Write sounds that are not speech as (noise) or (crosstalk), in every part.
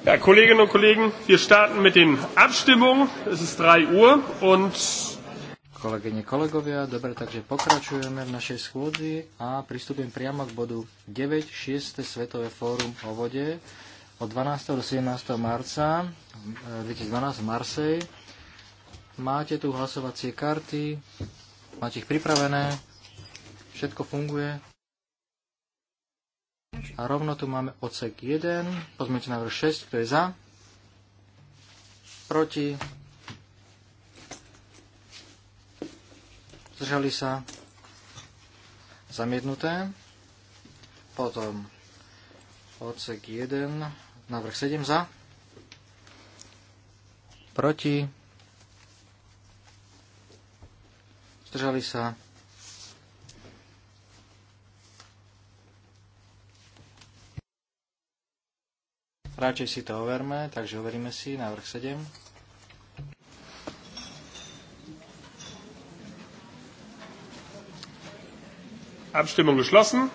Ja, Kolleginnen und Kollegen, wir starten mit den Abstimmungen. Es ist 3 Uhr und Kolegyne, kolegovia, dobre, takže pokračujeme v našej schôdzi a pristupujem priamo k bodu 9, 6. Svetové fórum o vode od 12. do 17. marca 2012 e, v Marsej. Máte tu hlasovacie karty, máte ich pripravené, všetko funguje, a rovno tu máme odsek 1, pozmeňte návrh 6, kto je za, proti, zdržali sa, zamietnuté. Potom odsek 1, návrh 7 za, proti, zdržali sa, Radšej si to overme, takže overíme si návrh 7. Abstimmung geschlossen.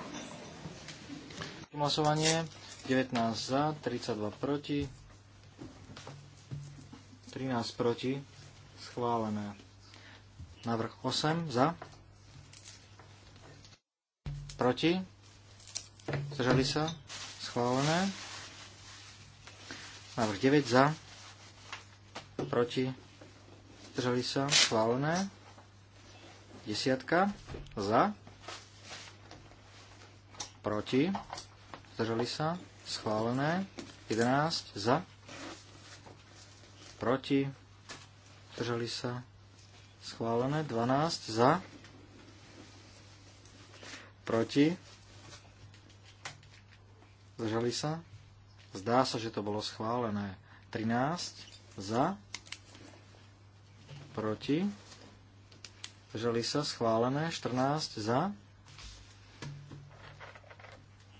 Hlasovanie 19 za, 32 proti, 13 proti, schválené. Návrh 8 za, proti, zdržali sa, schválené. Návrh 9 za. Proti. Zdržali sa. Schválené. Desiatka. Za. Proti. Zdržali sa. Schválené. 11. Za. Proti. Zdržali sa. Schválené. 12. Za. Proti. Zdržali sa. Zdá sa, že to bolo schválené. 13 za, proti, drželi sa, schválené. 14 za,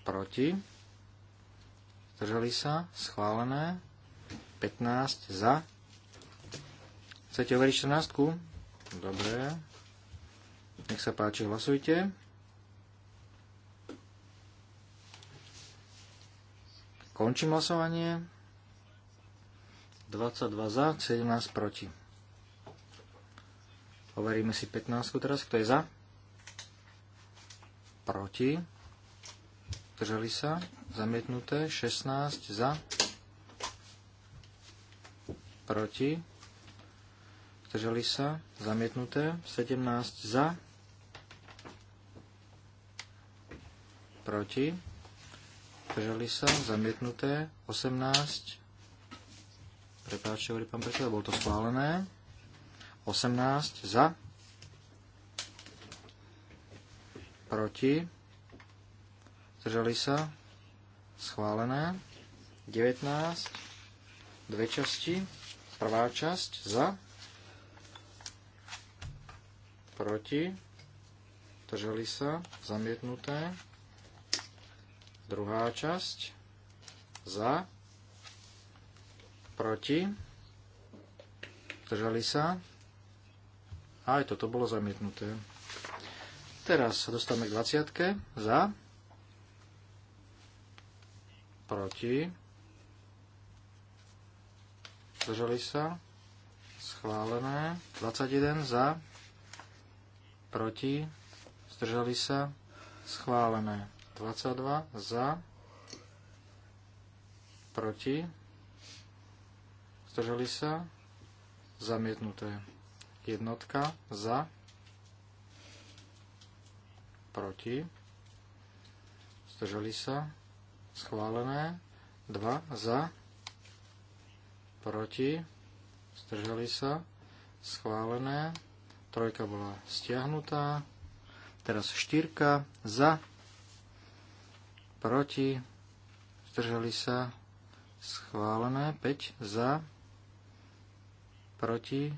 proti, drželi sa, schválené. 15 za. Chcete overiť 14? Dobre. Nech sa páči, hlasujte. Končím hlasovanie. 22 za, 17 proti. Overíme si 15 teraz. Kto je za? Proti. Držali sa. Zamietnuté. 16 za. Proti. Držali sa. Zamietnuté. 17 za. Proti zdržali sa, zamietnuté, 18, prepáčte, hovorí pán predseda, bolo to schválené, 18 za, proti, zdržali sa, schválené, 19, dve časti, prvá časť za, proti, zdržali sa, zamietnuté, Druhá časť. Za. Proti. Držali sa. A aj toto bolo zamietnuté. Teraz sa dostávame k 20. Za. Proti. držali sa. Schválené. 21 za. Proti. Zdržali sa. Schválené. 22 za, proti, zdržali sa, zamietnuté. Jednotka za, proti, zdržali sa, schválené. 2 za, proti, zdržali sa, schválené. Trojka bola stiahnutá. Teraz štyrka za, proti, zdržali sa, schválené, 5 za, proti,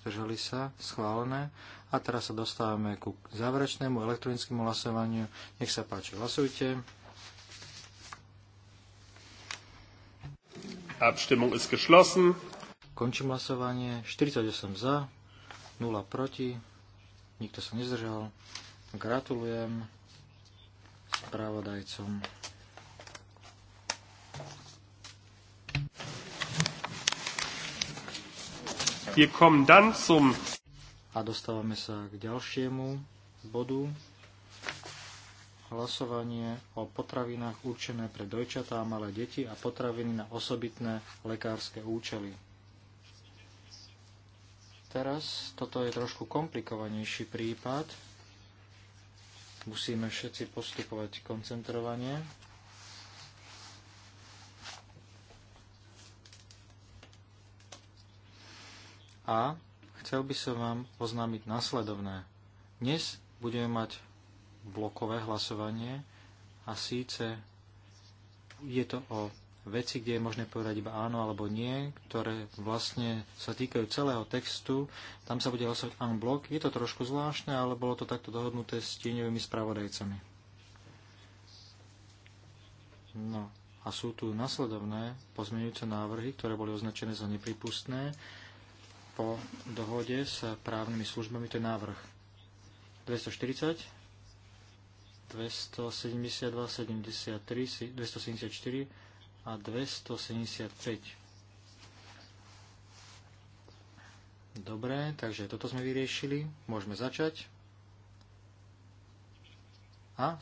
zdržali sa, schválené. A teraz sa dostávame ku záverečnému elektronickému hlasovaniu. Nech sa páči, hlasujte. Abstimmung ist geschlossen. Končím hlasovanie. 48 za, 0 proti, nikto sa nezdržal. Gratulujem spravodajcom. Wir kommen dann zum a dostávame sa k ďalšiemu bodu. Hlasovanie o potravinách určené pre dojčatá a malé deti a potraviny na osobitné lekárske účely. Teraz toto je trošku komplikovanejší prípad, Musíme všetci postupovať koncentrovanie. A chcel by som vám oznámiť nasledovné. Dnes budeme mať blokové hlasovanie a síce je to o veci, kde je možné povedať iba áno alebo nie, ktoré vlastne sa týkajú celého textu. Tam sa bude hlasovať en blok. Je to trošku zvláštne, ale bolo to takto dohodnuté s tieňovými spravodajcami. No a sú tu nasledovné pozmeňujúce návrhy, ktoré boli označené za nepripustné. Po dohode s právnymi službami to je návrh 240, 272, 73, 274, a 275. Dobre, takže toto sme vyriešili. Môžeme začať. A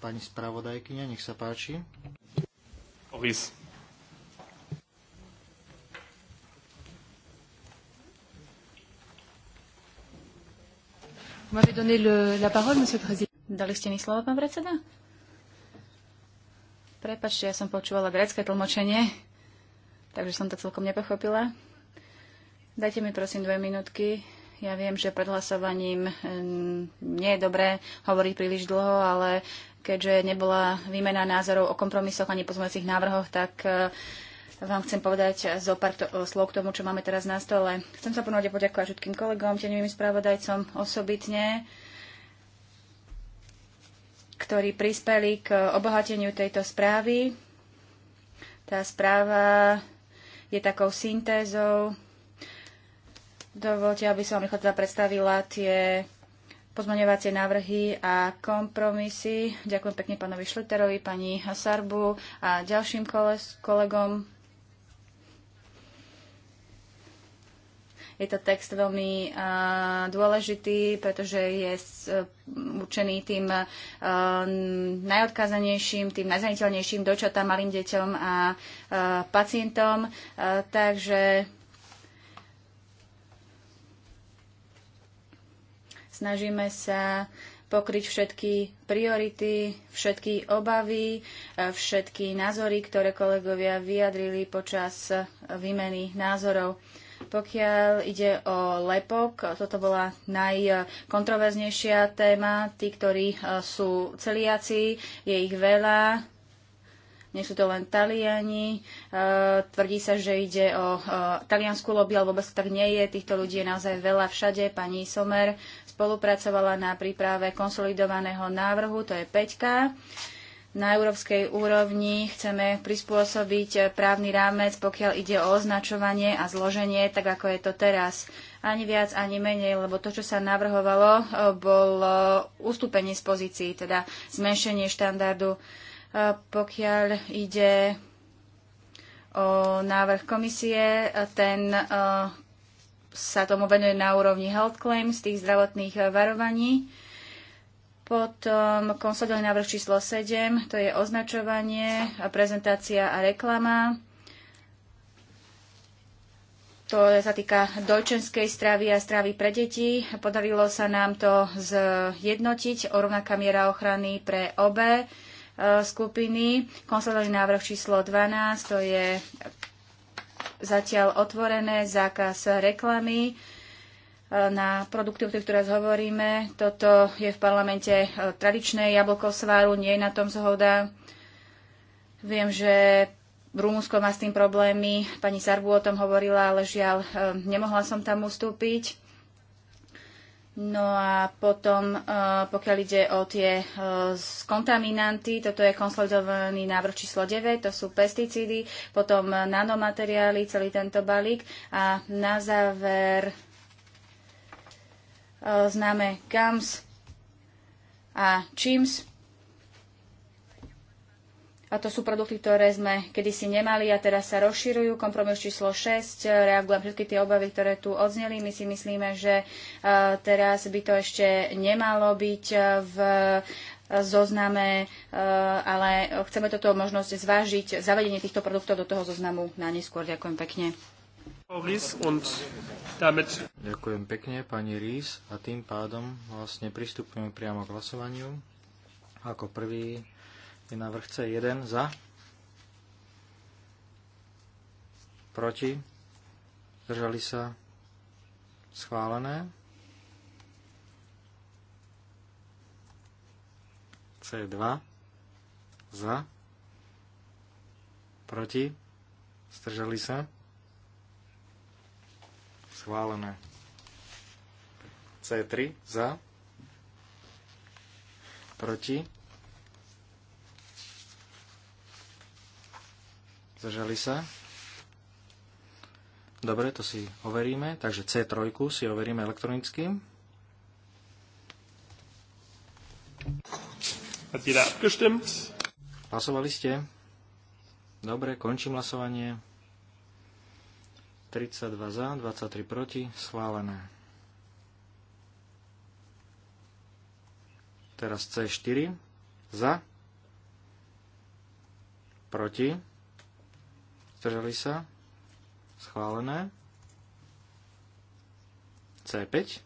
pani spravodajkyňa, nech sa páči. Ovis. Dali ste mi slovo, pán predseda? Prepačte, ja som počúvala grecké tlmočenie, takže som to celkom nepochopila. Dajte mi prosím dve minútky. Ja viem, že pred hlasovaním nie je dobré hovoriť príliš dlho, ale keďže nebola výmena názorov o kompromisoch ani pozmeňujúcich návrhoch, tak e, vám chcem povedať zo pár to, e, slov k tomu, čo máme teraz na stole. Chcem sa ponovne poďakovať všetkým kolegom, tenivým spravodajcom osobitne ktorí prispeli k obohateniu tejto správy. Tá správa je takou syntézou. Dovolte, aby som vám rýchlo predstavila tie pozmaňovacie návrhy a kompromisy. Ďakujem pekne pánovi Šleterovi, pani Hasarbu a ďalším kolegom Je to text veľmi dôležitý, pretože je e, určený tým e, najodkázanejším, tým najzraniteľnejším dočatám, malým deťom a e, pacientom. Takže snažíme sa pokryť všetky priority, všetky obavy, všetky názory, ktoré kolegovia vyjadrili počas výmeny názorov. Pokiaľ ide o lepok, toto bola najkontroverznejšia téma. Tí, ktorí e, sú celiaci, je ich veľa. Nie sú to len Taliani. E, tvrdí sa, že ide o talianskú e, taliansku lobby, ale vôbec tak nie je. Týchto ľudí je naozaj veľa všade. Pani Somer spolupracovala na príprave konsolidovaného návrhu, to je Peťka na európskej úrovni chceme prispôsobiť právny rámec, pokiaľ ide o označovanie a zloženie, tak ako je to teraz. Ani viac, ani menej, lebo to, čo sa navrhovalo, bolo ustúpenie z pozícií, teda zmenšenie štandardu. Pokiaľ ide o návrh komisie, ten e, sa tomu venuje na úrovni health claims, tých zdravotných varovaní. Potom konsolidovaný návrh číslo 7, to je označovanie, a prezentácia a reklama. To sa týka dojčenskej stravy a stravy pre deti. Podarilo sa nám to zjednotiť o rovnaká miera ochrany pre obe e, skupiny. Konsolidovaný návrh číslo 12, to je zatiaľ otvorené zákaz reklamy na produkty, o ktorých teraz hovoríme. Toto je v parlamente e, tradičné jablko sváru, nie je na tom zhoda. Viem, že Rumúnsko má s tým problémy. Pani Sarbu o tom hovorila, ale žiaľ, e, nemohla som tam ustúpiť. No a potom, e, pokiaľ ide o tie kontaminanty, toto je konsolidovaný návrh číslo 9, to sú pesticídy, potom nanomateriály, celý tento balík a na záver Eh, známe GAMS a CHIMS. A to sú produkty, ktoré sme kedysi nemali a teraz sa rozširujú. Kompromis číslo 6, eh, reagujem všetky tie obavy, ktoré tu odzneli. My si myslíme, že eh, teraz by to ešte nemalo byť v zozname, ale chceme toto možnosť zvážiť, zavedenie týchto produktov do toho zoznamu na neskôr. Ďakujem pekne. Ďakujem pekne, pani Rís. A tým pádom vlastne pristupujeme priamo k hlasovaniu. Ako prvý je na c 1 za, proti, Držali sa, schválené. C2 za, proti, zdržali sa, Schválené. C3 za. Proti. Zažali sa. Dobre, to si overíme. Takže C3 si overíme elektronicky. Hat Hlasovali ste? Dobre, končím hlasovanie. 32 za, 23 proti, schválené. Teraz C4 za, proti, zdržali sa, schválené. C5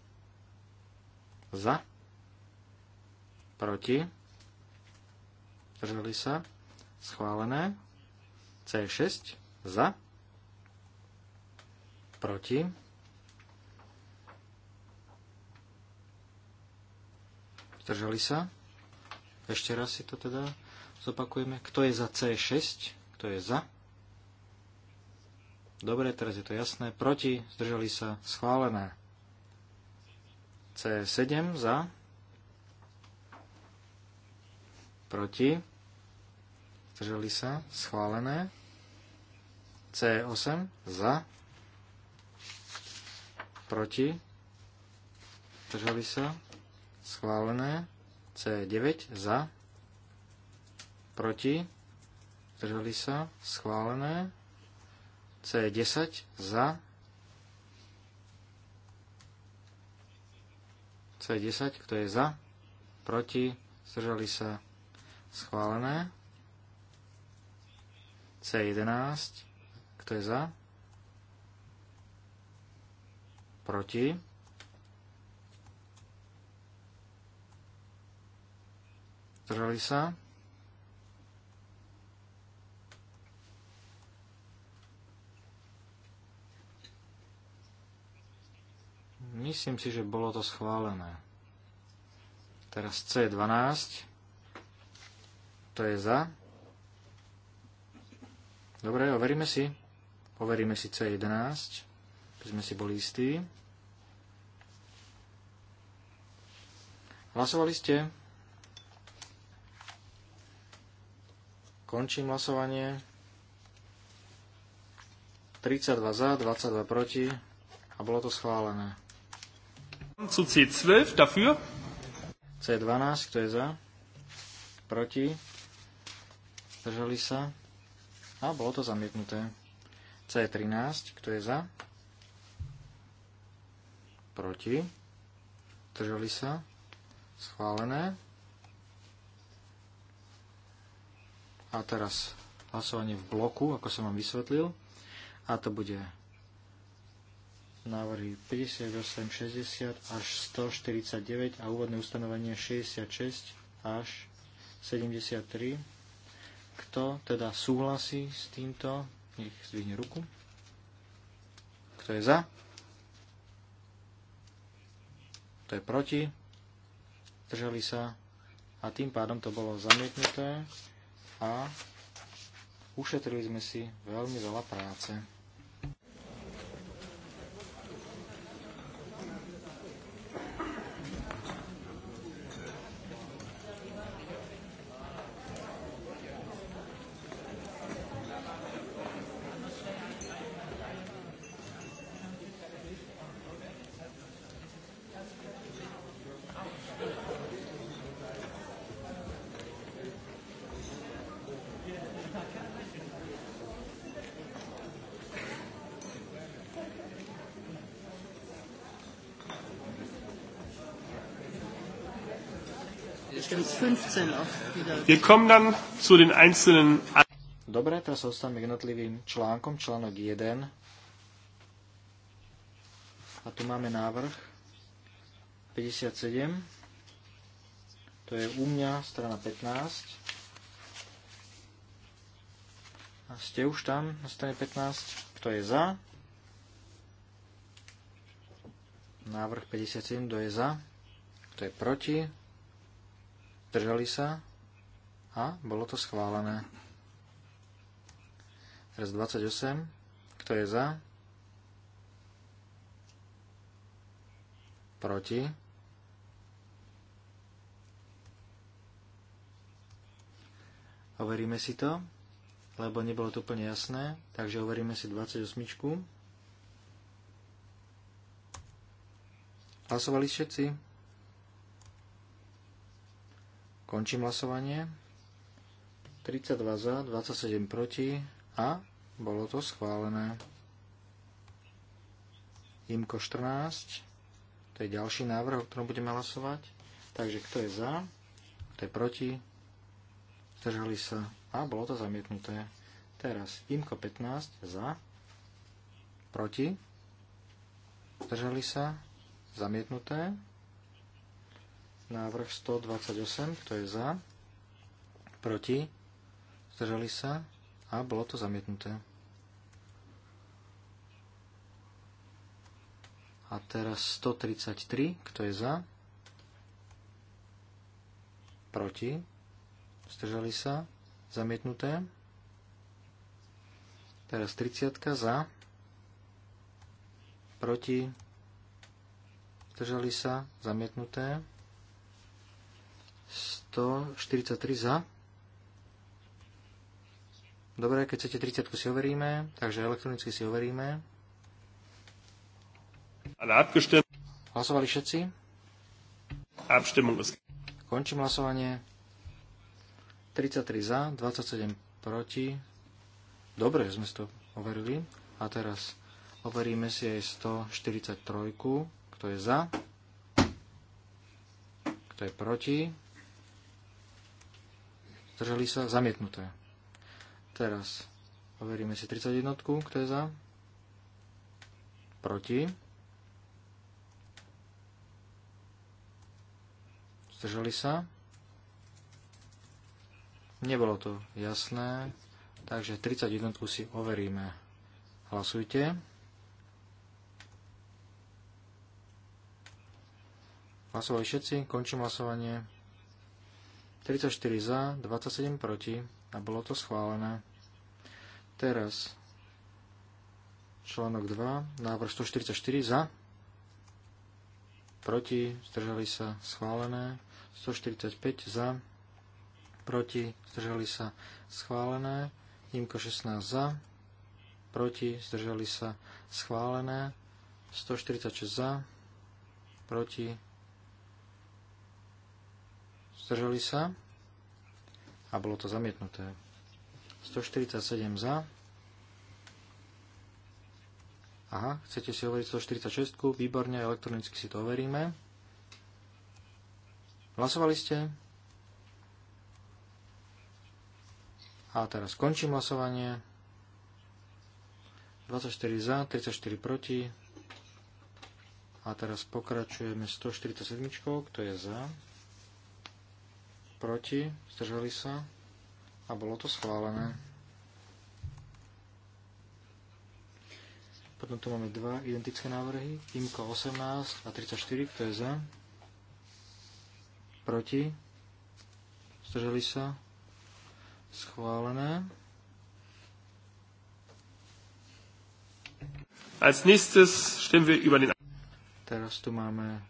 za, proti, zdržali sa, schválené. C6 za, proti. Zdržali sa. Ešte raz si to teda zopakujeme. Kto je za C6? Kto je za? Dobre, teraz je to jasné. Proti, zdržali sa, schválené. C7 za. Proti. Zdržali sa, schválené. C8 za proti, zdržali sa, schválené, C9 za, proti, zdržali sa, schválené, C10 za, C10, kto je za, proti, zdržali sa, schválené, C11, kto je za, proti, zdržali sa, Myslím si, že bolo to schválené. Teraz C12. To je za. Dobre, overíme si. Overíme si C11, aby sme si boli istí. Hlasovali ste? Končím hlasovanie. 32 za, 22 proti a bolo to schválené. C12 C12, kto je za? Proti? Zdržali sa? A bolo to zamietnuté. C13, kto je za? Proti? Zdržali sa? Schválené. A teraz hlasovanie v bloku, ako som vám vysvetlil. A to bude návrhy 58, 60 až 149 a úvodné ustanovenie 66 až 73. Kto teda súhlasí s týmto, nech zvihne ruku. Kto je za? Kto je proti? zdržali sa a tým pádom to bolo zamietnuté a ušetrili sme si veľmi veľa práce. Wir kommen dann zu den einzelnen... Dobre, teraz zostaneme k jednotlivým článkom, článok 1. A tu máme návrh 57. To je u mňa strana 15. A ste už tam na strane 15. Kto je za? Návrh 57, kto je za? Kto je proti? Zdržali sa? A bolo to schválené. Teraz 28. Kto je za? Proti? Overíme si to, lebo nebolo to úplne jasné, takže overíme si 28. Hlasovali všetci? Končím hlasovanie. 32 za, 27 proti a bolo to schválené. Imko 14, to je ďalší návrh, o ktorom budeme hlasovať. Takže kto je za, kto je proti, zdržali sa a bolo to zamietnuté. Teraz Imko 15 za, proti, zdržali sa, zamietnuté. Návrh 128, kto je za? Proti? Zdržali sa? A bolo to zamietnuté. A teraz 133, kto je za? Proti? Zdržali sa? Zamietnuté? Teraz 30 za? Proti? Zdržali sa? Zamietnuté? 143 za. Dobre, keď chcete 30 si overíme, takže elektronicky si overíme. Hlasovali všetci? Končím hlasovanie. 33 za, 27 proti. Dobre, že sme to overili. A teraz overíme si aj 143, kto je za, kto je proti. Držali sa? Zamietnuté. Teraz overíme si 31. Kto je za? Proti. Zdržali sa? Nebolo to jasné, takže 31 si overíme. Hlasujte. Hlasovali všetci, končím hlasovanie. 34 za, 27 proti a bolo to schválené. Teraz článok 2, návrh 144 za, proti, zdržali sa, schválené. 145 za, proti, zdržali sa, schválené. Imko 16 za, proti, zdržali sa, schválené. 146 za, proti, zdržali sa a bolo to zamietnuté. 147 za. Aha, chcete si overiť 146? Výborne, elektronicky si to overíme. Hlasovali ste? A teraz končím hlasovanie. 24 za, 34 proti. A teraz pokračujeme 147, kto je za proti, zdržali sa a bolo to schválené. Potom tu máme dva identické návrhy, IMKO 18 a 34, kto je za, proti, zdržali sa, schválené. Als nächstes stimmen wir über den Teraz tu máme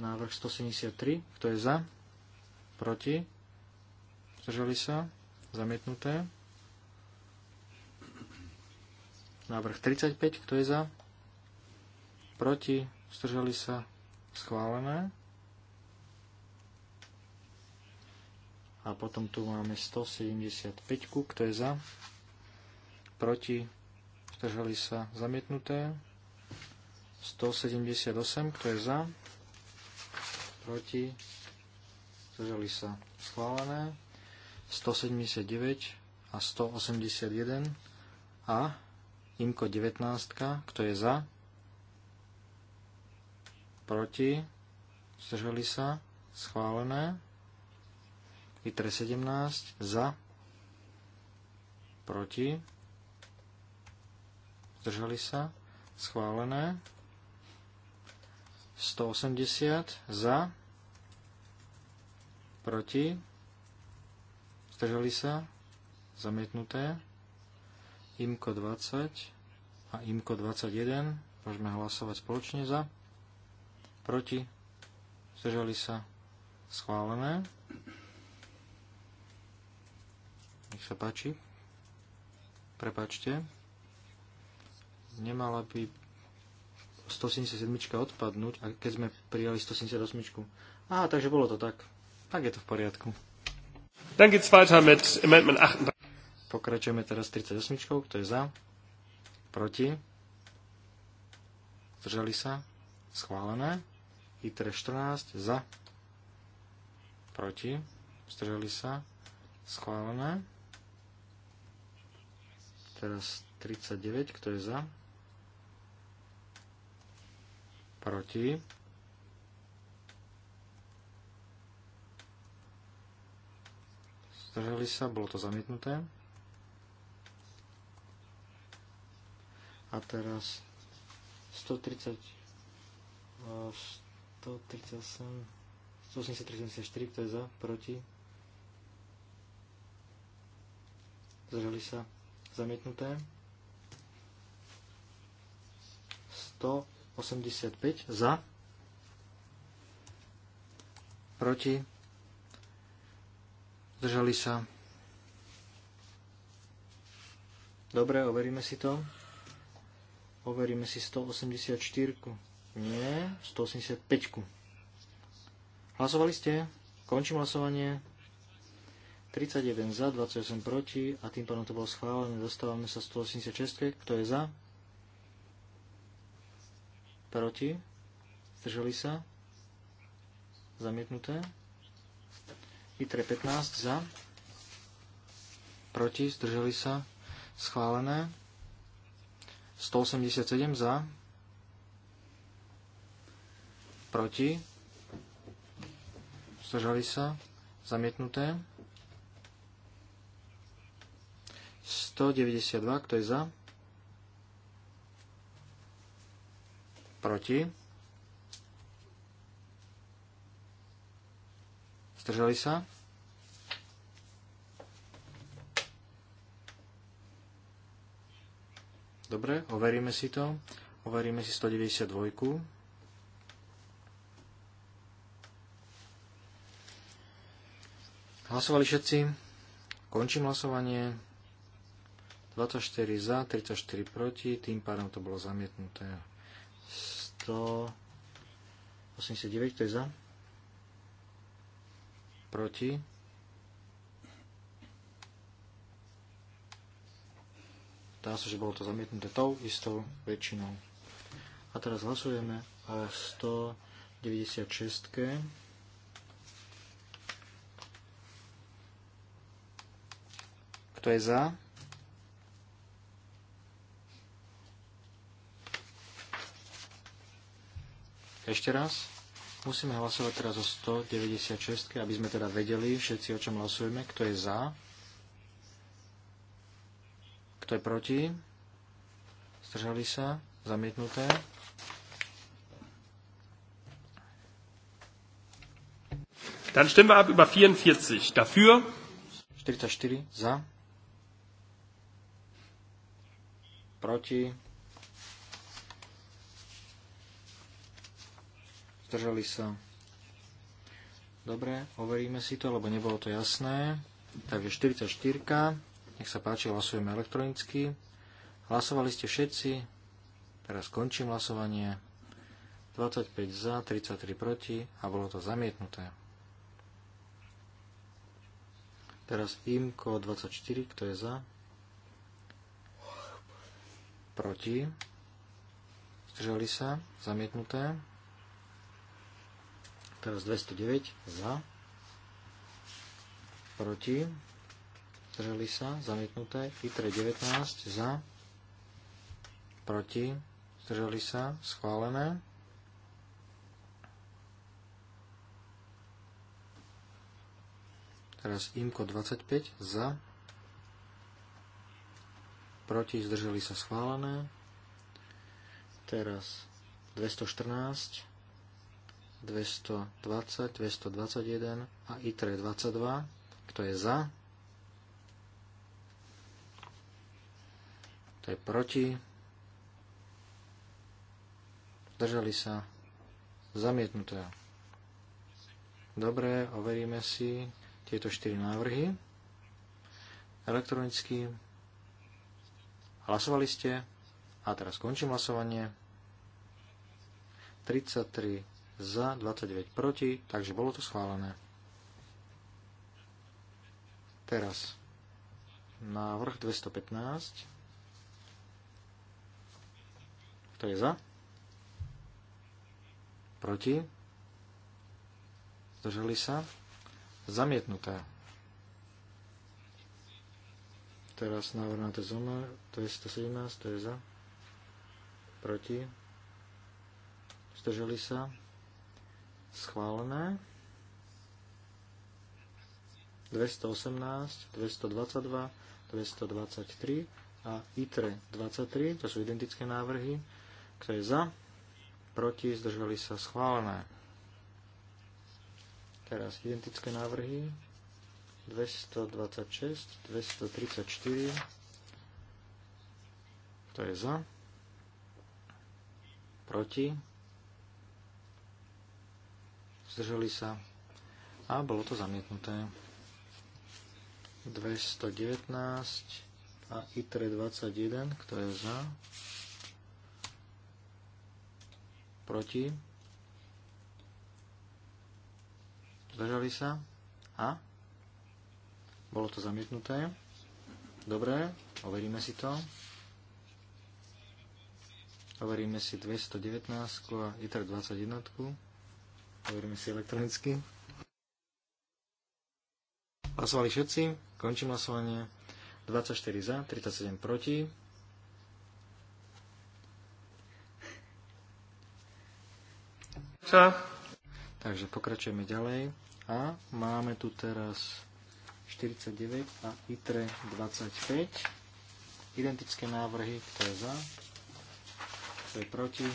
návrh 173, kto je za? proti, zdržali sa, zamietnuté. Návrh 35, kto je za, proti, zdržali sa, schválené. A potom tu máme 175, kto je za, proti, zdržali sa, zamietnuté. 178, kto je za, proti, zdržali sa schválené, 179 a 181 a imko 19, kto je za, proti, zdržali sa schválené, vitre 17 za, proti, zdržali sa schválené, 180 za, proti, zdržali sa, zamietnuté, IMKO 20 a IMKO 21, môžeme hlasovať spoločne za, proti, zdržali sa, schválené. Nech sa páči. Prepačte. Nemala by 177 odpadnúť, a keď sme prijali 178. Á, takže bolo to tak. Tak je to v poriadku. Dann geht's weiter mit Amendment 38. Pokračujeme teraz 38, kto je za, proti, zdržali sa, schválené. ITRE 14, za, proti, zdržali sa, schválené. Teraz 39, kto je za, proti, zdržali sa, bolo to zamietnuté. A teraz 130, 138, 183, kto je za, proti, zdržali sa, zamietnuté. 185 za, proti, Zdržali sa. Dobre, overíme si to. Overíme si 184. Nie, 185. Hlasovali ste? Končím hlasovanie. 31 za, 28 proti a tým pádom to bolo schválené. Dostávame sa 186. Kto je za? Proti? Zdržali sa? Zamietnuté? ITRE 15 za, proti, zdržali sa, schválené. 187 za, proti, zdržali sa, zamietnuté. 192, kto je za? Proti. Zdržali sa? Dobre, overíme si to. Overíme si 192. Hlasovali všetci. Končím hlasovanie. 24 za, 34 proti. Tým pádom to bolo zamietnuté. 189, to je za proti, dá sa, že bolo to zamietnuté tou istou väčšinou. A teraz hlasujeme o 196. Kto je za? Ešte raz. Musíme hlasovať teraz o 196, aby sme teda vedeli všetci, o čom hlasujeme, kto je za, kto je proti, zdržali sa, zamietnuté. Dann stimmen wir ab über 44. Dafür? 44 za. Proti Zdržali sa. Dobre, overíme si to, lebo nebolo to jasné. Takže 44. Nech sa páči, hlasujeme elektronicky. Hlasovali ste všetci. Teraz končím hlasovanie. 25 za, 33 proti a bolo to zamietnuté. Teraz IMKO 24, kto je za? Proti. Zdržali sa, zamietnuté. Teraz 209 za. Proti. Zdržali sa. Zamietnuté. ITRE 19 za. Proti. Zdržali sa. Schválené. Teraz IMKO 25 za. Proti. Zdržali sa. Schválené. Teraz 214 220, 221 a ITRE 22. Kto je za? Kto je proti? Držali sa? Zamietnuté. Dobre, overíme si tieto 4 návrhy. Elektronicky. Hlasovali ste? A teraz končím hlasovanie. 33 za, 29 proti, takže bolo to schválené. Teraz návrh 215. Kto je za? Proti? Zdržali sa? Zamietnuté. Teraz návrh na TZOMA 217, to je za. Proti? Zdržali sa? Schválené. 218, 222, 223 a ITRE 23, to sú identické návrhy. Kto je za? Proti? Zdržali sa? Schválené. Teraz identické návrhy 226, 234. Kto je za? Proti? zdržali sa a bolo to zamietnuté. 219 a ITRE 21, kto je za, proti, zdržali sa a bolo to zamietnuté. Dobre, overíme si to. Overíme si 219 a I 21. Overíme si elektronicky. Hlasovali všetci. Končím hlasovanie. 24 za, 37 proti. Čo? Takže pokračujeme ďalej. A máme tu teraz 49 a ITRE 25. Identické návrhy, kto je za, kto je proti,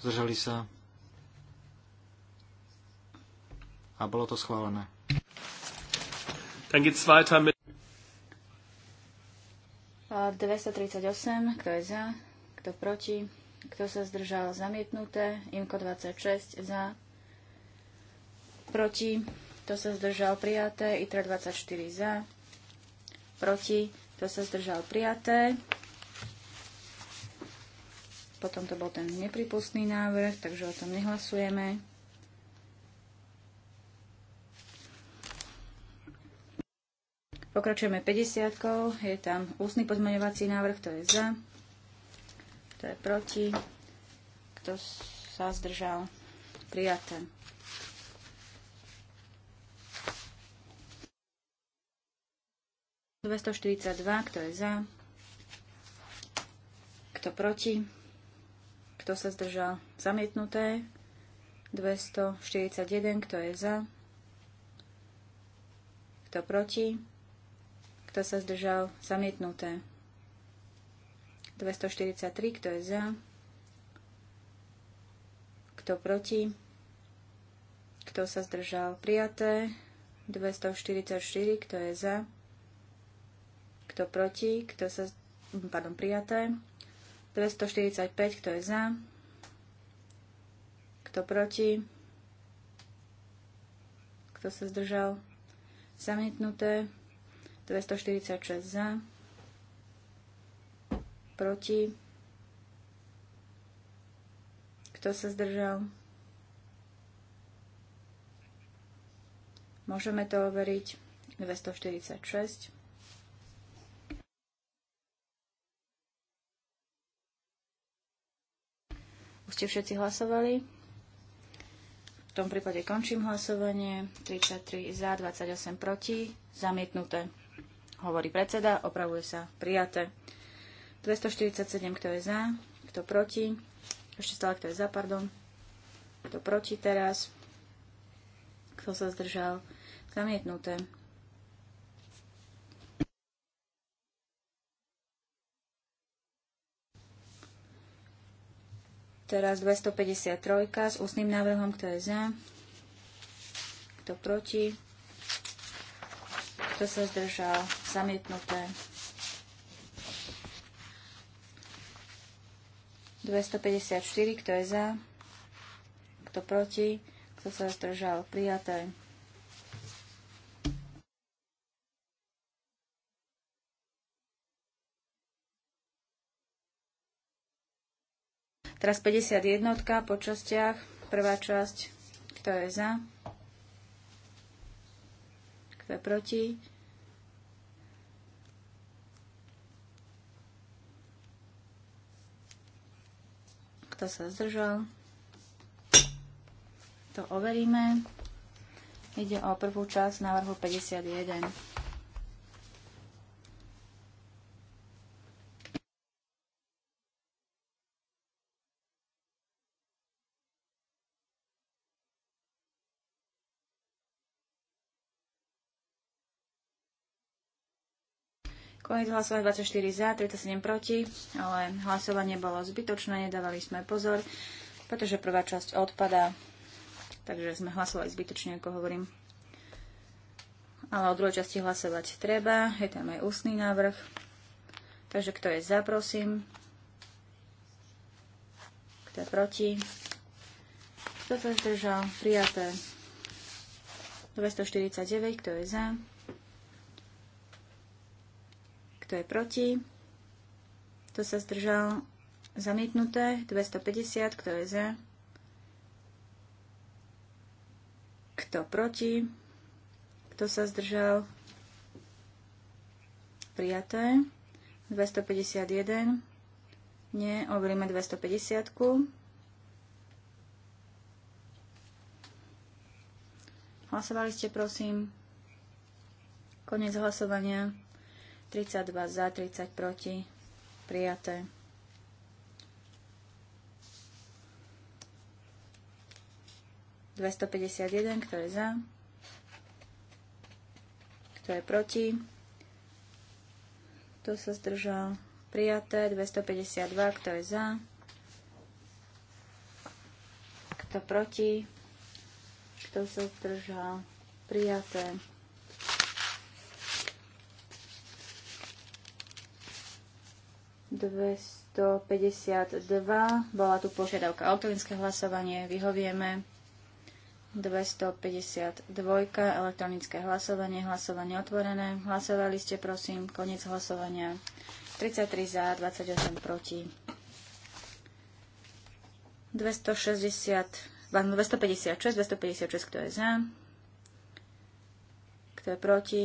zdržali sa a bolo to schválené. Dann geht's weiter mit 238, kto je za, kto proti, kto sa zdržal zamietnuté, IMKO 26 za, proti, kto sa zdržal prijaté, ITRA 24 za, proti, kto sa zdržal prijaté, potom to bol ten nepripustný návrh, takže o tom nehlasujeme. Pokračujeme 50. Je tam ústny pozmeňovací návrh, kto je za, kto je proti, kto sa zdržal. Prijaté. Dvestoštyridsaťdva, kto je za, kto proti, kto sa zdržal? Zamietnuté. 241. Kto je za? Kto proti? Kto sa zdržal? Zamietnuté. 243. Kto je za? Kto proti? Kto sa zdržal? Prijaté. 244. Kto je za? Kto proti? Kto sa... Pardon, prijaté. 245, kto je za, kto proti, kto sa zdržal, zamietnuté, 246 za, proti, kto sa zdržal. Môžeme to overiť. 246. Už ste všetci hlasovali? V tom prípade končím hlasovanie. 33 za, 28 proti. Zamietnuté. Hovorí predseda, opravuje sa. Prijaté. 247, kto je za, kto proti. Ešte stále, kto je za, pardon. Kto proti teraz. Kto sa zdržal. Zamietnuté. Teraz 253 s ústnym návrhom, kto je za, kto proti, kto sa zdržal, zamietnuté. 254, kto je za, kto proti, kto sa zdržal, prijaté. Teraz 51 po častiach. Prvá časť, kto je za? Kto je proti? Kto sa zdržal? To overíme. Ide o prvú časť návrhu 51. Koniec hlasovať 24 za, 37 proti, ale hlasovanie bolo zbytočné, nedávali sme pozor, pretože prvá časť odpadá, takže sme hlasovali zbytočne, ako hovorím. Ale o druhej časti hlasovať treba, je tam aj ústny návrh. Takže kto je za, prosím. Kto je proti? Kto sa zdržal? Prijaté. 249, kto je za? Kto je proti? Kto sa zdržal? Zamietnuté. 250. Kto je za? Kto proti? Kto sa zdržal? Prijaté. 251. Nie, overíme 250. Hlasovali ste, prosím. Konec hlasovania. 32 za, 30 proti. Prijaté. Dvesto päťdesiat jeden, kto je za, kto je proti, kto sa zdržal, prijaté, 252, kto je za, kto proti, kto sa zdržal, prijaté. 252. Bola tu požiadavka elektronické hlasovanie. Vyhovieme. 252. Elektronické hlasovanie. Hlasovanie otvorené. Hlasovali ste, prosím. Koniec hlasovania. 33 za, 28 proti. 260, 256, 256, kto je za, kto je proti,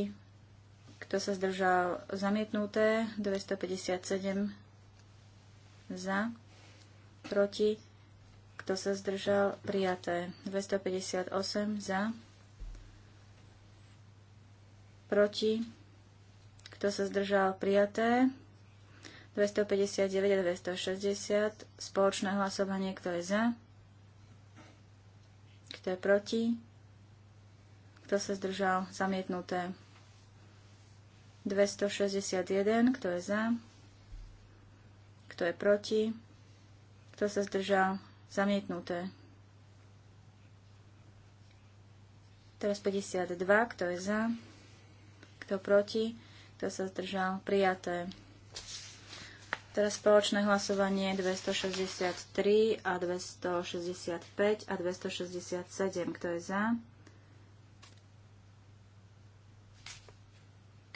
kto sa zdržal? Zamietnuté. 257 za. Proti. Kto sa zdržal? Prijaté. 258 za. Proti. Kto sa zdržal? Prijaté. 259 a 260. Spoločné hlasovanie. Kto je za? Kto je proti? Kto sa zdržal? Zamietnuté. 261, kto je za, kto je proti, kto sa zdržal, zamietnuté. Teraz 52, kto je za, kto proti, kto sa zdržal, prijaté. Teraz spoločné hlasovanie 263 a 265 a 267, kto je za,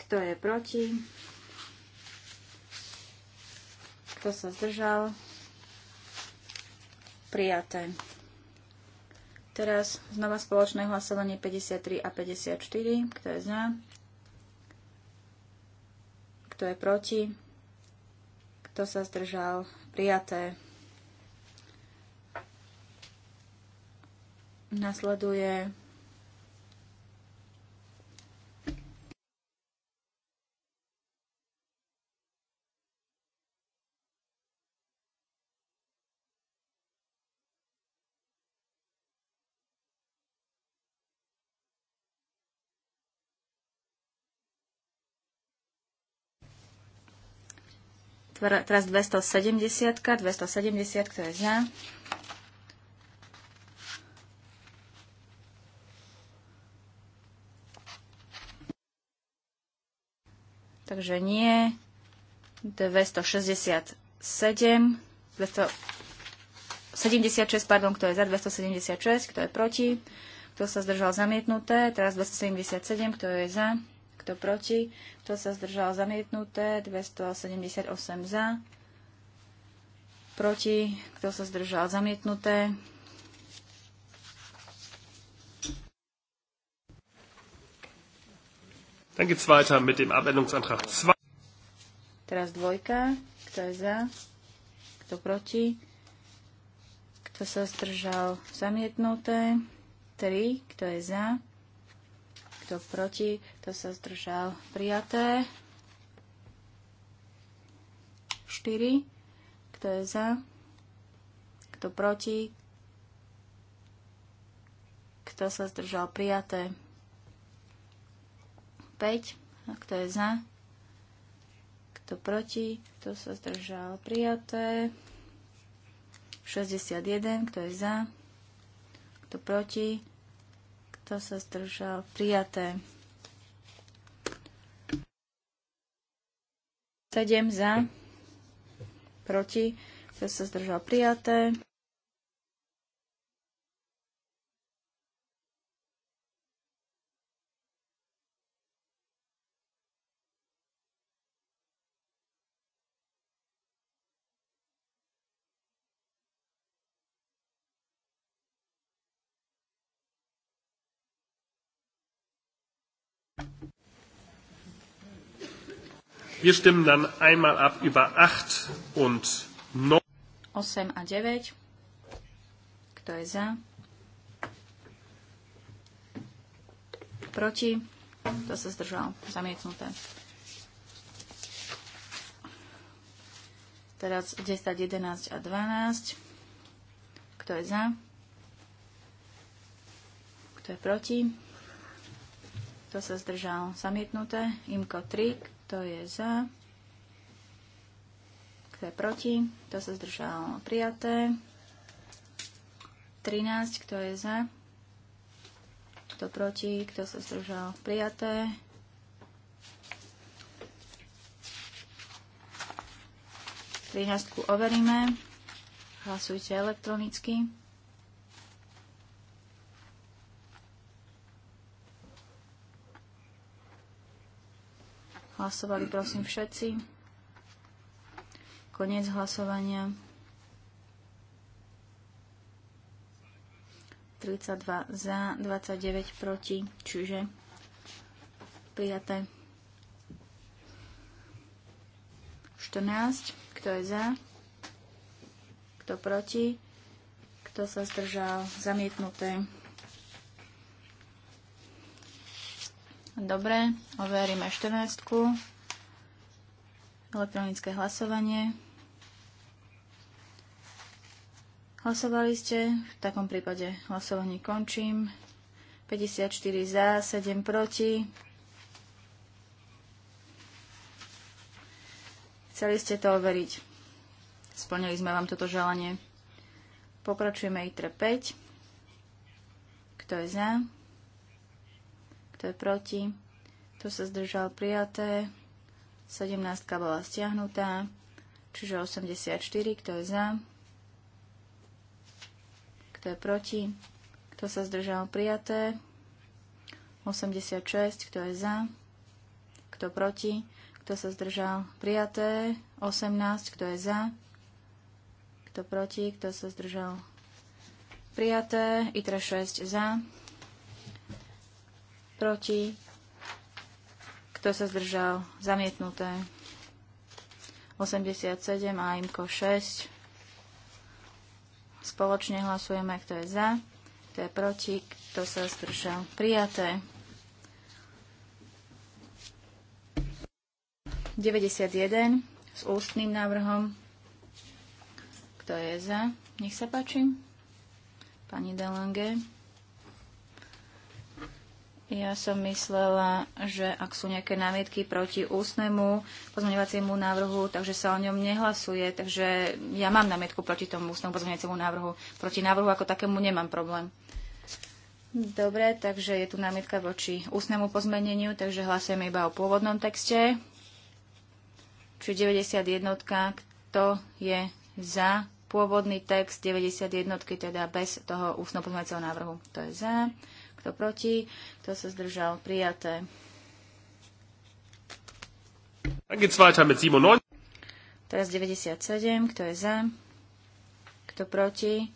Kto je proti? Kto sa zdržal? Prijaté. Teraz znova spoločné hlasovanie 53 a 54. Kto je za? Kto je proti? Kto sa zdržal? Prijaté. Nasleduje Teraz 270, 270, kto je za? Takže nie. 267, 276, pardon, kto je za, 276, kto je proti, kto sa zdržal zamietnuté, teraz 277, kto je za kto proti, kto sa zdržal zamietnuté, 278 za, proti, kto sa zdržal zamietnuté. Dann geht's weiter mit dem 2. Teraz dvojka, kto je za, kto proti, kto sa zdržal zamietnuté, 3, kto je za, kto proti? Kto sa zdržal? Prijaté. 4. Kto je za? Kto proti? Kto sa zdržal? Prijaté. 5. Kto je za? Kto proti? Kto sa zdržal? Prijaté. 61. Kto je za? Kto proti? Kto sa zdržal? Prijaté. 7 za. Proti. Kto sa zdržal? Prijaté. Wir stimmen dann einmal ab über 8 und 9. 8 a 9. Kto je za? Proti? Kto sa zdržal? Zamietnuté. Teraz 10, 11 a 12. Kto je za? Kto je proti? Kto sa zdržal? Zamietnuté. Imko 3. Kto je za? Kto je proti? Kto sa zdržal? Prijaté. 13. Kto je za? Kto proti? Kto sa zdržal? Prijaté. Trináctku overíme. Hlasujte elektronicky. Hlasovali prosím všetci. Koniec hlasovania. 32 za, 29 proti, čiže prijaté. 14, kto je za, kto proti, kto sa zdržal, zamietnuté. Dobre, overíme 14. Elektronické hlasovanie. Hlasovali ste? V takom prípade hlasovanie končím. 54 za, 7 proti. Chceli ste to overiť. Splnili sme vám toto želanie. Pokračujeme ITRE 5. Kto je za? Kto je proti? Kto sa zdržal? Prijaté. 17 bola stiahnutá. Čiže 84. Kto je za? Kto je proti? Kto sa zdržal? Prijaté. 86. Kto je za? Kto proti? Kto sa zdržal? Prijaté. 18. Kto je za? Kto proti? Kto sa zdržal? Prijaté. ITRA 6 za proti, kto sa zdržal, zamietnuté. 87 a IMKO 6. Spoločne hlasujeme, kto je za, kto je proti, kto sa zdržal, prijaté. 91 s ústnym návrhom. Kto je za? Nech sa páči. Pani Delange. Ja som myslela, že ak sú nejaké námietky proti ústnemu pozmeňovaciemu návrhu, takže sa o ňom nehlasuje. Takže ja mám námietku proti tomu ústnemu pozmeňovaciemu návrhu. Proti návrhu ako takému nemám problém. Dobre, takže je tu námietka voči ústnemu pozmeneniu, takže hlasujeme iba o pôvodnom texte. Či 91, kto je za pôvodný text 91, teda bez toho ústneho pozmeňovacieho návrhu. To je za. Kto proti? Kto sa zdržal? Prijaté. Teraz 97. Kto je za? Kto proti?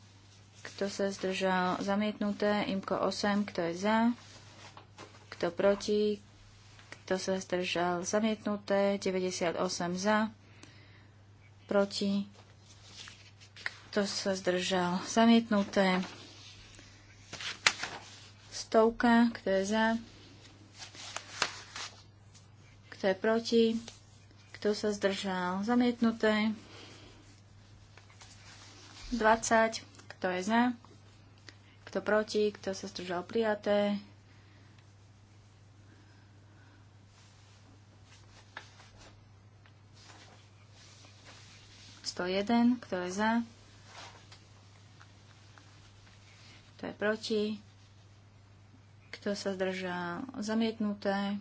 Kto sa zdržal? Zamietnuté. Imko 8. Kto je za? Kto proti? Kto sa zdržal? Zamietnuté. 98 za. Proti. Kto sa zdržal? Zamietnuté. Stovka, kto je za? Kto je proti? Kto sa zdržal? Zamietnuté. 20. Kto je za? Kto proti? Kto sa zdržal? Prijaté. Sto jeden. Kto je za? Kto je proti? Kto sa zdržal? Zamietnuté.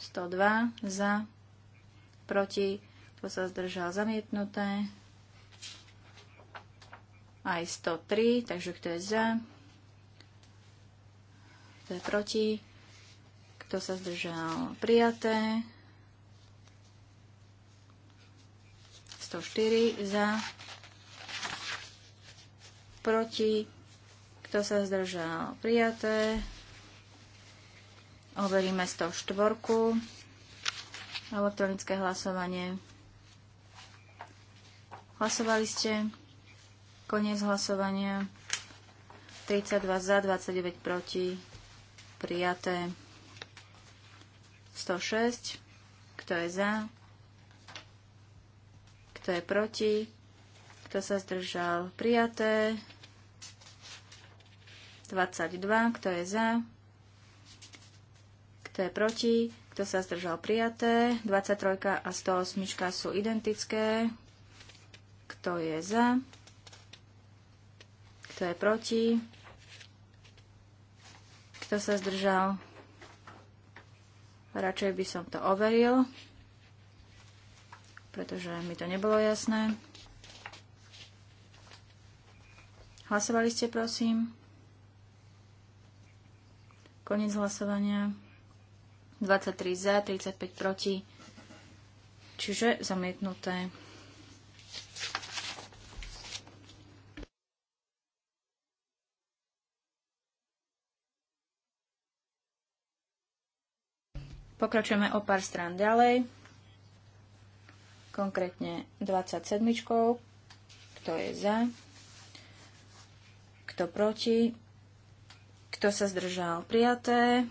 102 za. Proti. Kto sa zdržal? Zamietnuté. Aj 103, takže kto je za? Kto je proti? Kto sa zdržal? Prijaté. 104 za. Proti kto sa zdržal? Prijaté. Overíme 104. Elektronické hlasovanie. Hlasovali ste. Koniec hlasovania. 32 za, 29 proti. Prijaté. 106. Kto je za? Kto je proti? Kto sa zdržal? Prijaté. 22. Kto je za? Kto je proti? Kto sa zdržal prijaté? 23 a 108 sú identické. Kto je za? Kto je proti? Kto sa zdržal? Radšej by som to overil, pretože mi to nebolo jasné. Hlasovali ste, prosím. Konec hlasovania. 23 za, 35 proti. Čiže zamietnuté. Pokračujeme o pár strán ďalej, konkrétne 27. Kto je za? Kto proti? Kto sa zdržal? Prijaté.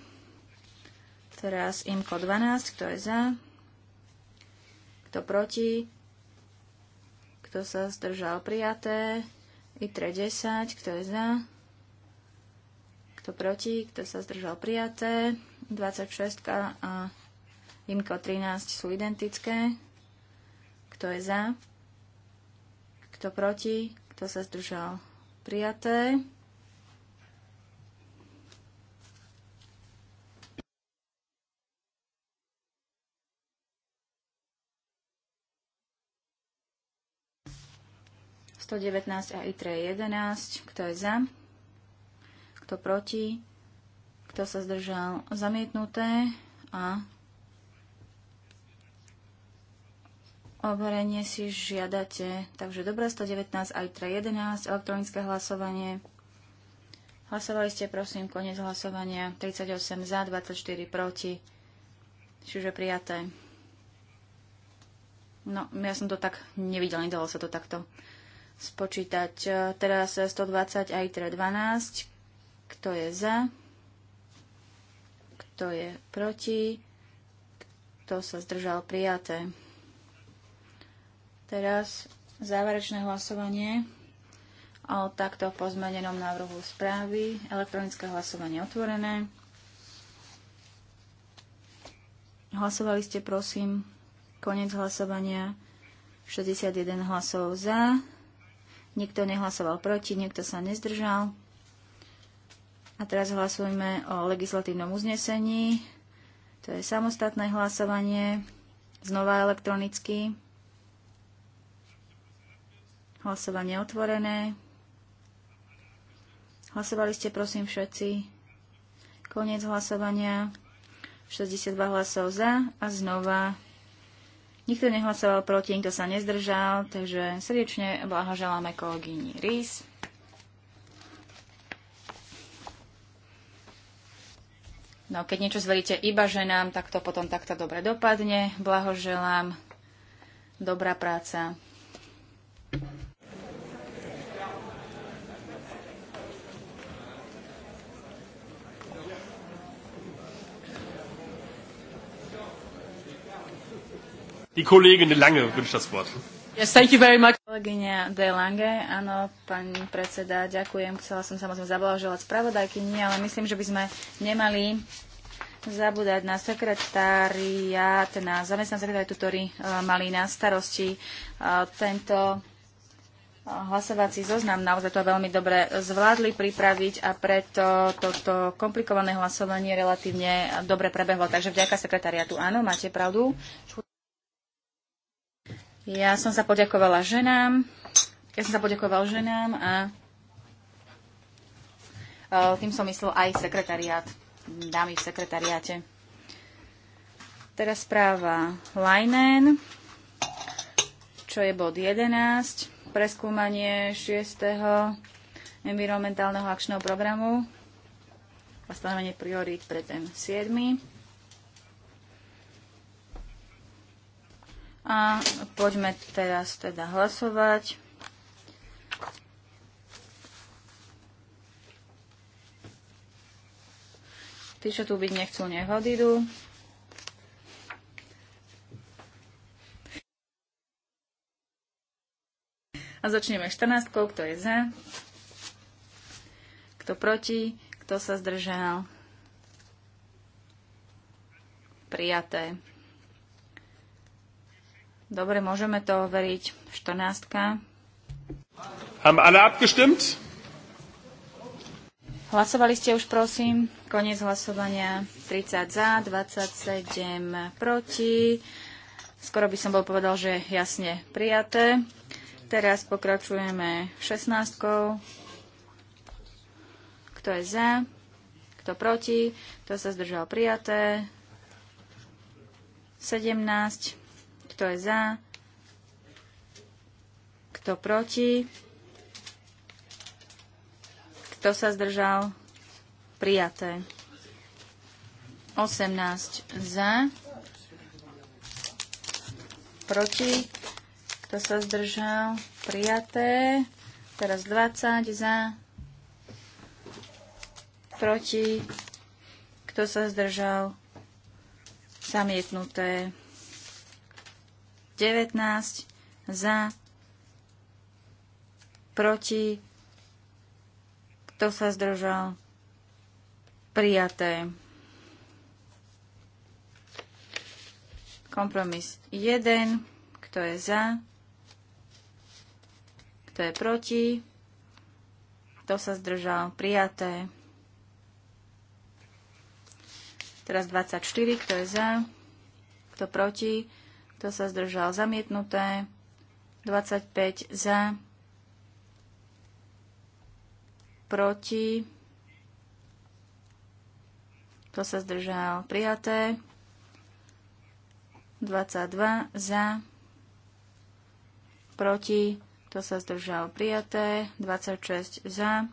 Teraz imko 12. Kto je za? Kto proti? Kto sa zdržal? Prijaté. ITRE 10. Kto je za? Kto proti? Kto sa zdržal? Prijaté. 26 a IMKO 13 sú identické. Kto je za? Kto proti? Kto sa zdržal? Prijaté. 119 a ITRE 11. Kto je za? Kto proti? Kto sa zdržal? Zamietnuté. A Obhorenie si žiadate. Takže dobre, 119 a ITRE 11. Elektronické hlasovanie. Hlasovali ste, prosím, koniec hlasovania. 38 za, 24 proti. Čiže prijaté. No, ja som to tak nevidel, nedalo sa to takto spočítať e, teraz 120 a ITRE 12. Kto je za? Kto je proti? Kto sa zdržal prijaté? Teraz záverečné hlasovanie o takto pozmenenom návrhu správy. Elektronické hlasovanie otvorené. Hlasovali ste, prosím, koniec hlasovania. 61 hlasov za, Nikto nehlasoval proti, niekto sa nezdržal. A teraz hlasujeme o legislatívnom uznesení. To je samostatné hlasovanie. Znova elektronicky. Hlasovanie otvorené. Hlasovali ste, prosím, všetci. Koniec hlasovania. 62 hlasov za a znova Nikto nehlasoval proti, nikto sa nezdržal, takže srdečne blahoželáme kolegyni Rís. No, keď niečo zveríte iba ženám, tak to potom takto dobre dopadne. Blahoželám. Dobrá práca. Die Kollegin de Lange wünscht das Wort. Yes, thank you very much. Kolegyňa De Lange, áno, pán predseda, ďakujem. Chcela som samozrejme zablahoželať spravodajkyni, ale myslím, že by sme nemali zabúdať na sekretáriat, na zamestnanca sekretáriatu, ktorí uh, e, mali na starosti e, tento e, hlasovací zoznam. Naozaj to veľmi dobre zvládli pripraviť a preto toto komplikované hlasovanie relatívne dobre prebehlo. Takže vďaka sekretariatu. Áno, máte pravdu. Ja som sa poďakovala ženám, ja som sa poďakoval ženám a e, tým som myslel aj sekretariát, dámy v sekretariáte. Teraz správa Leinen, čo je bod 11, preskúmanie 6. environmentálneho akčného programu a stanovenie priorít pre ten 7. A poďme teraz teda hlasovať. Tí, čo tu byť nechcú, nech odídu. A začneme 14, kto je za, kto proti, kto sa zdržal. Prijaté. Dobre, môžeme to overiť. 14. Haben alle abgestimmt? Hlasovali ste už, prosím. Koniec hlasovania. 30 za, 27 proti. Skoro by som bol povedal, že jasne prijaté. Teraz pokračujeme 16. Kto je za? Kto proti? Kto sa zdržal prijaté? 17. Kto je za? Kto proti? Kto sa zdržal? Prijaté. 18 za. Proti. Kto sa zdržal? Prijaté. Teraz 20 za. Proti. Kto sa zdržal? Zamietnuté. 19 za, proti, kto sa zdržal, prijaté. Kompromis 1, kto je za, kto je proti, kto sa zdržal, prijaté. Teraz 24, kto je za, kto proti, kto sa zdržal? Zamietnuté. 25 za. Proti. Kto sa zdržal? Prijaté. 22 za. Proti. Kto sa zdržal? Prijaté. 26 za.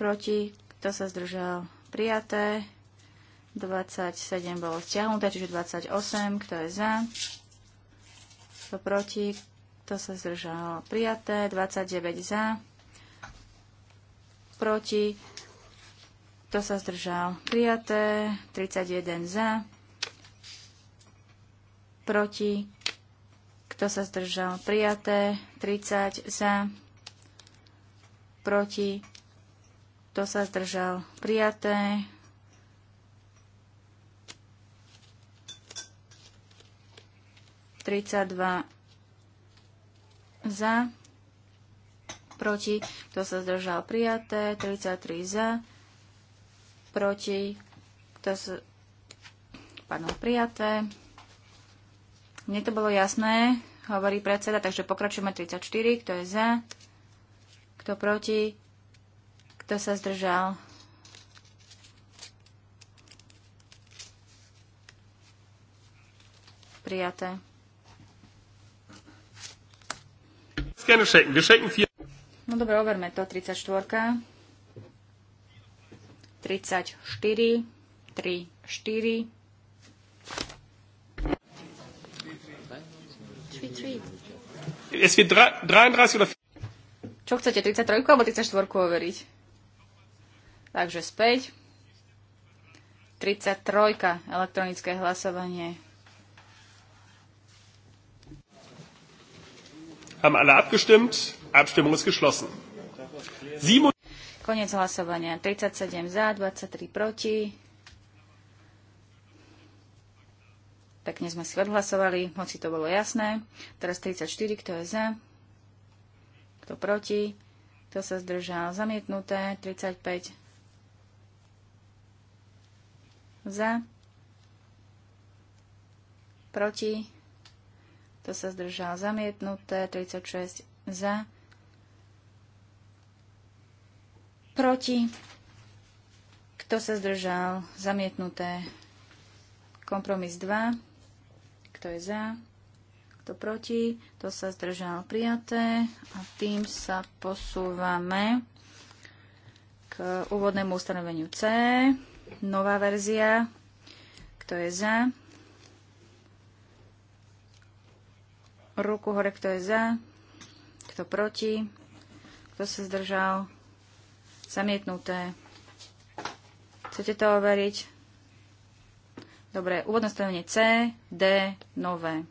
Proti. Kto sa zdržal? Prijaté. 27 bolo stiahnuté, čiže 28, kto je za, kto proti, kto sa zdržal prijaté, 29 za, proti, kto sa zdržal prijaté, 31 za, proti, kto sa zdržal prijaté, 30 za, proti, kto sa zdržal prijaté, 32 za, proti, kto sa zdržal prijaté, 33 za, proti, kto sa, pardon, prijaté. Mne to bolo jasné, hovorí predseda, takže pokračujeme 34, kto je za, kto proti, kto sa zdržal. Prijaté. gerne Wir vier. No dobre, overme to. 34. 34, 3, 4. 3, 3. Es 33 oder 4. Čo chcete, 33 alebo 34 overiť? Takže späť. 33. Elektronické hlasovanie. Haben alle abgestimmt? Abstimmung ist geschlossen. Konec hlasovania. 37 za, 23 proti. Pekne sme si odhlasovali, hoci to bolo jasné. Teraz 34, kto je za, kto proti, kto sa zdržal, zamietnuté, 35 za, proti, kto sa zdržal zamietnuté, 36 za, proti, kto sa zdržal zamietnuté, kompromis 2, kto je za, kto proti, kto sa zdržal prijaté a tým sa posúvame k úvodnému ustanoveniu C, nová verzia, kto je za, Ruku hore, kto je za, kto proti, kto sa zdržal, zamietnuté. Chcete to overiť? Dobre, úvodné stanovenie C, D, nové.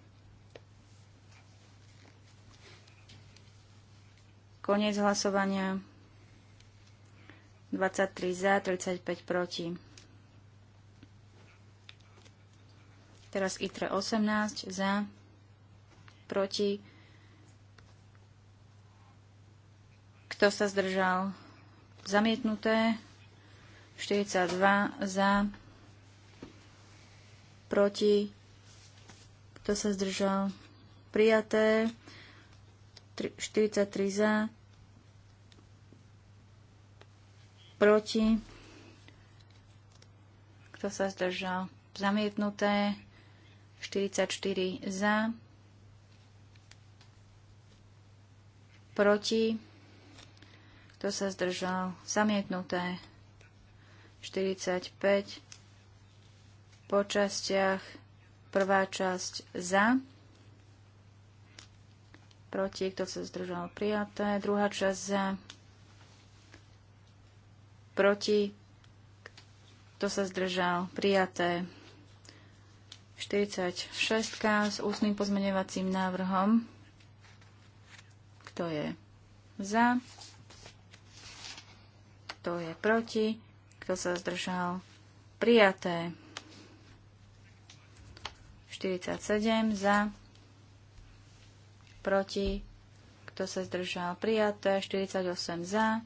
Koniec hlasovania. 23 za, 35 proti. Teraz ITRE 18 za, proti, kto sa zdržal, zamietnuté, 42 za, proti, kto sa zdržal, prijaté, 43 za, proti, kto sa zdržal, zamietnuté, 44 za, proti, kto sa zdržal, zamietnuté. 45 po častiach, prvá časť za, proti, kto sa zdržal, prijaté, druhá časť za, proti, kto sa zdržal, prijaté. 46 s ústnym pozmeňovacím návrhom. Kto je za? Kto je proti? Kto sa zdržal? Prijaté. 47 za. Proti. Kto sa zdržal? Prijaté. 48 za.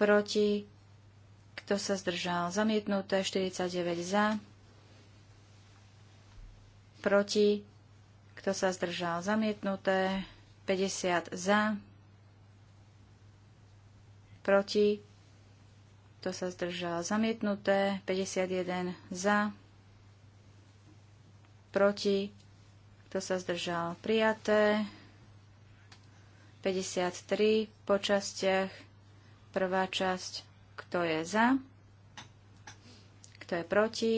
Proti. Kto sa zdržal? Zamietnuté. 49 za. Proti. Kto sa zdržal? Zamietnuté. 50 za. Proti. Kto sa zdržal? Zamietnuté. 51 za. Proti. Kto sa zdržal? Prijaté. 53 po častiach. Prvá časť. Kto je za? Kto je proti?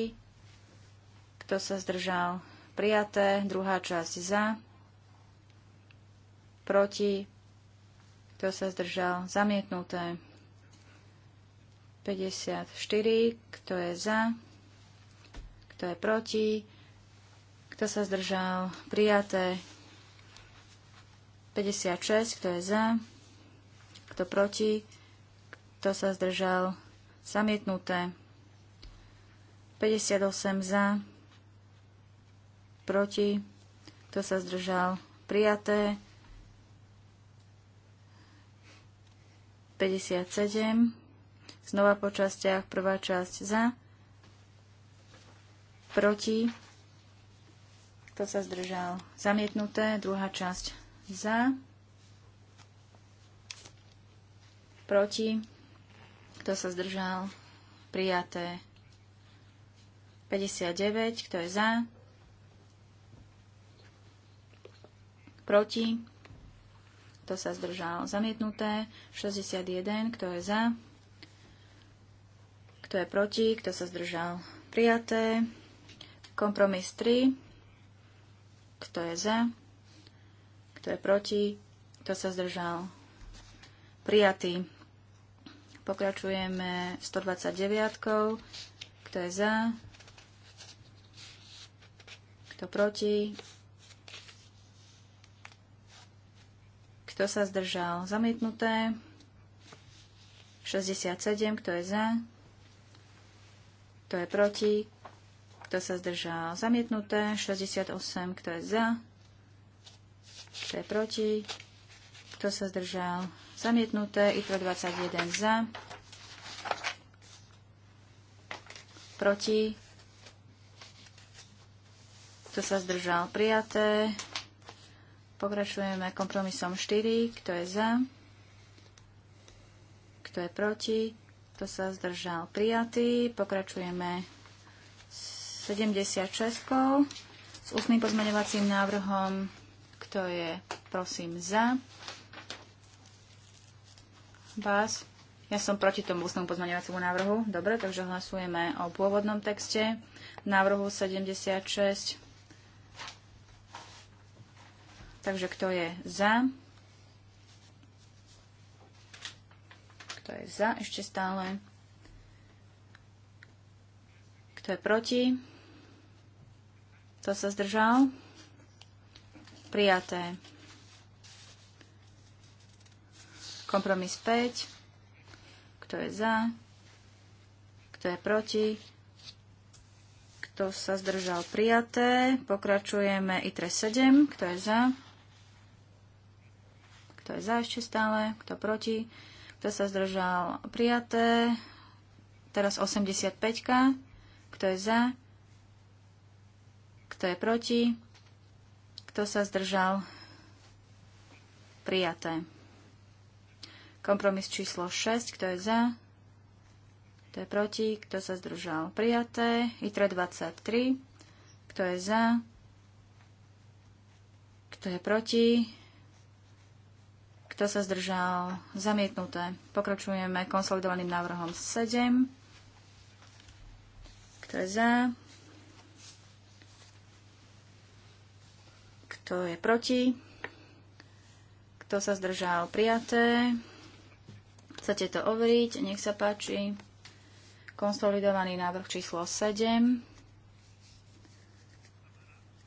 Kto sa zdržal? prijaté, druhá časť za, proti, kto sa zdržal, zamietnuté. 54, kto je za, kto je proti, kto sa zdržal, prijaté. 56, kto je za, kto proti, kto sa zdržal, zamietnuté. 58 za, proti, kto sa zdržal, prijaté. 57, znova po častiach, prvá časť za, proti, kto sa zdržal, zamietnuté, druhá časť za, proti, kto sa zdržal, prijaté. 59, kto je za, proti, kto sa zdržal, zamietnuté, 61, kto je za, kto je proti, kto sa zdržal, prijaté, kompromis 3, kto je za, kto je proti, kto sa zdržal, prijatý. Pokračujeme 129, kto je za, kto proti, Kto sa zdržal? Zamietnuté. 67. Kto je za? Kto je proti? Kto sa zdržal? Zamietnuté. 68. Kto je za? Kto je proti? Kto sa zdržal? Zamietnuté. ITRO 21 za. Proti. Kto sa zdržal? Prijaté. Pokračujeme kompromisom 4. Kto je za? Kto je proti? Kto sa zdržal? Prijatý. Pokračujeme 76 s ústnym pozmeňovacím návrhom. Kto je, prosím, za? Vás. Ja som proti tomu ústnemu pozmaňovaciemu návrhu. Dobre, takže hlasujeme o pôvodnom texte návrhu 76 Takže kto je za? Kto je za ešte stále? Kto je proti? Kto sa zdržal? Prijaté. Kompromis 5. Kto je za? Kto je proti? Kto sa zdržal? Prijaté. Pokračujeme ITRE 7. Kto je za? Kto je za ešte stále? Kto proti? Kto sa zdržal? Prijaté. Teraz 85. Kto je za? Kto je proti? Kto sa zdržal? Prijaté. Kompromis číslo 6. Kto je za? Kto je proti? Kto sa zdržal? Prijaté. ITRE 23. Kto je za? Kto je proti? Kto sa zdržal? Zamietnuté. Pokračujeme konsolidovaným návrhom 7. Kto je za? Kto je proti? Kto sa zdržal? Prijaté. Chcete to overiť? Nech sa páči. Konsolidovaný návrh číslo 7.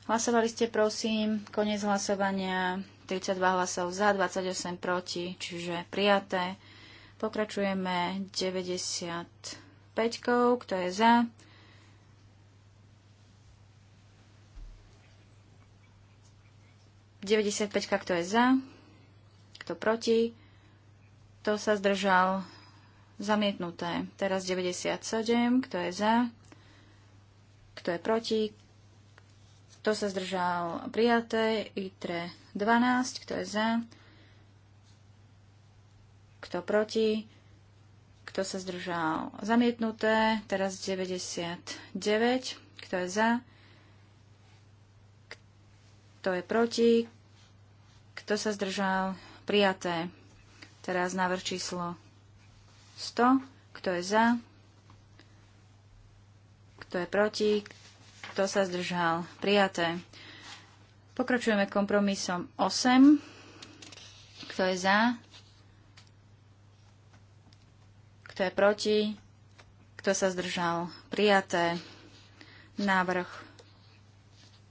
Hlasovali ste, prosím. Koniec hlasovania. 32 hlasov za, 28 proti, čiže prijaté. Pokračujeme 95, kto je za. Deväťdesiatpäťka, kto je za, kto proti, kto sa zdržal, zamietnuté. Teraz 97, kto je za, kto je proti, kto sa zdržal, prijaté, i tre. 12, kto je za, kto proti, kto sa zdržal zamietnuté, teraz 99, kto je za, kto je proti, kto sa zdržal prijaté, teraz návrh číslo 100, kto je za, kto je proti, kto sa zdržal prijaté. Pokračujeme kompromisom 8. Kto je za? Kto je proti? Kto sa zdržal? Prijaté. Návrh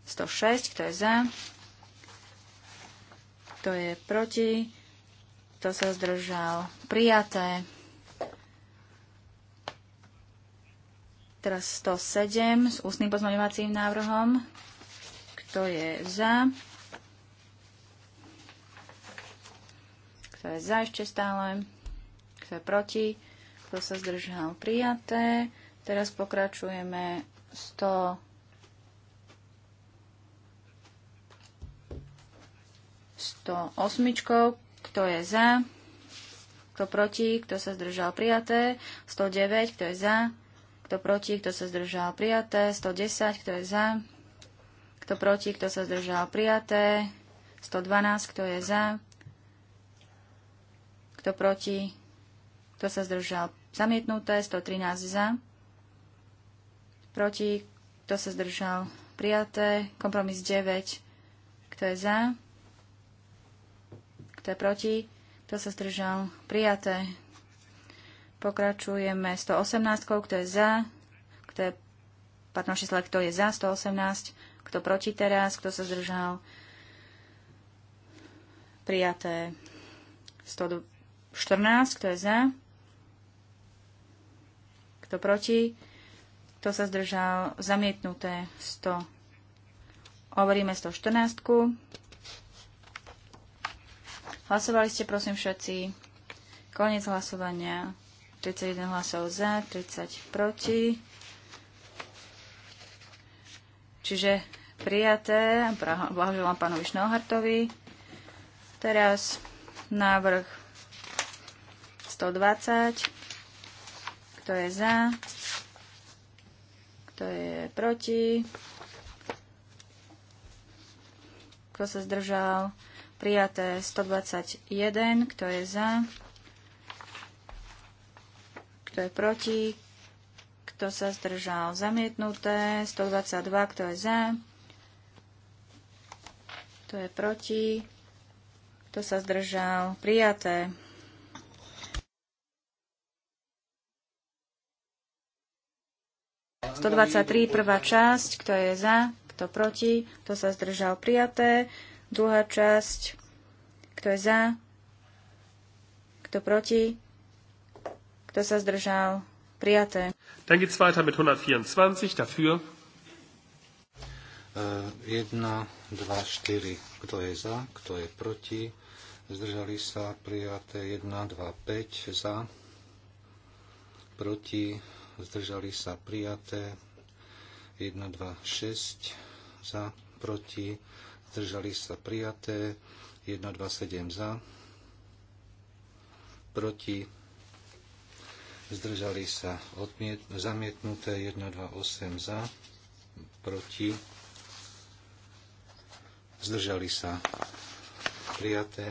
106. Kto je za? Kto je proti? Kto sa zdržal? Prijaté. Teraz 107 s ústnym pozmaňovacím návrhom. Kto je za? Kto je za ešte stále? Kto je proti? Kto sa zdržal? Prijaté. Teraz pokračujeme 100 108. Kto je za? Kto proti? Kto sa zdržal? Prijaté. 109. Kto je za? Kto proti? Kto sa zdržal? Prijaté. 110. Kto je za? Kto proti, kto sa zdržal prijaté. 112, kto je za. Kto proti, kto sa zdržal zamietnuté. 113 za. Proti, kto sa zdržal prijaté. Kompromis 9, kto je za. Kto je proti, kto sa zdržal prijaté. Pokračujeme 118, kto je za. Kto je, pardon, kto je za 118 kto proti teraz? Kto sa zdržal? Prijaté 114. Kto je za? Kto proti? Kto sa zdržal? Zamietnuté 100. Overíme 114. Hlasovali ste, prosím, všetci. Koniec hlasovania. 31 hlasov za, 30 proti. Čiže prijaté. Blahoželám pánovi Šnohartovi. Teraz návrh 120. Kto je za? Kto je proti? Kto sa zdržal? Prijaté 121. Kto je za? Kto je proti? Kto sa zdržal? Zamietnuté. 122. Kto je za? Kto je proti? Kto sa zdržal? Prijaté. ...123, prvá časť, kto je za, kto proti, kto sa zdržal prijaté, druhá časť, kto je za, kto proti, kto sa zdržal Prijaté. Dann geht's weiter mit 124 dafür. 1, 2, 4. Kto je za, kto je proti? Zdržali sa prijaté 1, 2, 5 za, proti, zdržali sa prijaté 1, 2, 6 za, proti, zdržali sa prijaté 1, 2, 7 za, proti, zdržali sa odmiet, zamietnuté 1, 2, 8 za, proti, zdržali sa prijaté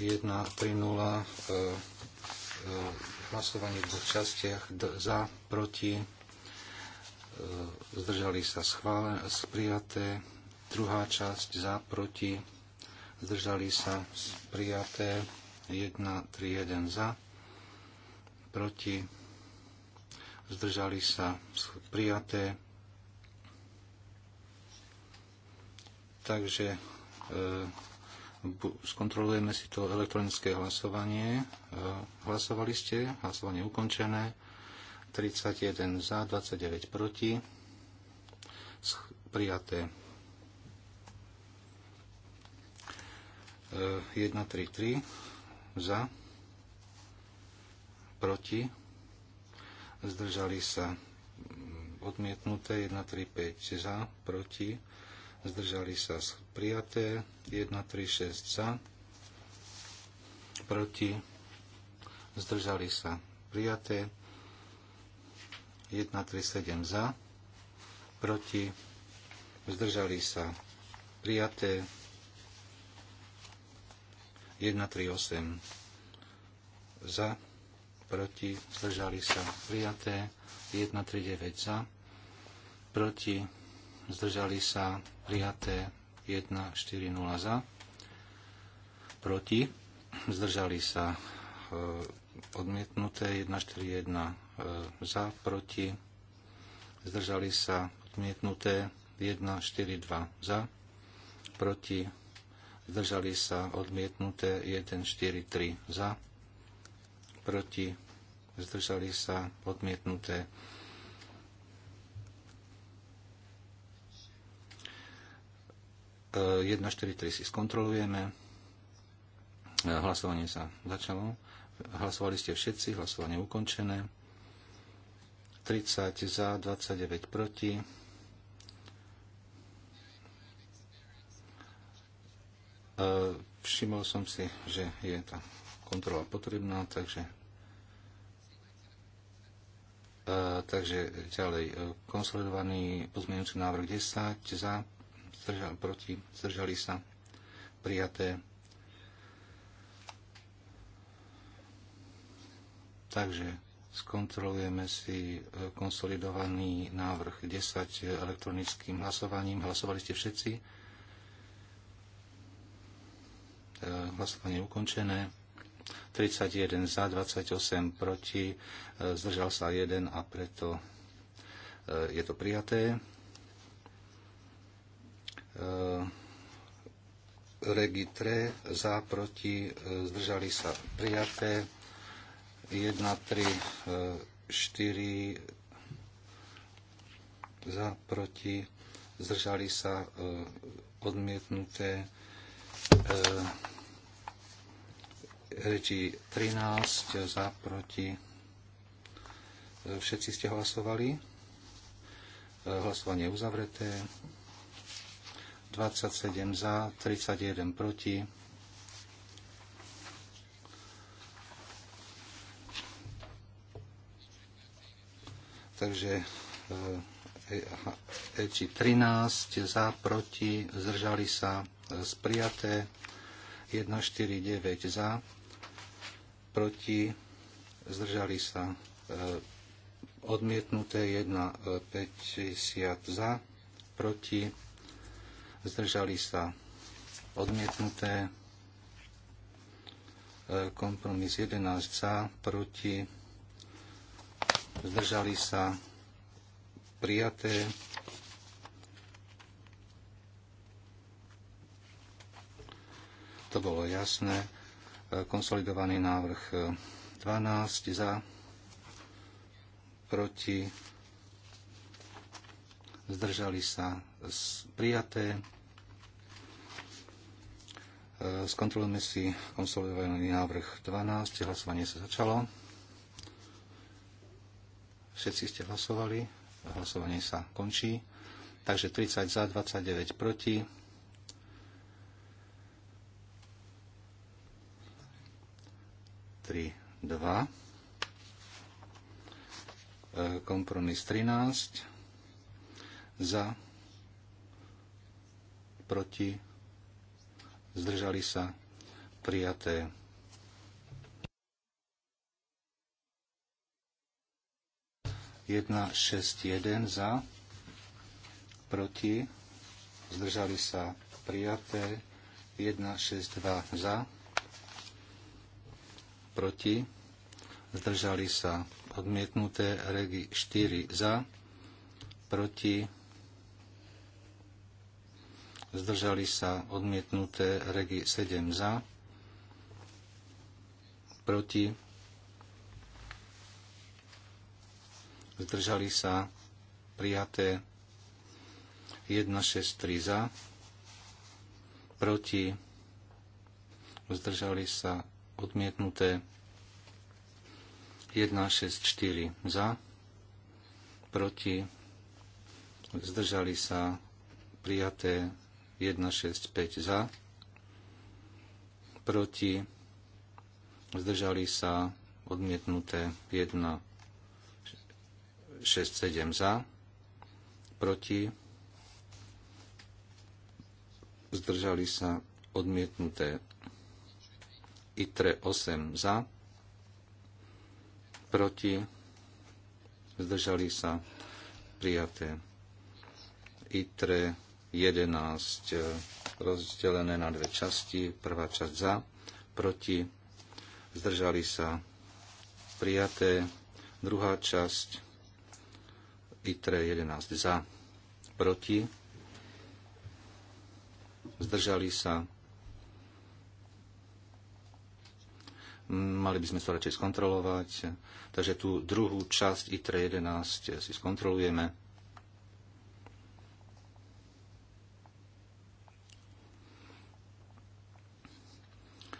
1, 3, 0, hlasovanie v dvoch častiach za, proti, e, zdržali sa schvále, prijaté, druhá časť za, proti, zdržali sa prijaté, 1 za, proti, zdržali sa prijaté. Takže e, bu, skontrolujeme si to elektronické hlasovanie. E, hlasovali ste, hlasovanie ukončené. 31 za, 29 proti. Prijaté. 1, 3, 3 za, proti, zdržali sa odmietnuté 1, 3, 5 za, proti, zdržali sa prijaté 1, 3, 6 za, proti, zdržali sa prijaté 1, 3, 7 za, proti, zdržali sa prijaté 138 za, proti, zdržali sa prijaté, 139 za, proti, zdržali sa prijaté, 140 eh, eh, za, proti, zdržali sa odmietnuté, 141 za, proti, zdržali sa odmietnuté, 142 za, proti, zdržali sa odmietnuté 1, 4, 3 za, proti, zdržali sa odmietnuté 1, 4, 3 si skontrolujeme. E, hlasovanie sa začalo. Hlasovali ste všetci, hlasovanie ukončené. 30 za, 29 proti E, všimol som si, že je tá kontrola potrebná, takže e, takže ďalej e, konsolidovaný pozmeňujúci návrh 10 za, zdržal, proti, zdržali sa, prijaté. Takže skontrolujeme si konsolidovaný návrh 10 elektronickým hlasovaním. Hlasovali ste všetci? E, hlasovanie ukončené. 31 za, 28 proti, e, zdržal sa 1 a preto e, je to prijaté. Regitre za, proti, zdržali sa prijaté. 1, 3, 4 za, proti, zdržali sa odmietnuté regi 13 za, proti. Všetci ste hlasovali. Hlasovanie je uzavreté. 27 za, 31 proti. Takže či eh, eh, 13 za, proti, zdržali sa eh, sprijaté, 149 za, proti, zdržali sa e, odmietnuté 1, 50 e, za, proti, zdržali sa odmietnuté e, kompromis 11 za, proti, zdržali sa prijaté to bolo jasné konsolidovaný návrh 12 e, za, proti, zdržali sa prijaté. E, skontrolujeme si konsolidovaný návrh 12. Hlasovanie sa začalo. Všetci ste hlasovali. Hlasovanie sa končí. Takže 30 za, 29 proti. 3, 2. Kompromis 13. Za. Proti. Zdržali sa. Prijaté. Jedna, šesť, jeden za, proti, zdržali sa prijaté, 1, 6, dva za, proti, zdržali sa odmietnuté, regi 4 za, proti, zdržali sa odmietnuté, regi 7 za, proti, zdržali sa prijaté 1, 3 za, proti, zdržali sa odmietnuté 1, 6, 4 za, proti, zdržali sa prijaté 1, 6, 5 za, proti, zdržali sa odmietnuté 1 6, 7 za, proti, zdržali sa odmietnuté ITRE 8 za, proti, zdržali sa prijaté. ITRE 11 e, rozdelené na dve časti, prvá časť za, proti, zdržali sa prijaté, druhá časť ITRE 11 za, proti, zdržali sa mali by sme sa radšej skontrolovať. Takže tú druhú časť ITRE 11 si skontrolujeme.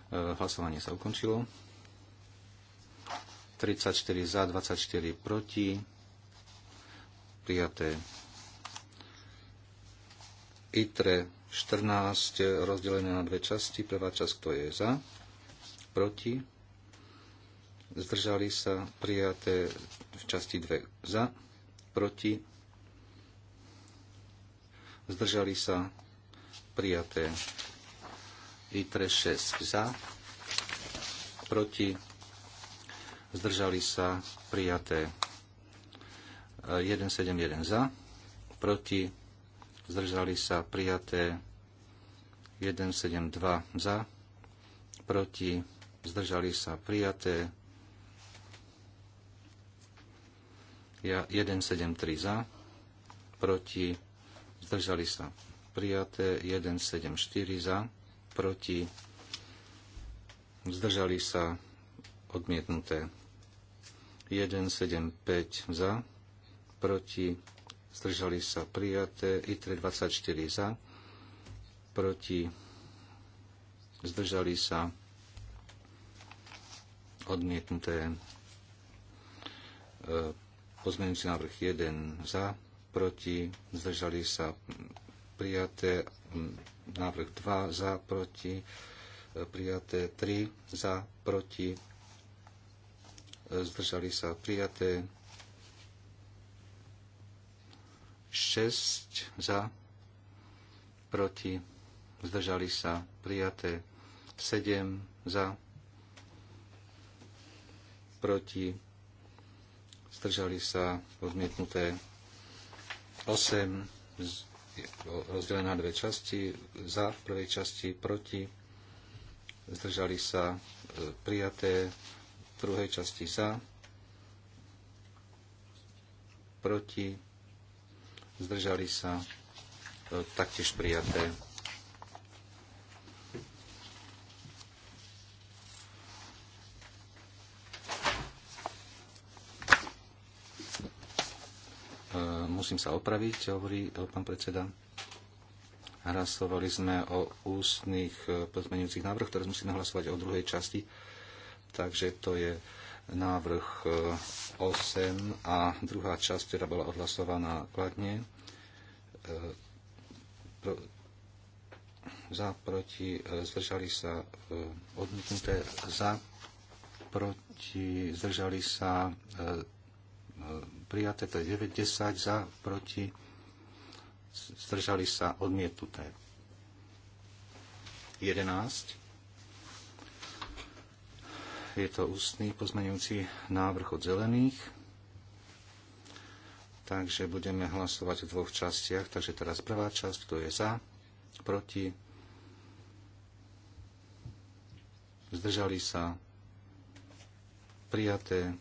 E, hlasovanie sa ukončilo. 34 za, 24 proti. Prijaté. ITRE 14 rozdelené na dve časti. Prvá časť, kto je za, proti, zdržali sa prijaté v časti 2 za, proti, zdržali sa prijaté i 3 6 za, proti, zdržali sa prijaté 171 e, za, proti, zdržali sa prijaté 172 za, proti, zdržali sa prijaté 173 za, proti, zdržali sa prijaté, 174 za, proti, zdržali sa odmietnuté, 175 za, proti, zdržali sa prijaté, i 24 za, proti, zdržali sa odmietnuté e, Pozmeňujúci návrh 1 za, proti, zdržali sa prijaté, návrh 2 za, proti, prijaté 3 za, proti, zdržali sa prijaté 6 za, proti, zdržali sa prijaté 7 za, proti, zdržali sa, odmietnuté 8, rozdelené na dve časti, za v prvej časti, proti, zdržali sa, e, prijaté v druhej časti za, proti, zdržali sa, e, taktiež prijaté musím sa opraviť, hovorí e, pán predseda. Hlasovali sme o ústnych e, pozmeňujúcich návrhoch, ktoré musíme hlasovať o druhej časti. Takže to je návrh 8 e, a druhá časť, ktorá bola odhlasovaná kladne. Za, proti, zdržali sa odmietnuté. Za, proti, zdržali sa prijaté, to je 90 za, proti, zdržali sa odmietnuté. 11. Je to ústny pozmenujúci návrh od zelených. Takže budeme hlasovať v dvoch častiach. Takže teraz prvá časť, kto je za, proti, zdržali sa, prijaté,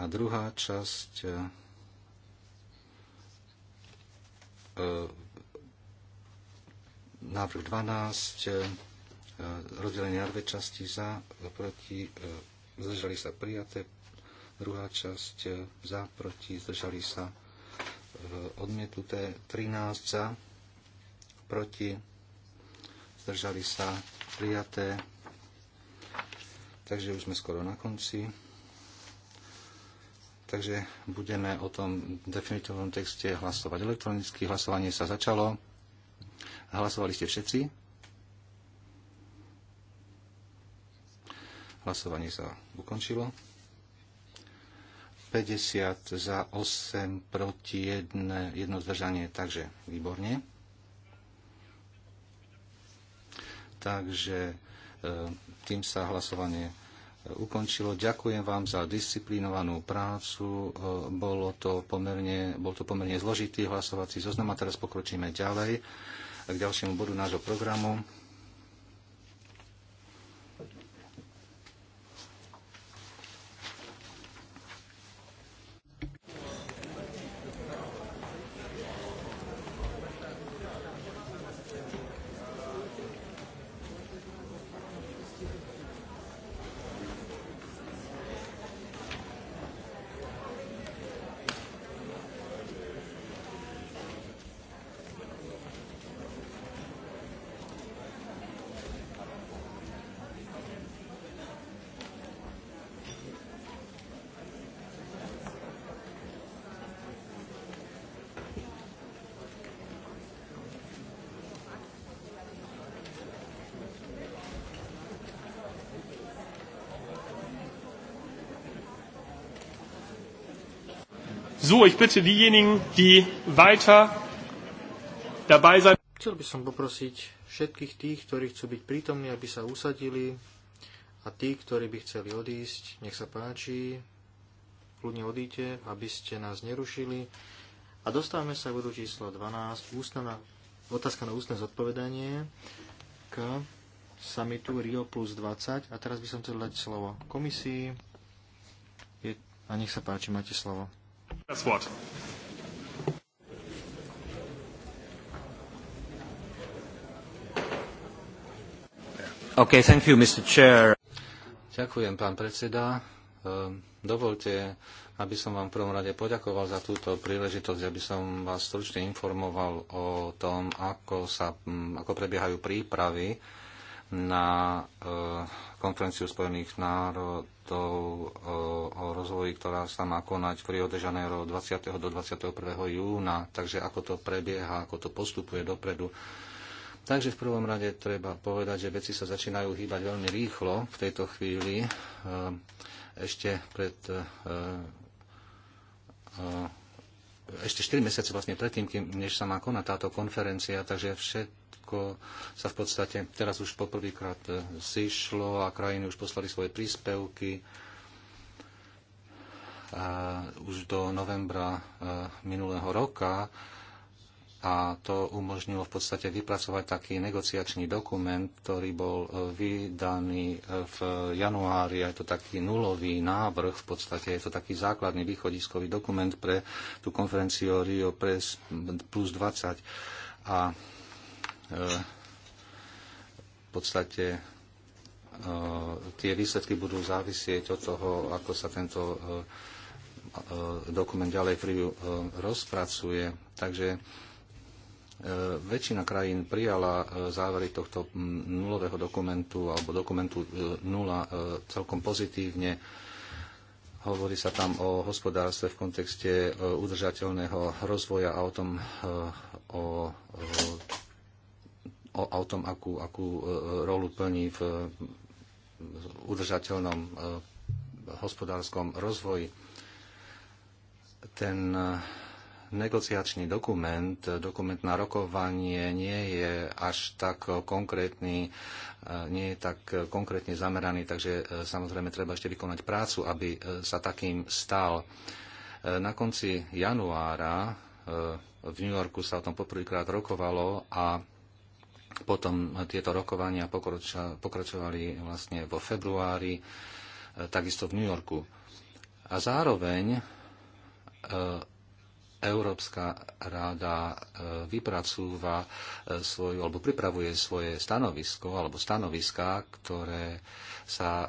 a druhá časť e, e, návrh 12 e, rozdelenie na dve časti za, proti, zdržali sa prijaté, druhá časť za, proti, zdržali sa odmietnuté, 13 za, proti, zdržali sa prijaté. Takže už sme skoro na konci. Takže budeme o tom definitívnom texte hlasovať elektronicky. Hlasovanie sa začalo. Hlasovali ste všetci? Hlasovanie sa ukončilo. 50 za 8 proti 1, jedno zdržanie, takže výborne. Takže e, tým sa hlasovanie ukončilo. Ďakujem vám za disciplinovanú prácu. E, Bolo to pomerne, bol to pomerne zložitý hlasovací zoznam a teraz pokročíme ďalej k ďalšiemu bodu nášho programu. So, ich bitte diejenigen, die weiter dabei sein... Chcel by som poprosiť všetkých tých, ktorí chcú byť prítomní, aby sa usadili a tí, ktorí by chceli odísť, nech sa páči, kľudne odíte, aby ste nás nerušili. A dostávame sa k bodu číslo 12, ústna otázka na ústne zodpovedanie k samitu Rio plus 20. A teraz by som chcel dať slovo komisii. Je, a nech sa páči, máte slovo. Das Wort. Okay, thank you, Mr. Chair. Ďakujem, pán predseda. Ehm, dovolte, aby som vám v prvom rade poďakoval za túto príležitosť, aby som vás stručne informoval o tom, ako, sa, hm, ako prebiehajú prípravy na e, konferenciu Spojených národov e, o rozvoji, ktorá sa má konať v Rio de Janeiro 20. do 21. júna. Takže ako to prebieha, ako to postupuje dopredu. Takže v prvom rade treba povedať, že veci sa začínajú hýbať veľmi rýchlo v tejto chvíli. E, ešte pred ešte 4 mesiace vlastne predtým, kým, než sa má konať táto konferencia, takže všetko sa v podstate teraz už poprvýkrát e, zišlo a krajiny už poslali svoje príspevky. A e, už do novembra e, minulého roka a to umožnilo v podstate vypracovať taký negociačný dokument, ktorý bol e, vydaný e, v januári. Je to taký nulový návrh, v podstate je to taký základný východiskový dokument pre tú konferenciu Rio Press plus 20. A e, v podstate tie výsledky budú závisieť od toho, ako sa tento dokument ďalej v Riu rozpracuje. Takže E, väčšina krajín prijala e, závery tohto nulového dokumentu alebo dokumentu e, nula celkom pozitívne. Hovorí sa tam o hospodárstve v kontexte udržateľného rozvoja a o tom, o, o, o tom akú, akú rolu plní v udržateľnom hospodárskom rozvoji. Ten negociačný dokument, dokument na rokovanie nie je až tak konkrétny, e, nie je tak konkrétne zameraný, takže e, samozrejme treba ešte vykonať prácu, aby e, sa takým stal. Na konci januára v New Yorku sa o tom poprvýkrát rokovalo a potom tieto rokovania pokračovali vlastne vo februári, takisto v New Yorku. A zároveň Európska ráda e, vypracúva e, svoju, alebo pripravuje svoje stanovisko, alebo stanoviská, ktoré sa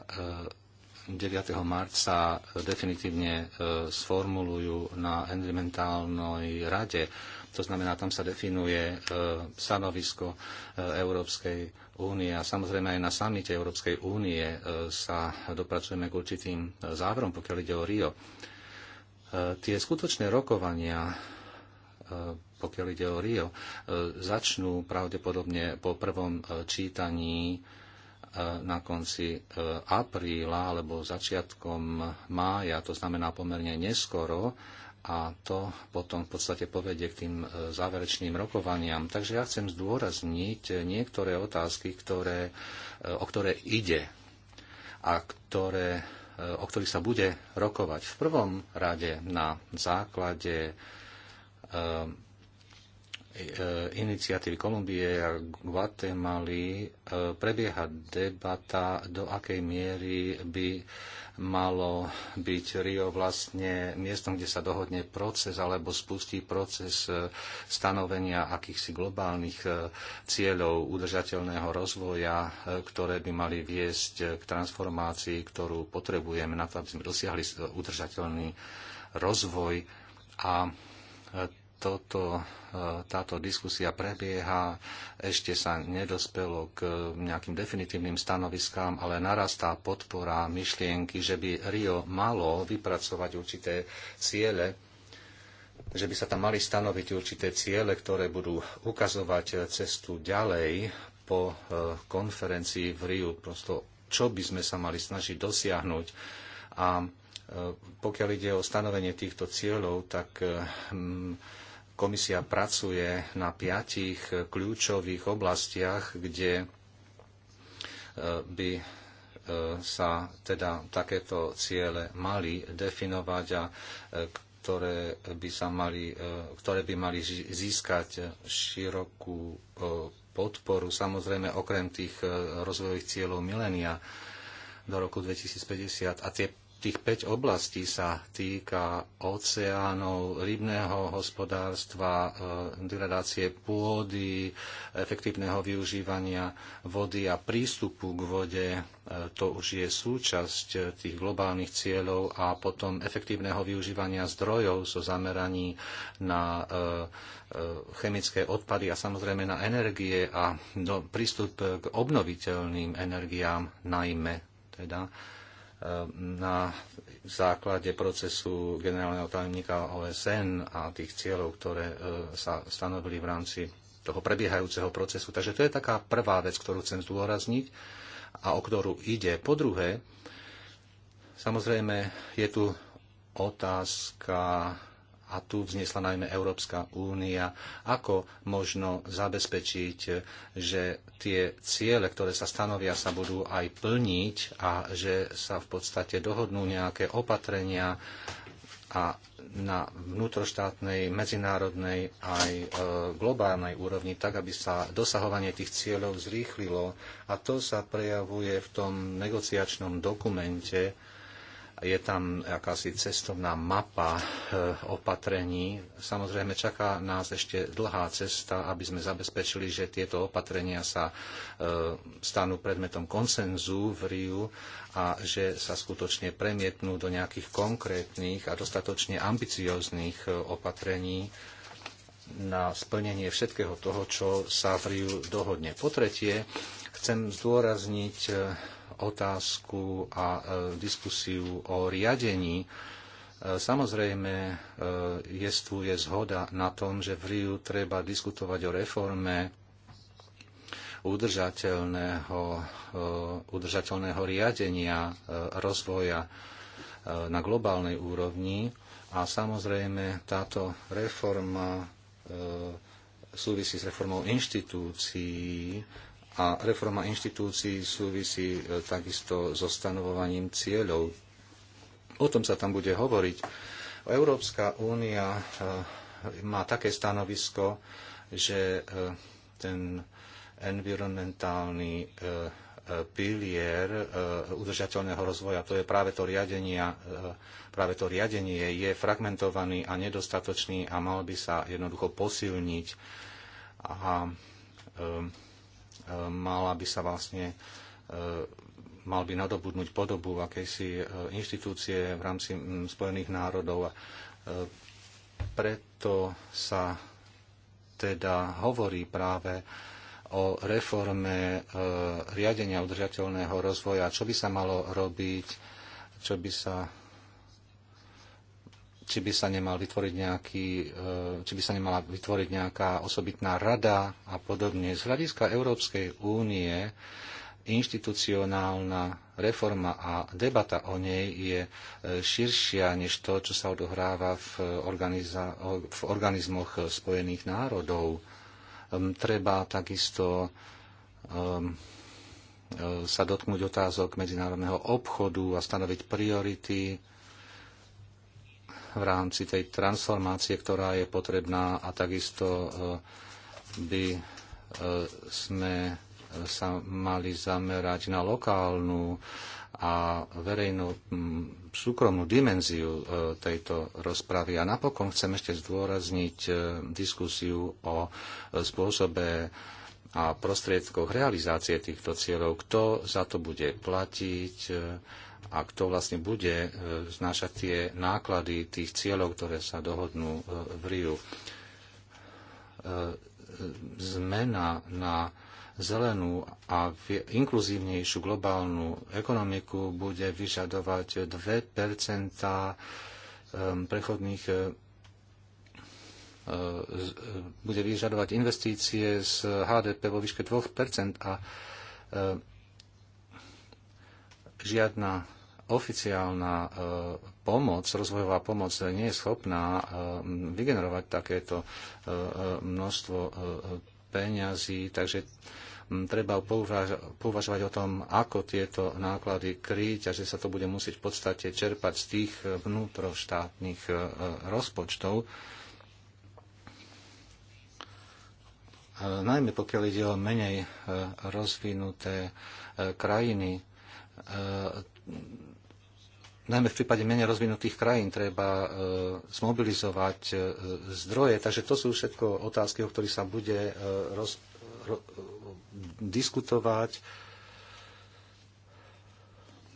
9. E, marca definitívne sformulujú na environmentálnej rade. To znamená, tam sa definuje stanovisko Európskej únie a samozrejme aj na samite Európskej únie sa dopracujeme k určitým záverom, pokiaľ ide o Rio tie skutočné rokovania, e, pokiaľ ide o Rio, e, začnú pravdepodobne po prvom e, čítaní na konci apríla alebo začiatkom mája, to znamená pomerne neskoro, a to potom v podstate povedie k tým záverečným rokovaniam. Takže ja chcem zdôrazniť niektoré otázky, ktoré, o ktoré ide a ktoré o ktorých sa bude rokovať. V prvom rade na základe eh, eh, iniciatívy Kolumbie a Guatemaly eh, prebieha debata, do akej miery by malo byť Rio vlastne miestom, kde sa dohodne proces alebo spustí proces e, stanovenia akýchsi globálnych e, cieľov udržateľného rozvoja, e, ktoré by mali viesť k transformácii, ktorú potrebujeme na to, aby sme dosiahli udržateľný rozvoj. A toto, e, táto diskusia prebieha, ešte sa nedospelo k nejakým definitívnym stanoviskám, ale narastá podpora myšlienky, že by Rio malo vypracovať určité ciele, že by sa tam mali stanoviť určité ciele, ktoré budú ukazovať cestu ďalej po e, konferencii v Riu, prosto čo by sme sa mali snažiť dosiahnuť. A e, pokiaľ ide o stanovenie týchto cieľov, tak mm, Komisia pracuje na piatich kľúčových oblastiach, kde e, by e, sa teda takéto ciele mali definovať a e, ktoré by, sa mali, ktoré by mali získať širokú podporu, samozrejme okrem tých rozvojových cieľov milénia do roku 2050. A tie tých 5 oblastí sa týka oceánov, rybného hospodárstva, e, degradácie pôdy, efektívneho využívania vody a prístupu k vode. E, to už je súčasť e, tých globálnych cieľov a potom efektívneho využívania zdrojov so zameraní na chemické odpady a samozrejme na energie a no, prístup k obnoviteľným energiám najmä teda na základe procesu generálneho tajomníka OSN a tých cieľov, ktoré e, sa stanovili v rámci toho prebiehajúceho procesu. Takže to je taká prvá vec, ktorú chcem zdôrazniť a o ktorú ide. Po druhé, samozrejme, je tu otázka a tu vznesla najmä Európska únia, ako možno zabezpečiť, že tie ciele, ktoré sa stanovia, sa budú aj plniť a že sa v podstate dohodnú nejaké opatrenia a na vnútroštátnej, medzinárodnej aj e, globálnej úrovni, tak aby sa dosahovanie tých cieľov zrýchlilo. A to sa prejavuje v tom negociačnom dokumente, je tam akási cestovná mapa eh, opatrení. Samozrejme, čaká nás ešte dlhá cesta, aby sme zabezpečili, že tieto opatrenia sa eh, stanú predmetom konsenzu v Riu a že sa skutočne premietnú do nejakých konkrétnych a dostatočne ambicióznych eh, opatrení na splnenie všetkého toho, čo sa v Riu dohodne. Po tretie, chcem zdôrazniť otázku a e, diskusiu o riadení. E, samozrejme, jestvuje zhoda na tom, že v Riu treba diskutovať o reforme udržateľného, e, udržateľného riadenia rozvoja na globálnej úrovni. A samozrejme, táto reforma súvisí s reformou inštitúcií, a reforma inštitúcií súvisí e, takisto so stanovovaním cieľov. O tom sa tam bude hovoriť. Európska únia e, má také stanovisko, že e, ten environmentálny pilier udržateľného rozvoja, to je práve to, riadenia, práve to riadenie, je fragmentovaný a nedostatočný a mal by sa jednoducho posilniť. A mala by sa vlastne e, mal by nadobudnúť podobu akejsi e, inštitúcie v rámci Spojených národov. E, preto sa teda hovorí práve o reforme riadenia udržateľného rozvoja, čo by sa malo robiť, čo by sa či by sa nemal vytvoriť nejaký, e, či by sa nemala vytvoriť nejaká osobitná rada a podobne. Z hľadiska Európskej únie inštitucionálna reforma a debata o nej je e, širšia než to, čo sa odohráva v, organiza- v organizmoch Spojených národov. Ehm, treba takisto um, sa dotknúť otázok medzinárodného obchodu a stanoviť priority v rámci tej transformácie, ktorá je potrebná a takisto eh, by eh, sme sa mali zamerať na lokálnu a verejnú hm, súkromnú dimenziu eh, tejto rozpravy. A napokon chcem ešte zdôrazniť diskusiu o spôsobe a prostriedkoch realizácie týchto cieľov, kto za to bude platiť, a kto vlastne bude e, znášať tie náklady tých cieľov, ktoré sa dohodnú e, v Riu. E, zmena na zelenú a inkluzívnejšiu globálnu ekonomiku bude vyžadovať 2 prechodných bude vyžadovať investície z HDP vo výške 2% a žiadna oficiálna e, pomoc, rozvojová pomoc nie je schopná e, vygenerovať takéto e, množstvo peňazí, takže treba pouvažovať o tom, ako tieto náklady kryť a že sa to bude musieť v podstate čerpať z tých vnútroštátnych rozpočtov. Najmä pokiaľ ide o menej rozvinuté krajiny, najmä v prípade menej rozvinutých krajín treba e, zmobilizovať e, zdroje. Takže to sú všetko otázky, o ktorých sa bude e, roz, ro, diskutovať.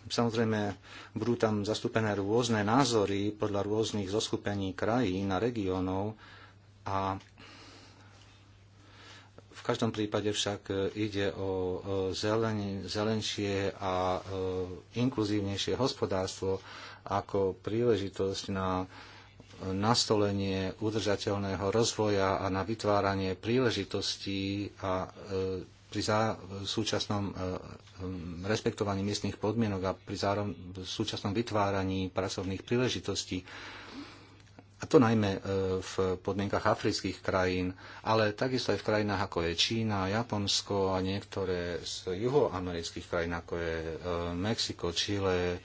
Samozrejme, budú tam zastúpené rôzne názory podľa rôznych zoskupení krajín a regiónov a každom prípade však e, ide o e, zelen, zelenšie a e, inkluzívnejšie hospodárstvo ako príležitosť na nastolenie udržateľného rozvoja a na vytváranie príležitostí a pri zá, súčasnom respektovaní miestnych podmienok a pri súčasnom vytváraní pracovných príležitostí a to najmä e, v podmienkach afrických krajín, ale takisto aj v krajinách ako je Čína, Japonsko a niektoré z juhoamerických krajín ako je e, Mexiko, Chile, e,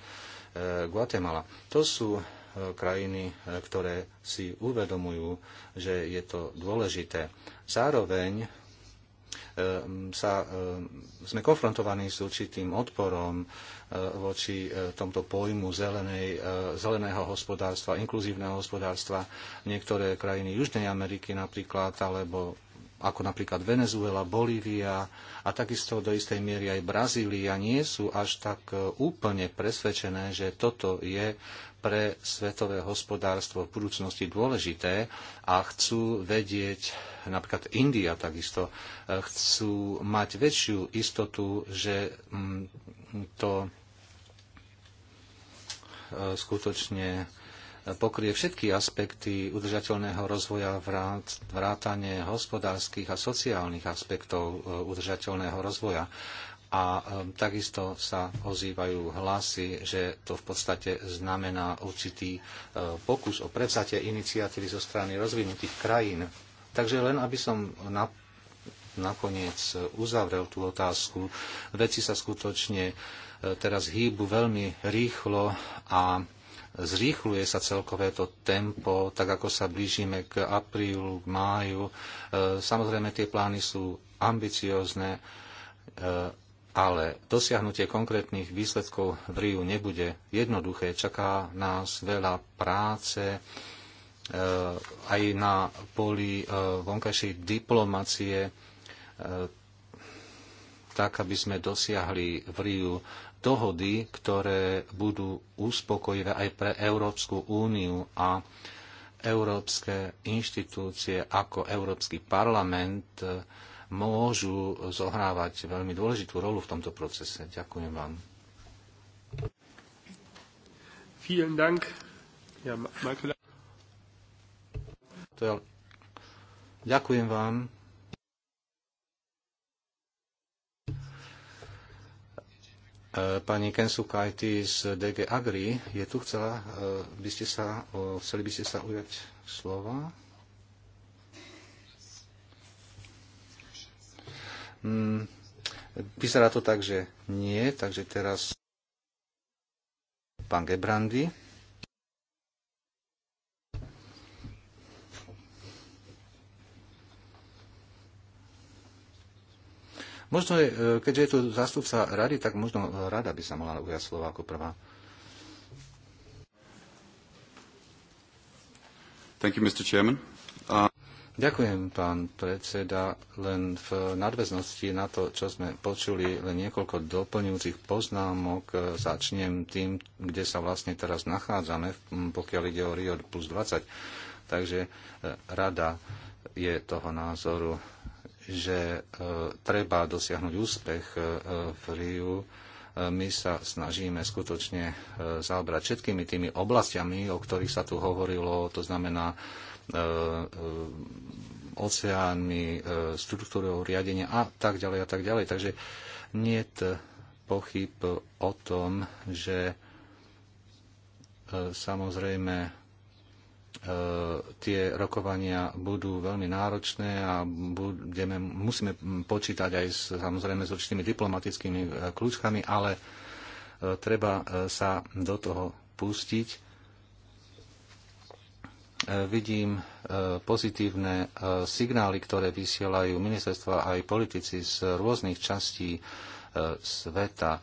Guatemala. To sú krajiny, ktoré si uvedomujú, že je to dôležité. Zároveň Ehm, sa, ehm, sme konfrontovaní s určitým odporom e, voči e, tomto pojmu zelenej, e, zeleného hospodárstva, inkluzívneho hospodárstva. Niektoré krajiny Južnej Ameriky napríklad, alebo ako napríklad Venezuela, Bolívia a takisto do istej miery aj Brazília, nie sú až tak e, úplne presvedčené, že toto je pre svetové hospodárstvo v budúcnosti dôležité a chcú vedieť, napríklad India takisto, e, chcú mať väčšiu istotu, že mm, to e, skutočne pokrie všetky aspekty udržateľného rozvoja vrátane hospodárskych a sociálnych aspektov e, udržateľného rozvoja. A e, takisto sa ozývajú hlasy, že to v podstate znamená určitý e, pokus o prevzatie iniciatívy zo strany rozvinutých krajín. Takže len aby som na, nakoniec uzavrel tú otázku, veci sa skutočne teraz hýbu veľmi rýchlo a zrýchluje sa celkové to tempo, tak ako sa blížime k aprílu, k máju. E, samozrejme, tie plány sú ambiciózne, e, ale dosiahnutie konkrétnych výsledkov v Riu nebude jednoduché. Čaká nás veľa práce e, aj na poli vonkajšej diplomacie, tak aby sme dosiahli v Riu dohody, ktoré budú uspokojivé aj pre Európsku úniu a európske inštitúcie ako Európsky parlament e, môžu zohrávať veľmi dôležitú rolu v tomto procese. Ďakujem vám. Vielen Dank. Ja, Michael. Ďakujem vám. E, pani Kensukajty z DG Agri je tu, chcela e, by ste sa, chceli by ste sa ujať slova? Mm, vyzerá to tak, že nie, takže teraz pán Gebrandy. Možno, je, e, keďže je tu zástupca rady, tak možno rada by sa mohla ujať slova ako prvá. Thank you, Mr. Chairman. Uh... Ďakujem, pán predseda. Len v nadväznosti na to, čo sme počuli, len niekoľko doplňujúcich poznámok. E, Začnem tým, kde sa vlastne teraz nachádzame, pokiaľ ide o Rio plus 20. Takže e, rada je toho názoru, že e, treba dosiahnuť úspech e, v Riu. E, my sa snažíme skutočne zaobrať všetkými tými oblastiami, o ktorých sa tu hovorilo, to znamená oceánmi, štruktúrou riadenia a tak ďalej a tak ďalej. Takže nie je pochyb o tom, že samozrejme E, tie rokovania budú veľmi náročné a budeme, musíme počítať aj s, samozrejme s určitými diplomatickými e, kľúčkami, ale e, treba sa do toho pustiť. Vidím pozitívne signály, ktoré vysielajú ministerstva aj politici z rôznych častí sveta,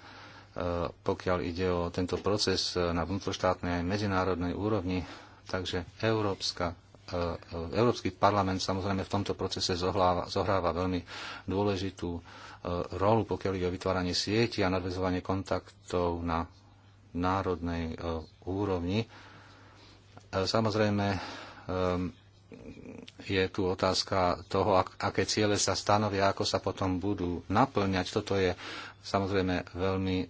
pokiaľ ide o tento proces na vnútroštátnej aj medzinárodnej úrovni Takže Európska, e, e, Európsky parlament samozrejme v tomto procese zohláva, zohráva veľmi dôležitú e, rolu, pokiaľ ide o vytváranie sieti a nadvezovanie kontaktov na národnej úrovni. Samozrejme, je tu otázka toho, aké ciele sa stanovia, ako sa potom budú naplňať. Toto je samozrejme veľmi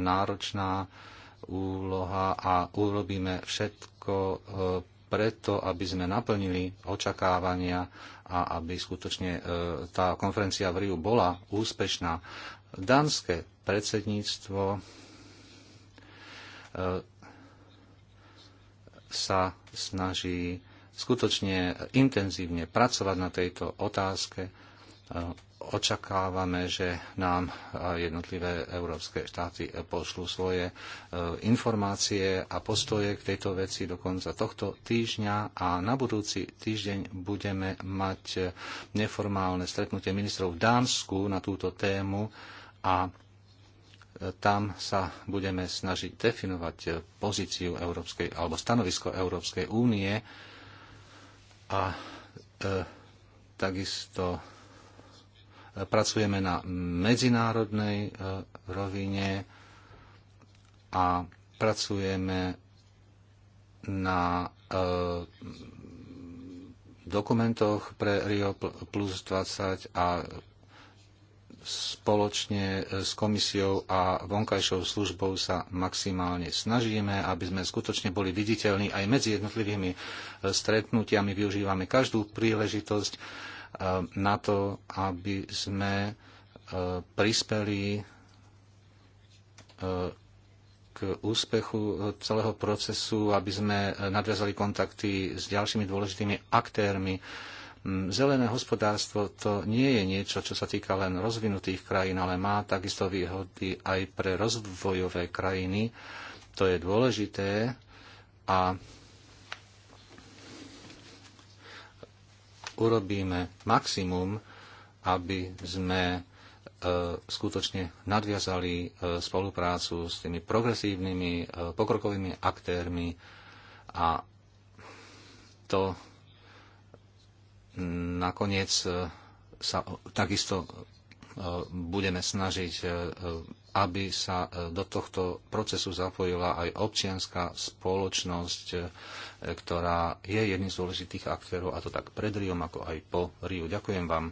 náročná úloha a urobíme všetko eh, preto, aby sme naplnili očakávania a aby skutočne eh, tá konferencia v Riu bola úspešná. Dánske predsedníctvo eh, sa snaží skutočne intenzívne pracovať na tejto otázke očakávame, že nám e, jednotlivé európske štáty e, pošlú svoje e, informácie a postoje k tejto veci do konca tohto týždňa a na budúci týždeň budeme mať neformálne stretnutie ministrov v Dánsku na túto tému a tam sa budeme snažiť definovať pozíciu Európskej alebo stanovisko Európskej únie a e, takisto Pracujeme na medzinárodnej e, rovine a pracujeme na e, dokumentoch pre Rio plus 20 a spoločne s komisiou a vonkajšou službou sa maximálne snažíme, aby sme skutočne boli viditeľní aj medzi jednotlivými e, stretnutiami. Využívame každú príležitosť na to, aby sme e, prispeli e, k úspechu celého procesu, aby sme nadviazali kontakty s ďalšími dôležitými aktérmi. Mm, zelené hospodárstvo to nie je niečo, čo sa týka len rozvinutých krajín, ale má takisto výhody aj pre rozvojové krajiny. To je dôležité a urobíme maximum, aby sme e, skutočne nadviazali e, spoluprácu s tými progresívnymi, e, pokrokovými aktérmi a to nakoniec sa takisto budeme snažiť aby sa e, do tohto procesu zapojila aj občianská spoločnosť, e, ktorá je jedným z dôležitých aktérov, a to tak pred Riom, ako aj po Riu. Ďakujem vám.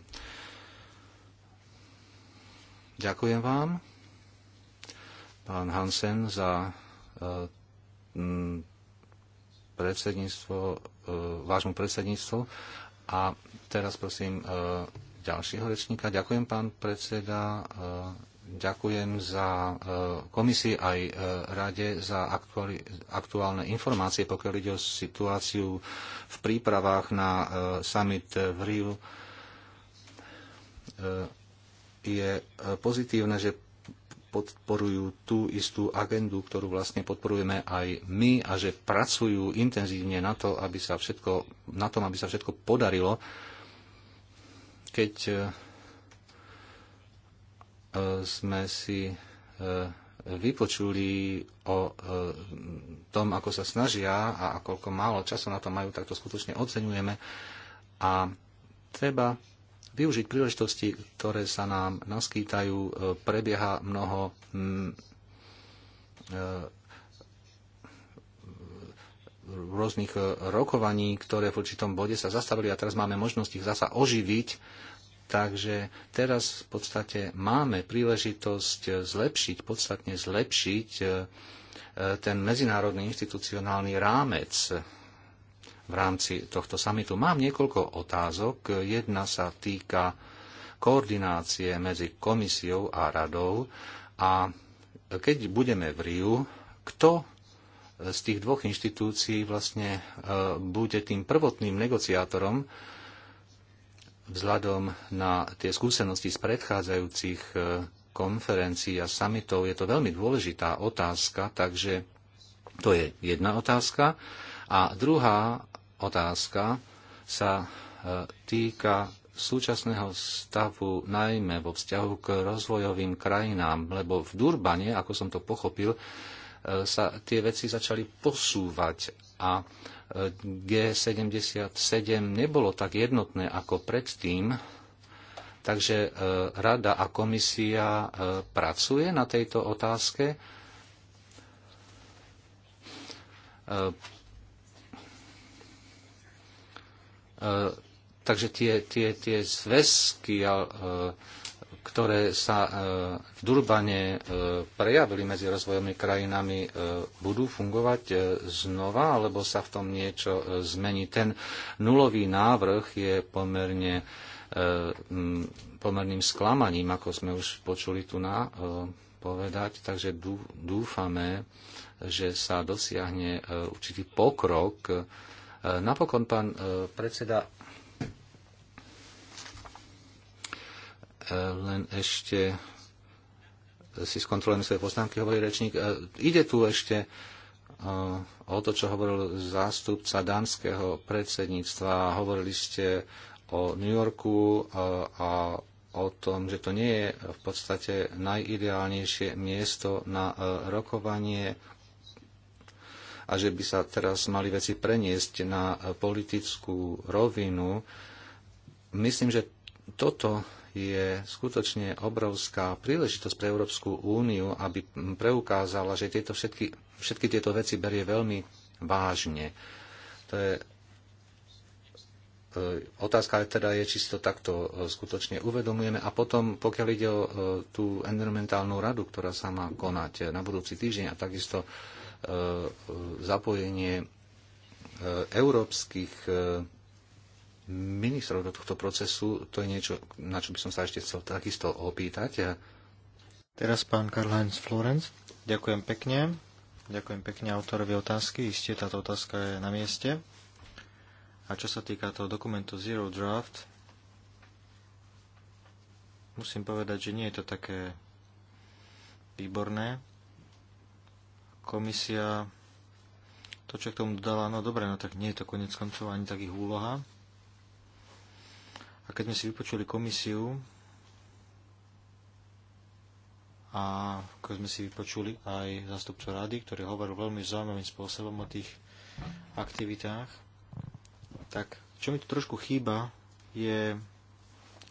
Ďakujem vám, pán Hansen, za e, predsedníctvo, vášmu predsedníctvu. A teraz prosím ďalšieho rečníka. Ďakujem, pán predseda. Ďakujem za eh, komisii aj eh, rade za aktuálne informácie, pokiaľ ide o situáciu v prípravách na eh, summit v Riu. Je pozitívne, že podporujú tú istú agendu, ktorú vlastne podporujeme aj my a že pracujú intenzívne na, to, aby sa všetko, na tom, aby sa všetko podarilo. Keď sme si e, vypočuli o e, tom, ako sa snažia a koľko málo času na to majú, tak to skutočne oceňujeme. A treba využiť príležitosti, ktoré sa nám naskýtajú. E, prebieha mnoho rôznych rokovaní, ktoré v určitom bode sa zastavili a teraz máme možnosť ich zasa oživiť Takže teraz v podstate máme príležitosť zlepšiť, podstatne zlepšiť e, e, ten medzinárodný institucionálny rámec v rámci tohto samitu. Mám niekoľko otázok. Jedna sa týka koordinácie medzi komisiou a radou. A keď budeme v Riu, kto z tých dvoch inštitúcií vlastne e, bude tým prvotným negociátorom vzhľadom na tie skúsenosti z predchádzajúcich e, konferencií a samitov je to veľmi dôležitá otázka, takže to je jedna otázka. A druhá otázka sa e, týka súčasného stavu najmä vo vzťahu k rozvojovým krajinám, lebo v Durbane, ako som to pochopil, e, sa tie veci začali posúvať a e, G77 nebolo tak jednotné ako predtým, takže e, rada a komisia e, pracuje na tejto otázke. Takže tie, tie, tie zväzky a ktoré sa e, v Durbane e, prejavili medzi rozvojovými krajinami, e, budú fungovať znova, alebo sa v tom niečo zmení. Ten nulový návrh je pomerne pomerným sklamaním, ako sme už počuli tu na povedať, takže dúfame, že sa dosiahne určitý pokrok. Napokon pán predseda E, len ešte si skontrolujeme svoje poznámky, hovorí rečník. E, ide tu ešte e, o to, čo hovoril zástupca dánskeho predsedníctva. Hovorili ste o New Yorku a o tom, že to nie je v podstate najideálnejšie miesto na rokovanie a že by sa teraz mali veci preniesť na politickú rovinu. Myslím, že toto je skutočne obrovská príležitosť pre Európsku úniu, aby preukázala, že tieto všetky, všetky tieto veci berie veľmi vážne. To je e, Otázka teda je, či si to takto e, skutočne uvedomujeme. A potom, pokiaľ ide o e, tú environmentálnu radu, ktorá sa má konať na budúci týždeň a takisto zapojenie európskych ministrov do tohto procesu, to je niečo, na čo by som sa ešte chcel takisto opýtať. Teraz pán Karl-Heinz Florenc. Ďakujem pekne. Ďakujem pekne autorovi otázky. Isté táto otázka je na mieste. A čo sa týka toho dokumentu Zero Draft, musím povedať, že nie je to také výborné. Komisia to, čo k tomu dodala, no dobre, no tak nie je to konec koncov ani takých úloha. A keď sme si vypočuli komisiu a keď sme si vypočuli aj zástupcu rady, ktorý hovoril veľmi zaujímavým spôsobom o tých aktivitách, tak čo mi tu trošku chýba, je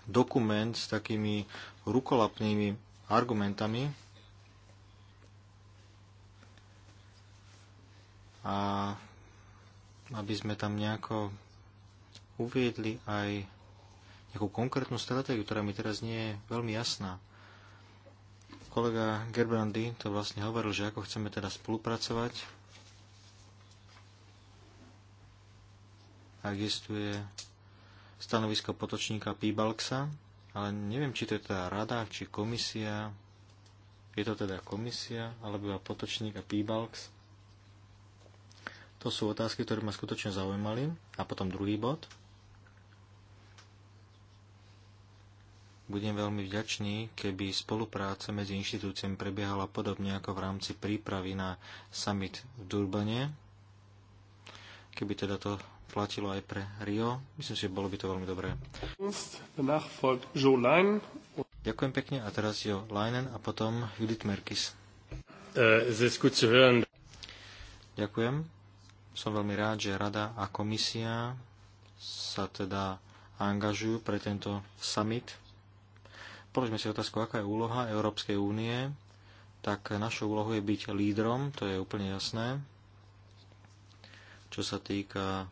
dokument s takými rukolapnými argumentami a aby sme tam nejako uviedli aj nejakú konkrétnu stratégiu, ktorá mi teraz nie je veľmi jasná. Kolega Gerbrandy to vlastne hovoril, že ako chceme teda spolupracovať. A existuje stanovisko potočníka Pibalxa, ale neviem, či to je teda rada, či komisia, je to teda komisia, alebo iba potočník a Pibalx. To sú otázky, ktoré ma skutočne zaujímali. A potom druhý bod – Budem veľmi vďačný, keby spolupráca medzi inštitúciami prebiehala podobne ako v rámci prípravy na summit v Durbane, keby teda to platilo aj pre Rio. Myslím si, že bolo by to veľmi dobré. Ďakujem pekne a teraz Jo Leinen a potom Judith Merkis. Eh, Ďakujem. Som veľmi rád, že Rada a komisia sa teda angažujú pre tento summit položme si otázku, aká je úloha Európskej únie, tak našou úlohou je byť lídrom, to je úplne jasné, čo sa týka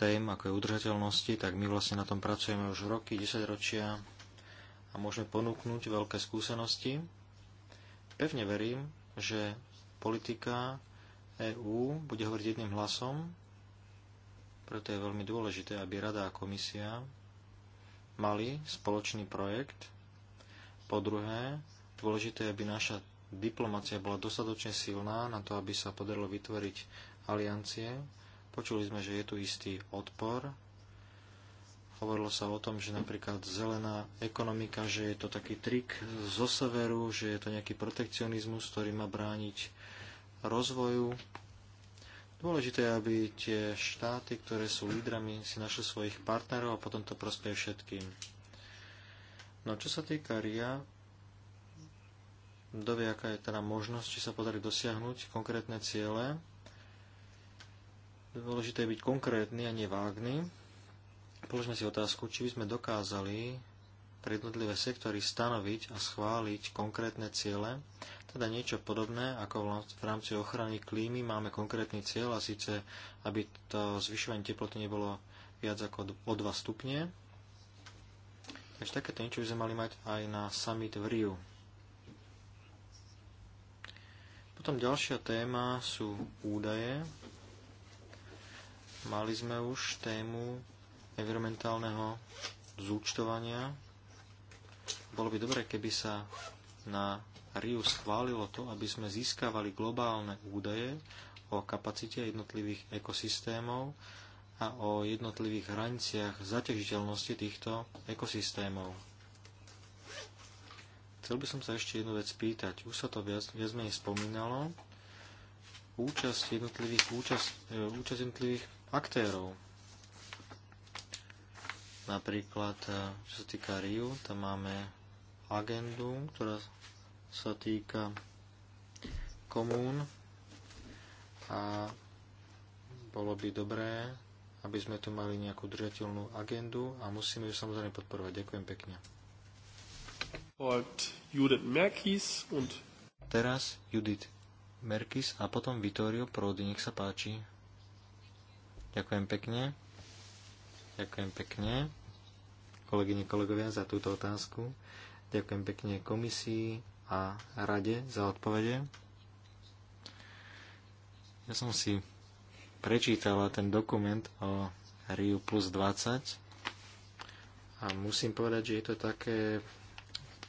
tém, ako je udržateľnosti, tak my vlastne na tom pracujeme už roky, 10 ročia a môžeme ponúknuť veľké skúsenosti. Pevne verím, že politika EÚ bude hovoriť jedným hlasom, preto je veľmi dôležité, aby Rada a Komisia mali spoločný projekt. Po druhé, dôležité je, aby naša diplomacia bola dostatočne silná na to, aby sa podarilo vytvoriť aliancie. Počuli sme, že je tu istý odpor. Hovorilo sa o tom, že napríklad zelená ekonomika, že je to taký trik zo severu, že je to nejaký protekcionizmus, ktorý má brániť rozvoju Dôležité je, aby tie štáty, ktoré sú lídrami, si našli svojich partnerov a potom to prospeje všetkým. No čo sa týka RIA, kto vie, aká je teda možnosť, či sa podarí dosiahnuť konkrétne ciele. Dôležité je byť konkrétny a nevágny. Položme si otázku, či by sme dokázali pre jednotlivé sektory stanoviť a schváliť konkrétne ciele, teda niečo podobné ako v rámci ochrany klímy máme konkrétny cieľ a síce, aby to zvyšovanie teploty nebolo viac ako o 2 stupne. Takže takéto niečo by sme mali mať aj na summit v Riu. Potom ďalšia téma sú údaje. Mali sme už tému environmentálneho zúčtovania bolo by dobre, keby sa na Riu schválilo to, aby sme získavali globálne údaje o kapacite jednotlivých ekosystémov a o jednotlivých hraniciach zaťažiteľnosti týchto ekosystémov. Chcel by som sa ešte jednu vec spýtať. Už sa to viac, viac menej spomínalo. Účasť jednotlivých, účasť, e, účasť jednotlivých aktérov. Napríklad, e, čo sa týka Riu, tam máme agendu, ktorá sa týka komún a bolo by dobré, aby sme tu mali nejakú držateľnú agendu a musíme ju samozrejme podporovať. Ďakujem pekne. Teraz Judith Merkis a potom Vittorio Prodi, nech sa páči. Ďakujem pekne. Ďakujem pekne, kolegyne, kolegovia, za túto otázku. Ďakujem pekne komisii a rade za odpovede. Ja som si prečítala ten dokument o Riu plus 20 a musím povedať, že je to také,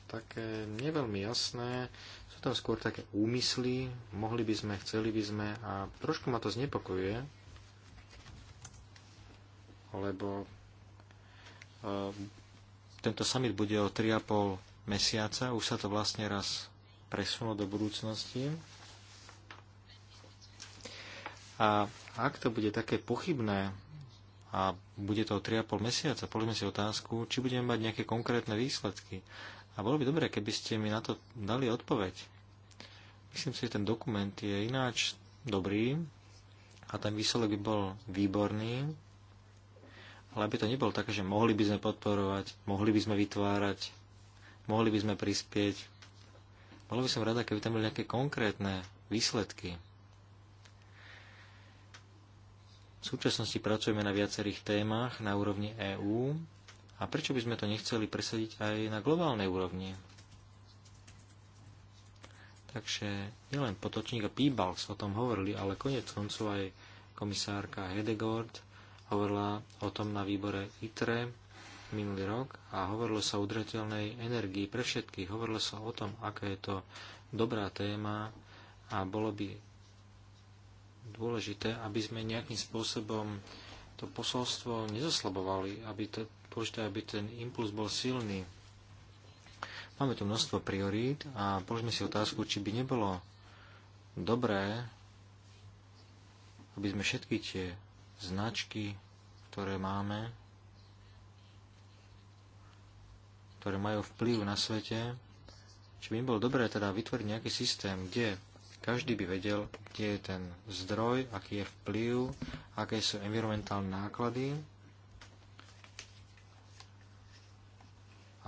také neveľmi jasné. Sú tam skôr také úmysly, mohli by sme, chceli by sme a trošku ma to znepokojuje, lebo e, tento summit bude o 3,5 mesiaca. Už sa to vlastne raz presunulo do budúcnosti. A ak to bude také pochybné a bude to o 3,5 mesiaca, položme si otázku, či budeme mať nejaké konkrétne výsledky. A bolo by dobré, keby ste mi na to dali odpoveď. Myslím si, že ten dokument je ináč dobrý a ten výsledok by bol výborný, ale aby to nebolo také, že mohli by sme podporovať, mohli by sme vytvárať mohli by sme prispieť. Bolo by som rada, keby tam boli nejaké konkrétne výsledky. V súčasnosti pracujeme na viacerých témach na úrovni EÚ a prečo by sme to nechceli presadiť aj na globálnej úrovni? Takže nielen Potočník a Peebles o tom hovorili, ale konec koncov aj komisárka Hedegord hovorila o tom na výbore ITRE minulý rok a hovorilo sa o udržateľnej energii pre všetkých. Hovorilo sa o tom, aká je to dobrá téma a bolo by dôležité, aby sme nejakým spôsobom to posolstvo nezoslabovali, aby to, dôležité, aby ten impuls bol silný. Máme tu množstvo priorít a položme si otázku, či by nebolo dobré, aby sme všetky tie značky, ktoré máme, ktoré majú vplyv na svete, či by im bolo dobré teda vytvoriť nejaký systém, kde každý by vedel, kde je ten zdroj, aký je vplyv, aké sú environmentálne náklady,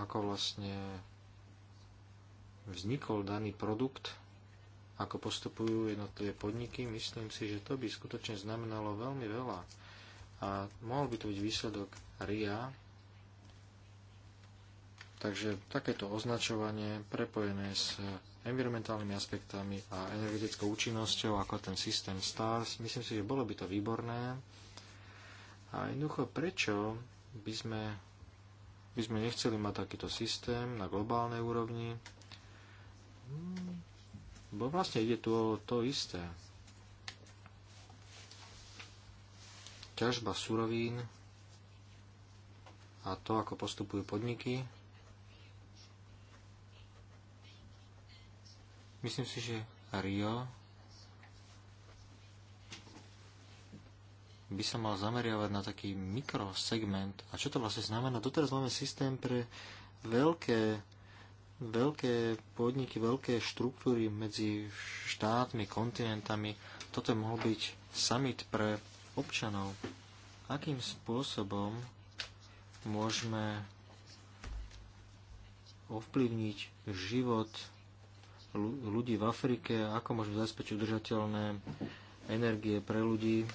ako vlastne vznikol daný produkt, ako postupujú jednotlivé podniky, myslím si, že to by skutočne znamenalo veľmi veľa. A mohol by to byť výsledok RIA, Takže takéto označovanie prepojené s environmentálnymi aspektami a energetickou účinnosťou, ako ten systém STARS, myslím si, že bolo by to výborné. A jednoducho, prečo by sme, by sme nechceli mať takýto systém na globálnej úrovni? Hm, bo vlastne ide tu o to isté. Ťažba surovín a to, ako postupujú podniky, Myslím si, že Rio by sa mal zameriavať na taký mikrosegment. A čo to vlastne znamená? Doteraz máme systém pre veľké, veľké podniky, veľké štruktúry medzi štátmi, kontinentami. Toto mohol byť summit pre občanov. Akým spôsobom môžeme ovplyvniť život ľudí v Afrike, ako môžeme zabezpečiť udržateľné energie pre ľudí,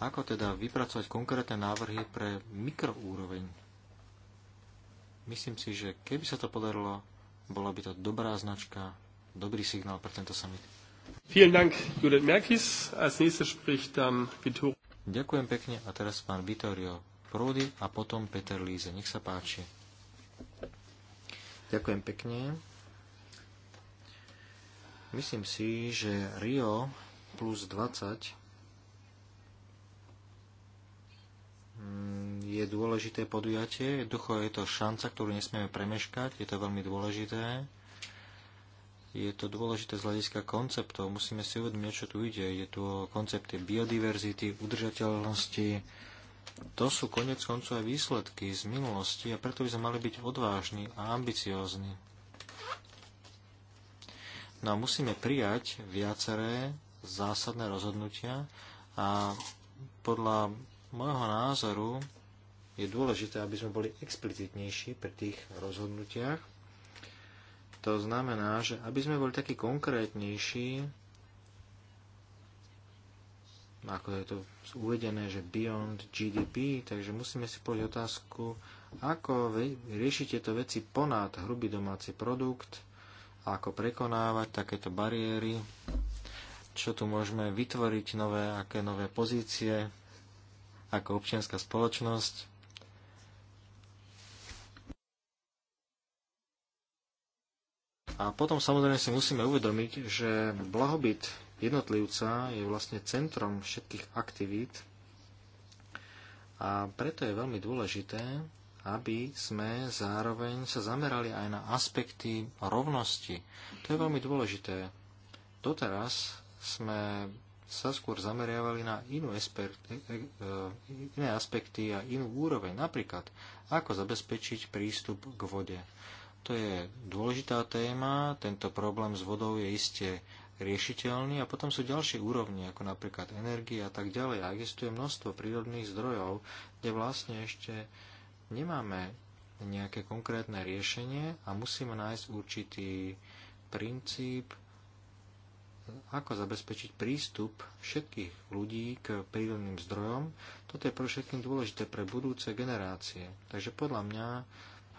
ako teda vypracovať konkrétne návrhy pre mikroúroveň. Myslím si, že keby sa to podarilo, bola by to dobrá značka, dobrý signál pre tento summit. Vielen Dank, Judith Merkis. Als nächstes spricht dann Vittorio. Ďakujem pekne a teraz pán Vittorio Prodi a potom Peter Líze. Nech sa páči. Ďakujem pekne. Myslím si, že Rio plus 20 mm, je dôležité podujatie. Jednoducho je to šanca, ktorú nesmieme premeškať. Je to veľmi dôležité. Je to dôležité z hľadiska konceptov. Musíme si uvedomiť, čo tu ide. Je tu o koncepty biodiverzity, udržateľnosti. To sú konec koncov aj výsledky z minulosti a preto by sme mali byť odvážni a ambiciózni. No a musíme prijať viaceré zásadné rozhodnutia a podľa môjho názoru je dôležité, aby sme boli explicitnejší pri tých rozhodnutiach. To znamená, že aby sme boli takí konkrétnejší, ako je to uvedené, že beyond GDP, takže musíme si povedať otázku, ako riešiť tieto veci ponad hrubý domáci produkt, ako prekonávať takéto bariéry, čo tu môžeme vytvoriť nové, aké nové pozície ako občianská spoločnosť. A potom samozrejme si musíme uvedomiť, že blahobyt jednotlivca je vlastne centrom všetkých aktivít a preto je veľmi dôležité, aby sme zároveň sa zamerali aj na aspekty rovnosti. To je veľmi dôležité. Doteraz sme sa skôr zameriavali na inú esper, e- e- e- iné aspekty a inú úroveň. Napríklad, ako zabezpečiť prístup k vode. To je dôležitá téma, tento problém s vodou je iste riešiteľný a potom sú ďalšie úrovne, ako napríklad energie a tak ďalej. A existuje množstvo prírodných zdrojov, kde vlastne ešte Nemáme nejaké konkrétne riešenie a musíme nájsť určitý princíp, ako zabezpečiť prístup všetkých ľudí k prírodným zdrojom. Toto je pre všetkým dôležité pre budúce generácie. Takže podľa mňa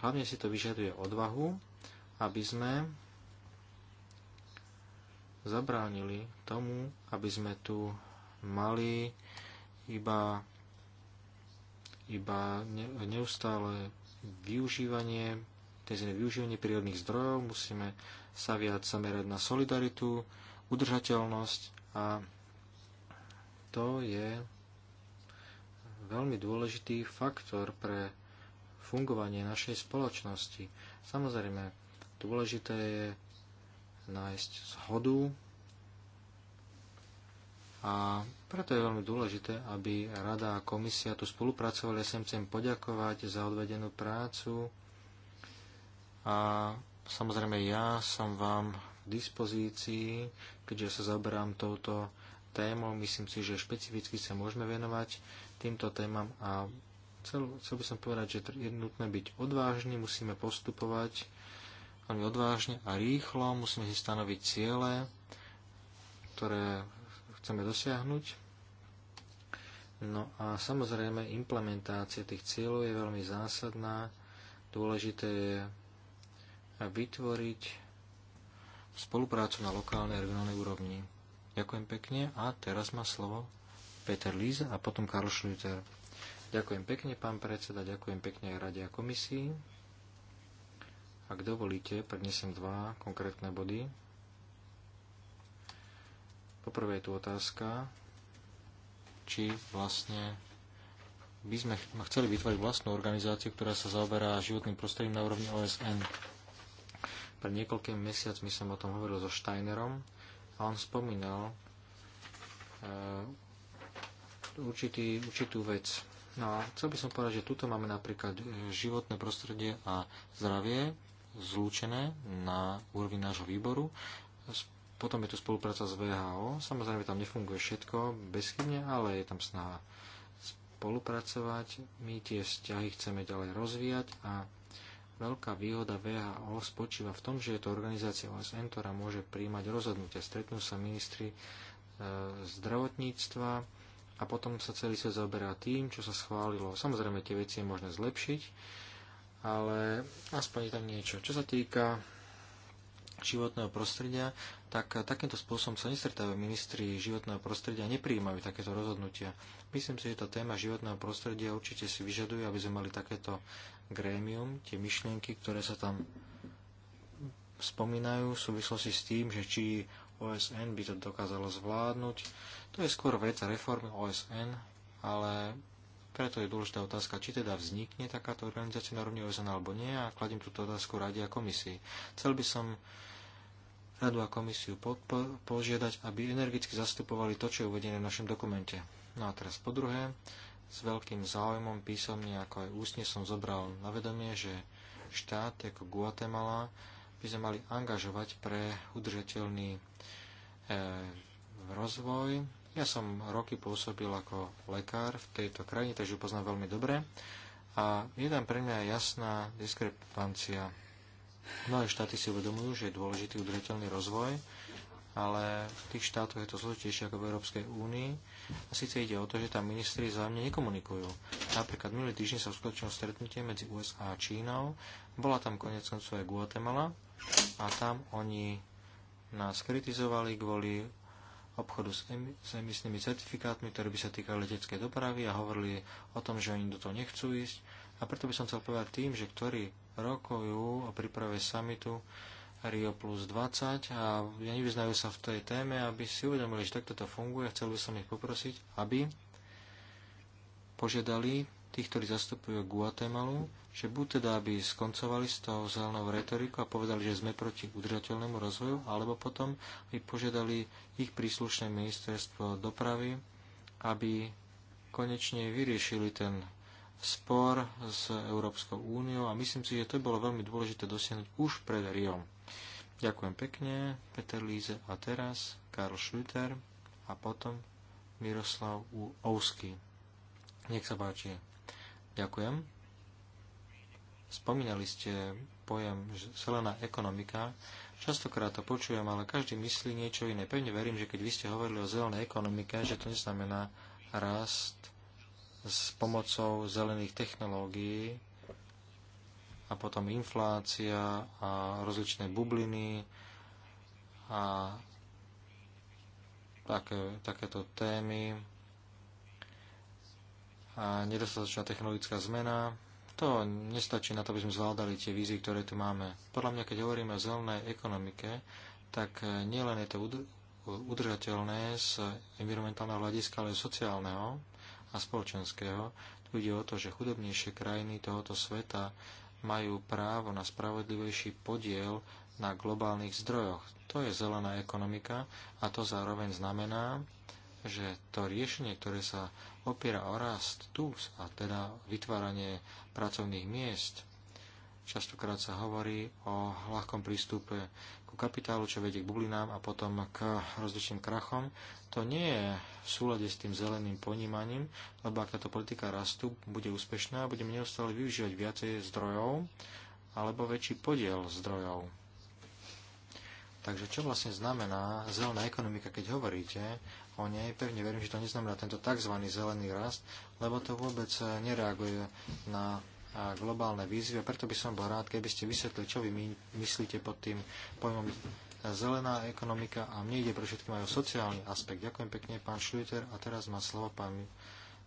hlavne si to vyžaduje odvahu, aby sme zabránili tomu, aby sme tu mali iba iba neustále využívanie, teda využívanie prírodných zdrojov, musíme sa viac zamerať na solidaritu, udržateľnosť a to je veľmi dôležitý faktor pre fungovanie našej spoločnosti. Samozrejme, dôležité je nájsť zhodu a preto je veľmi dôležité, aby Rada a komisia tu spolupracovali. Ja sem chcem poďakovať za odvedenú prácu. A samozrejme ja som vám v dispozícii, keďže sa zaberám touto témou. Myslím si, že špecificky sa môžeme venovať týmto témam a chcel, chcel by som povedať, že je nutné byť odvážni, musíme postupovať veľmi odvážne a rýchlo, musíme si stanoviť ciele, ktoré chceme dosiahnuť. No a samozrejme implementácia tých cieľov je veľmi zásadná. Dôležité je vytvoriť spoluprácu na lokálnej a regionálnej úrovni. Ďakujem pekne a teraz má slovo Peter Líza a potom Karl Schlüter. Ďakujem pekne, pán predseda, ďakujem pekne aj Rade a komisii. Ak dovolíte, prednesem dva konkrétne body. Poprvé je tu otázka, či vlastne by sme chceli vytvoriť vlastnú organizáciu, ktorá sa zaoberá životným prostredím na úrovni OSN. Pred niekoľkými mesiacmi som o tom hovoril so Steinerom a on spomínal uh, určitý, určitú vec. No a chcel by som povedať, že tuto máme napríklad eh, životné prostredie a zdravie zlúčené na úrovni nášho výboru potom je tu spolupráca s VHO. Samozrejme, tam nefunguje všetko bezchybne, ale je tam snaha spolupracovať. My tie vzťahy chceme ďalej rozvíjať a veľká výhoda VHO spočíva v tom, že je to organizácia OSN, ktorá môže príjmať rozhodnutia. Stretnú sa ministri e, zdravotníctva a potom sa celý svet zaoberá tým, čo sa schválilo. Samozrejme, tie veci je možné zlepšiť, ale aspoň je tam niečo. Čo sa týka životného prostredia, tak takýmto spôsobom sa nestretávajú ministri životného prostredia a nepríjmajú takéto rozhodnutia. Myslím si, že tá téma životného prostredia určite si vyžaduje, aby sme mali takéto grémium, tie myšlienky, ktoré sa tam spomínajú v súvislosti s tým, že či OSN by to dokázalo zvládnuť. To je skôr vec reformy OSN, ale preto je dôležitá otázka, či teda vznikne takáto organizácia na rovni OSN alebo nie a kladím túto otázku rade a komisii. Chcel by som radu a komisiu požiadať, aby energicky zastupovali to, čo je uvedené v našom dokumente. No a teraz po druhé, s veľkým záujmom písomne ako aj ústne som zobral na vedomie, že štát ako Guatemala by sme mali angažovať pre udržateľný e, rozvoj. Ja som roky pôsobil ako lekár v tejto krajine, takže ju poznám veľmi dobre. A je tam pre mňa jasná diskrepancia Mnohé štáty si uvedomujú, že je dôležitý udržateľný rozvoj, ale v tých štátoch je to zložitejšie ako v Európskej únii. A síce ide o to, že tam ministri zájemne nekomunikujú. Napríklad minulý týždeň sa uskutočnilo stretnutie medzi USA a Čínou. Bola tam konec koncov aj Guatemala a tam oni nás kritizovali kvôli obchodu s, em- s emisnými certifikátmi, ktoré by sa týkali leteckej dopravy a hovorili o tom, že oni do toho nechcú ísť. A preto by som chcel povedať tým, že ktorí rokujú o príprave samitu Rio plus 20 a ja nevyznajú sa v tej téme, aby si uvedomili, že takto to funguje. Chcel by som ich poprosiť, aby požiadali tých, ktorí zastupujú Guatemalu, že buď teda, aby skoncovali s tou zelenou retorikou a povedali, že sme proti udržateľnému rozvoju, alebo potom, aby požiadali ich príslušné ministerstvo dopravy, aby konečne vyriešili ten spor s Európskou úniou a myslím si, že to bolo veľmi dôležité dosiahnuť už pred Riom. Ďakujem pekne, Peter Líze a teraz Karl Schlüter a potom Miroslav Ousky. Nech sa páči. Ďakujem. Spomínali ste pojem zelená ekonomika. Častokrát to počujem, ale každý myslí niečo iné. Pevne verím, že keď vy ste hovorili o zelenej ekonomike, že to neznamená rast s pomocou zelených technológií a potom inflácia a rozličné bubliny a také, takéto témy a nedostatočná technologická zmena. To nestačí na to, aby sme zvládali tie vízy, ktoré tu máme. Podľa mňa, keď hovoríme o zelenej ekonomike, tak eh, nielen je to udržateľné z environmentálneho hľadiska, ale aj sociálneho a spoločenského. Tu ide o to, že chudobnejšie krajiny tohoto sveta majú právo na spravodlivejší podiel na globálnych zdrojoch. To je zelená ekonomika a to zároveň znamená, že to riešenie, ktoré sa opiera o rast tu a teda vytváranie pracovných miest, častokrát sa hovorí o ľahkom prístupe ku kapitálu, čo vedie k bublinám a potom k rozličným krachom. To nie je v súlade s tým zeleným ponímaním, lebo ak táto politika rastu bude úspešná, budeme neustále využívať viacej zdrojov alebo väčší podiel zdrojov. Takže čo vlastne znamená zelená ekonomika, keď hovoríte o nej? Pevne verím, že to neznamená tento tzv. zelený rast, lebo to vôbec nereaguje na a globálne výzvy. A preto by som bol rád, keby ste vysvetlili, čo vy myslíte pod tým pojmom zelená ekonomika a mne ide pre všetkým aj o sociálny aspekt. Ďakujem pekne, pán Šluter A teraz má slovo pán,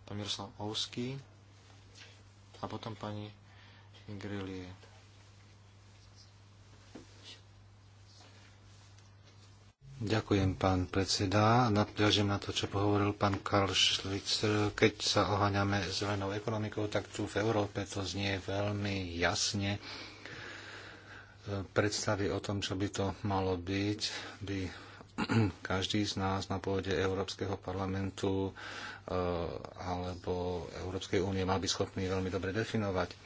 pán Miroslav Ouský a potom pani Grillie. Ďakujem, pán predseda. Nadviažem na to, čo pohovoril pán Karl Schlitzer. Keď sa oháňame zelenou ekonomikou, tak tu v Európe to znie veľmi jasne. Predstavy o tom, čo by to malo byť, by (clears throat) každý z nás na pôde Európskeho parlamentu eh, alebo Európskej únie mal byť schopný veľmi dobre definovať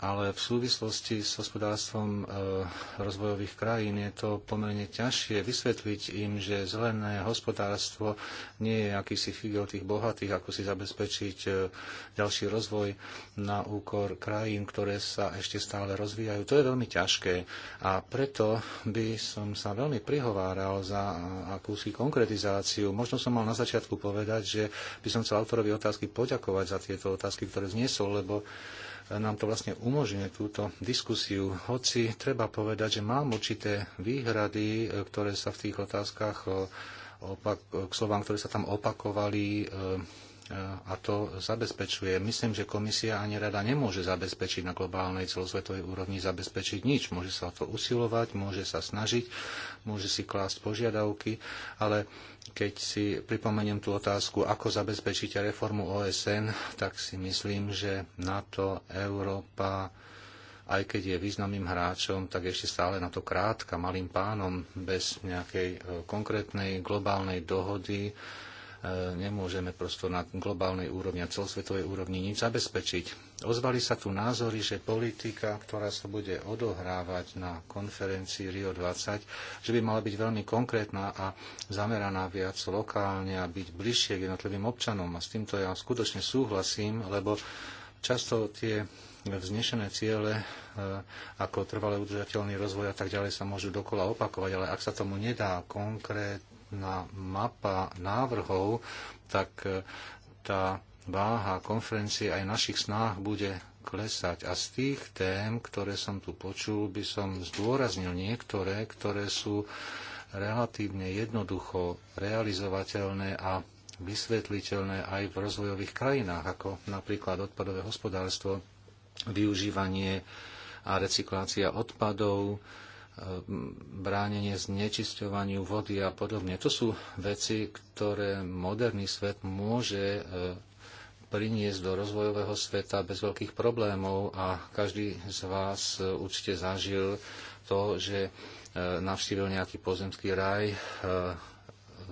ale v súvislosti s hospodárstvom e, rozvojových krajín je to pomerne ťažšie vysvetliť im, že zelené hospodárstvo nie je akýsi figel tých bohatých, ako si zabezpečiť e, ďalší rozvoj na úkor krajín, ktoré sa ešte stále rozvíjajú. To je veľmi ťažké a preto by som sa veľmi prihováral za e, akúsi konkretizáciu. Možno som mal na začiatku povedať, že by som chcel autorovi otázky poďakovať za tieto otázky, ktoré zniesol, lebo nám to vlastne umožňuje túto diskusiu. Hoci treba povedať, že mám určité výhrady, e, ktoré sa v tých otázkach e, opak, k slovám, ktoré sa tam opakovali, e, a to zabezpečuje. Myslím, že komisia ani rada nemôže zabezpečiť na globálnej celosvetovej úrovni zabezpečiť nič. Môže sa o to usilovať, môže sa snažiť, môže si klásť požiadavky, ale keď si pripomeniem tú otázku, ako zabezpečiť reformu OSN, tak si myslím, že NATO, Európa, aj keď je významným hráčom, tak ešte stále na to krátka, malým pánom, bez nejakej e, konkrétnej globálnej dohody, E, nemôžeme prosto na globálnej úrovni a celosvetovej úrovni nič zabezpečiť. Ozvali sa tu názory, že politika, ktorá sa bude odohrávať na konferencii Rio 20, že by mala byť veľmi konkrétna a zameraná viac lokálne a byť bližšie k jednotlivým občanom. A s týmto ja skutočne súhlasím, lebo často tie vznešené ciele e, ako trvalý udržateľný rozvoj a tak ďalej sa môžu dokola opakovať, ale ak sa tomu nedá konkrét, na mapa návrhov, tak e, tá váha konferencie aj našich snách bude klesať. A z tých tém, ktoré som tu počul, by som zdôraznil niektoré, ktoré sú relatívne jednoducho realizovateľné a vysvetliteľné aj v rozvojových krajinách, ako napríklad odpadové hospodárstvo, využívanie a recyklácia odpadov, E, bránenie znečisťovaniu vody a podobne. To sú veci, ktoré moderný svet môže e, priniesť do rozvojového sveta bez veľkých problémov a každý z vás e, určite zažil to, že navštívil nejaký pozemský raj,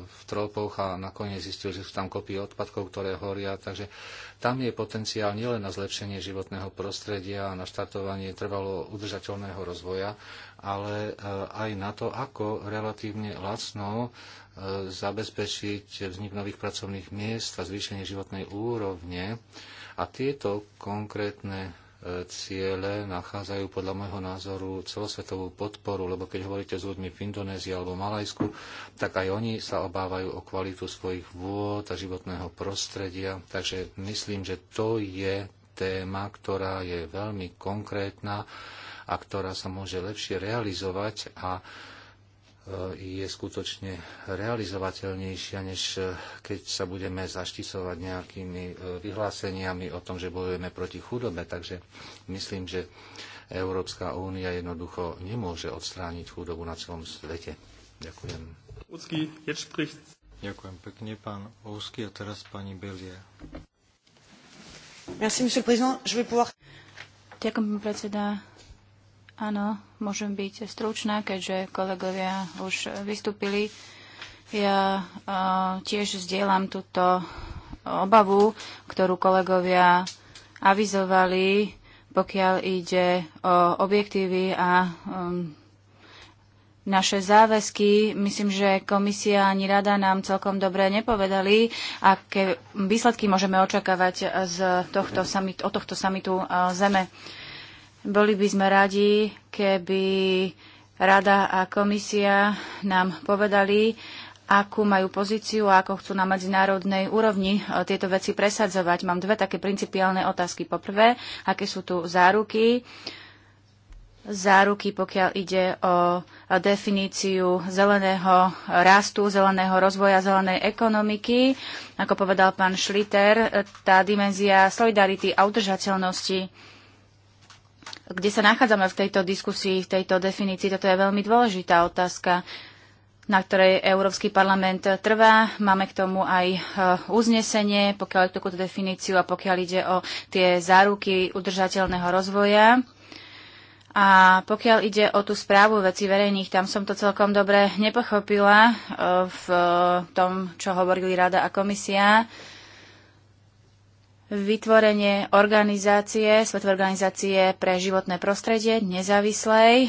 v tropoch a nakoniec zistil, že sú tam kopy odpadkov, ktoré horia. Takže tam je potenciál nielen na zlepšenie životného prostredia a na štartovanie trvalo udržateľného rozvoja, ale e, aj na to, ako relatívne lacno e, zabezpečiť vznik nových pracovných miest a zvýšenie životnej úrovne. A tieto konkrétne ciele nachádzajú podľa môjho názoru celosvetovú podporu, lebo keď hovoríte s ľuďmi v Indonézii alebo Malajsku, tak aj oni sa obávajú o kvalitu svojich vôd a životného prostredia. Takže myslím, že to je téma, ktorá je veľmi konkrétna a ktorá sa môže lepšie realizovať a je skutočne realizovateľnejšia, než e, keď sa budeme zaštisovať nejakými e, vyhláseniami o tom, že bojujeme proti chudobe. Takže myslím, že Európska únia jednoducho nemôže odstrániť chudobu na celom svete. Ďakujem. Ďakujem pekne, pán Ousky a teraz pani Belie. Ďakujem, pán predseda Áno, môžem byť stručná, keďže kolegovia už vystúpili. Ja tiež zdieľam túto obavu, ktorú kolegovia avizovali, pokiaľ ide o objektívy a um, naše záväzky. Myslím, že komisia ani rada nám celkom dobre nepovedali, aké výsledky môžeme očakávať z tohto summit, od tohto samitu Zeme. Boli by sme radi, keby Rada a komisia nám povedali, akú majú pozíciu a ako chcú na medzinárodnej úrovni e, tieto veci presadzovať. Mám dve také principiálne otázky. Poprvé, aké sú tu záruky? Záruky, pokiaľ ide o definíciu zeleného rastu, zeleného rozvoja, zelenej ekonomiky. Ako povedal pán Schlitter, e, tá dimenzia solidarity a udržateľnosti kde sa nachádzame v tejto diskusii, v tejto definícii. Toto je veľmi dôležitá otázka, na ktorej Európsky parlament trvá. Máme k tomu aj eh, uznesenie, pokiaľ ide o definíciu a pokiaľ ide o tie záruky udržateľného rozvoja. A pokiaľ ide o tú správu veci verejných, tam som to celkom dobre nepochopila eh, v tom, čo hovorili rada a komisia vytvorenie organizácie, Svetovej organizácie pre životné prostredie, nezávislej,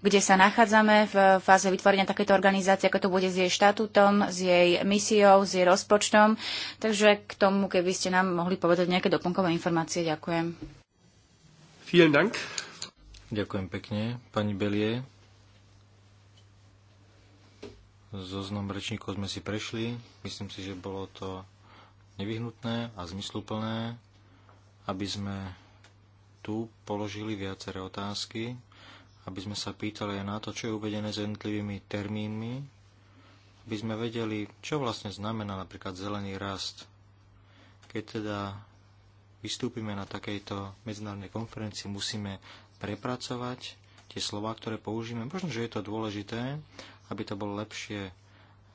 kde sa nachádzame v fáze vytvorenia takéto organizácie, ako to bude s jej štatútom, s jej misiou, s jej rozpočtom. Takže k tomu, keby ste nám mohli povedať nejaké doplnkové informácie, ďakujem. Vielen Dank. Ďakujem pekne. Pani Belie, zoznam rečníkov sme si prešli. Myslím si, že bolo to nevyhnutné a zmysluplné, aby sme tu položili viaceré otázky, aby sme sa pýtali aj na to, čo je uvedené s jednotlivými termínmi, aby sme vedeli, čo vlastne znamená napríklad zelený rast. Keď teda vystúpime na takejto medzinárodnej konferencii, musíme prepracovať tie slova, ktoré použijeme. Možno, že je to dôležité, aby to bolo lepšie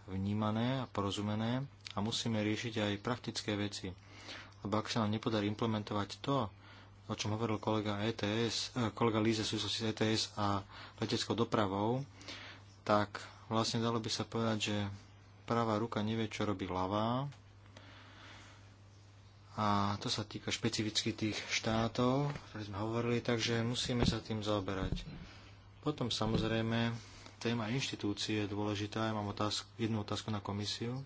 vnímané a porozumené a musíme riešiť aj praktické veci. Lebo ak sa nám nepodarí implementovať to, o čom hovoril kolega, ETS, e, kolega Líze v súvislosti s ETS a leteckou dopravou, tak vlastne dalo by sa povedať, že pravá ruka nevie, čo robí ľavá. A to sa týka špecificky tých štátov, ktoré sme hovorili, takže musíme sa tým zaoberať. Potom samozrejme téma inštitúcie je dôležitá. Ja mám otázku, jednu otázku na komisiu.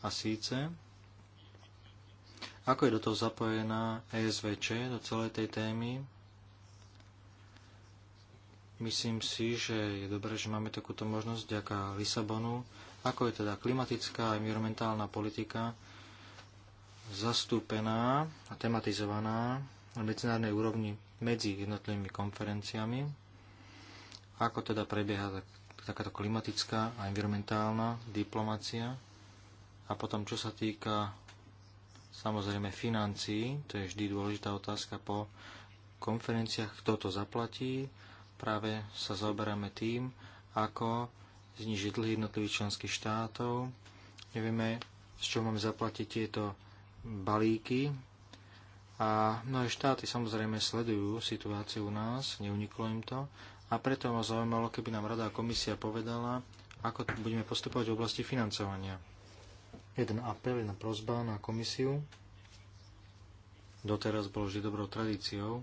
A síce, ako je do toho zapojená ESVČ, do celej tej témy, Myslím si, že je dobré, že máme takúto možnosť vďaka Lisabonu, ako je teda klimatická a environmentálna politika zastúpená a tematizovaná na medzinárnej úrovni medzi jednotlivými konferenciami, ako teda prebieha takáto klimatická a environmentálna diplomácia a potom, čo sa týka samozrejme financií, to je vždy dôležitá otázka po konferenciách, kto to zaplatí. Práve sa zaoberáme tým, ako znižiť dlhy jednotlivých členských štátov. Nevieme, z čo máme zaplatiť tieto balíky. A mnohé štáty samozrejme sledujú situáciu u nás, neuniklo im to. A preto ma zaujímalo, keby nám Rada a komisia povedala, ako budeme postupovať v oblasti financovania jeden apel, jedna prozba na komisiu. Doteraz bolo vždy dobrou tradíciou,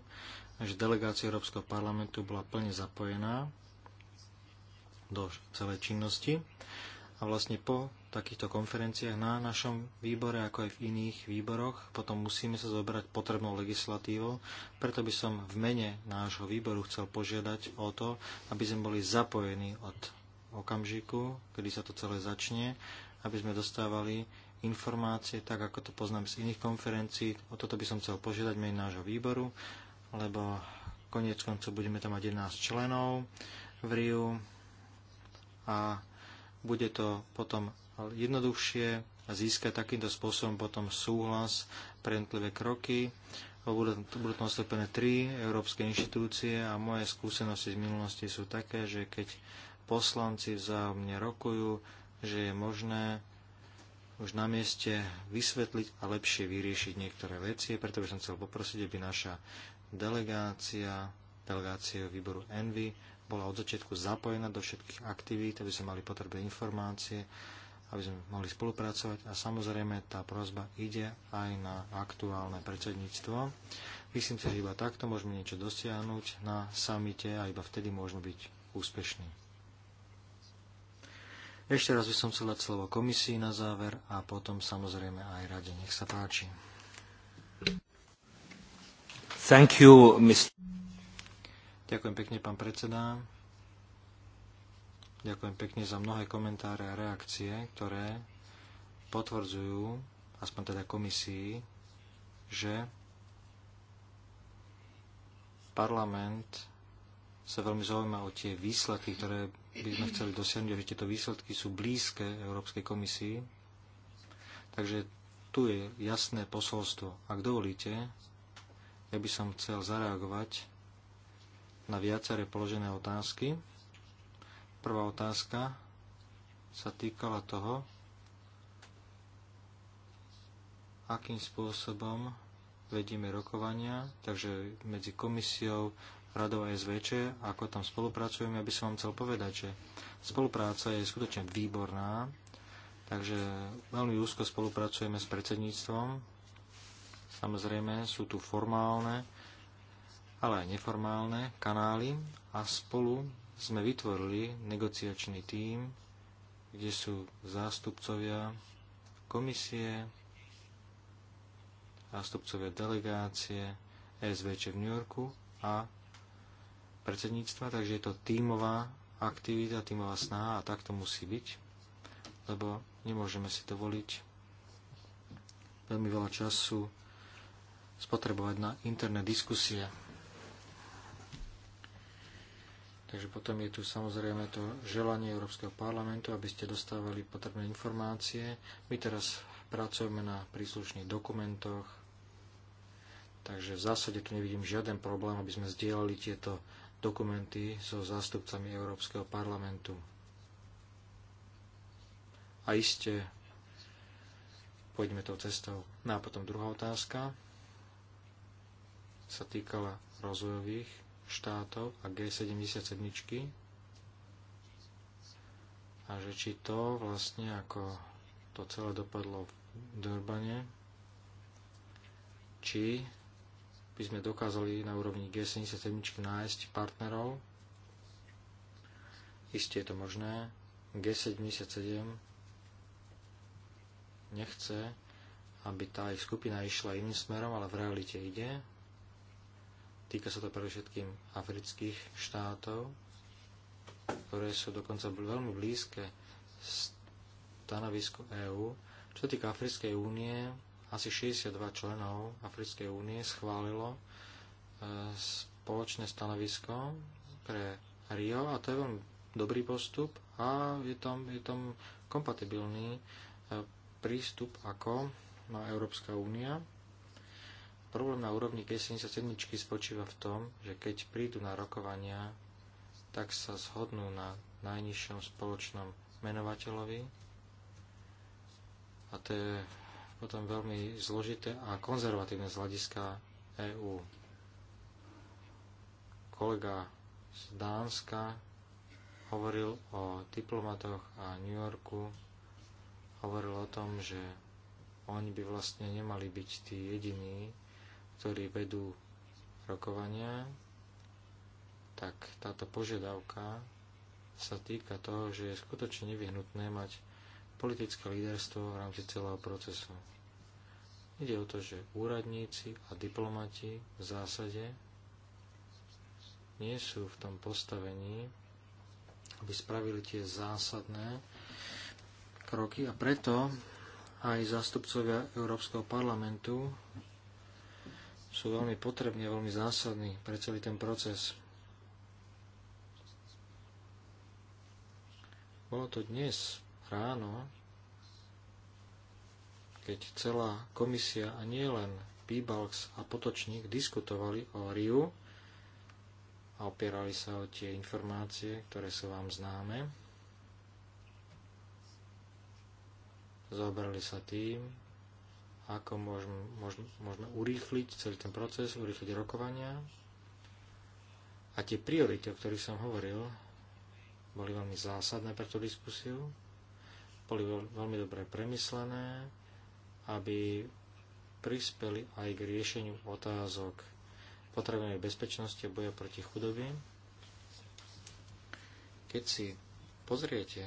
že delegácia Európskeho parlamentu bola plne zapojená do celej činnosti a vlastne po takýchto konferenciách na našom výbore, ako aj v iných výboroch, potom musíme sa zobrať potrebnou legislatívou. Preto by som v mene nášho výboru chcel požiadať o to, aby sme boli zapojení od okamžiku, kedy sa to celé začne, aby sme dostávali informácie, tak ako to poznám z iných konferencií. O toto by som chcel požiadať menej nášho výboru, lebo konec koncov budeme tam mať 11 členov v Riu a bude to potom jednoduchšie a získať takýmto spôsobom potom súhlas pre jednotlivé kroky. Budú, tam zastúpené tri európske inštitúcie a moje skúsenosti z minulosti sú také, že keď poslanci vzájomne rokujú, že je možné už na mieste vysvetliť a lepšie vyriešiť niektoré veci, preto by som chcel poprosiť, aby naša delegácia, delegácia výboru Envy bola od začiatku zapojená do všetkých aktivít, aby sme mali potrebné informácie, aby sme mohli spolupracovať a samozrejme tá prozba ide aj na aktuálne predsedníctvo. Myslím si, že iba takto môžeme niečo dosiahnuť na samite a iba vtedy môžeme byť úspešní. Ešte raz by som chcel dať slovo komisii na záver a potom samozrejme aj rade. Nech sa páči. Thank you, Mr. Ďakujem pekne, pán predseda. Ďakujem pekne za mnohé komentáre a reakcie, ktoré potvrdzujú, aspoň teda komisii, že parlament sa veľmi zaujíma o tie výsledky, ktoré by sme chceli dosiahnuť, že tieto výsledky sú blízke Európskej komisii. Takže tu je jasné posolstvo. Ak dovolíte, ja by som chcel zareagovať na viaceré položené otázky. Prvá otázka sa týkala toho, akým spôsobom vedieme rokovania, takže medzi komisiou, radov SVČ, ako tam spolupracujeme, aby som vám chcel povedať, že spolupráca je skutočne výborná, takže veľmi úzko spolupracujeme s predsedníctvom. Samozrejme sú tu formálne, ale aj neformálne kanály a spolu sme vytvorili negociačný tím, kde sú zástupcovia komisie, zástupcovia delegácie SVČ v New Yorku a predsedníctva, takže je to tímová aktivita, tímová snaha a tak to musí byť, lebo nemôžeme si dovoliť veľmi veľa času spotrebovať na interné diskusie. Takže potom je tu samozrejme to želanie Európskeho parlamentu, aby ste dostávali potrebné informácie. My teraz pracujeme na príslušných dokumentoch, takže v zásade tu nevidím žiaden problém, aby sme zdieľali tieto dokumenty so zástupcami Európskeho parlamentu. A iste pôjdeme tou cestou. No a potom druhá otázka sa týkala rozvojových štátov a G77 a že či to vlastne ako to celé dopadlo v Durbane, či by sme dokázali na úrovni G77 nájsť partnerov. Isté je to možné. G77 nechce, aby tá ich skupina išla iným smerom, ale v realite ide. Týka sa to všetkým afrických štátov, ktoré sú dokonca veľmi blízke stanovisku EÚ. Čo týka Africkej únie, asi 62 členov Africkej únie schválilo e, spoločné stanovisko pre Rio a to je veľmi dobrý postup a je tam, je tam kompatibilný e, prístup, ako má Európska únia. Problém na úrovni G77 spočíva v tom, že keď prídu na rokovania, tak sa zhodnú na najnižšom spoločnom menovateľovi a to je potom veľmi zložité a konzervatívne z hľadiska EÚ. Kolega z Dánska hovoril o diplomatoch a New Yorku, hovoril o tom, že oni by vlastne nemali byť tí jediní, ktorí vedú rokovania, tak táto požiadavka sa týka toho, že je skutočne nevyhnutné mať politické líderstvo v rámci celého procesu. Ide o to, že úradníci a diplomati v zásade nie sú v tom postavení, aby spravili tie zásadné kroky a preto aj zástupcovia Európskeho parlamentu sú veľmi potrební a veľmi zásadní pre celý ten proces. Bolo to dnes ráno, keď celá komisia a nielen Pibalks a Potočník diskutovali o Riu a opierali sa o tie informácie, ktoré sú vám známe. Zaoberali sa tým, ako môžeme, môžeme, môžeme urýchliť celý ten proces, urýchliť rokovania. A tie priority, o ktorých som hovoril, boli veľmi zásadné pre tú diskusiu boli veľmi dobre premyslené, aby prispeli aj k riešeniu otázok potrebnej bezpečnosti a boja proti chudobe. Keď si pozriete,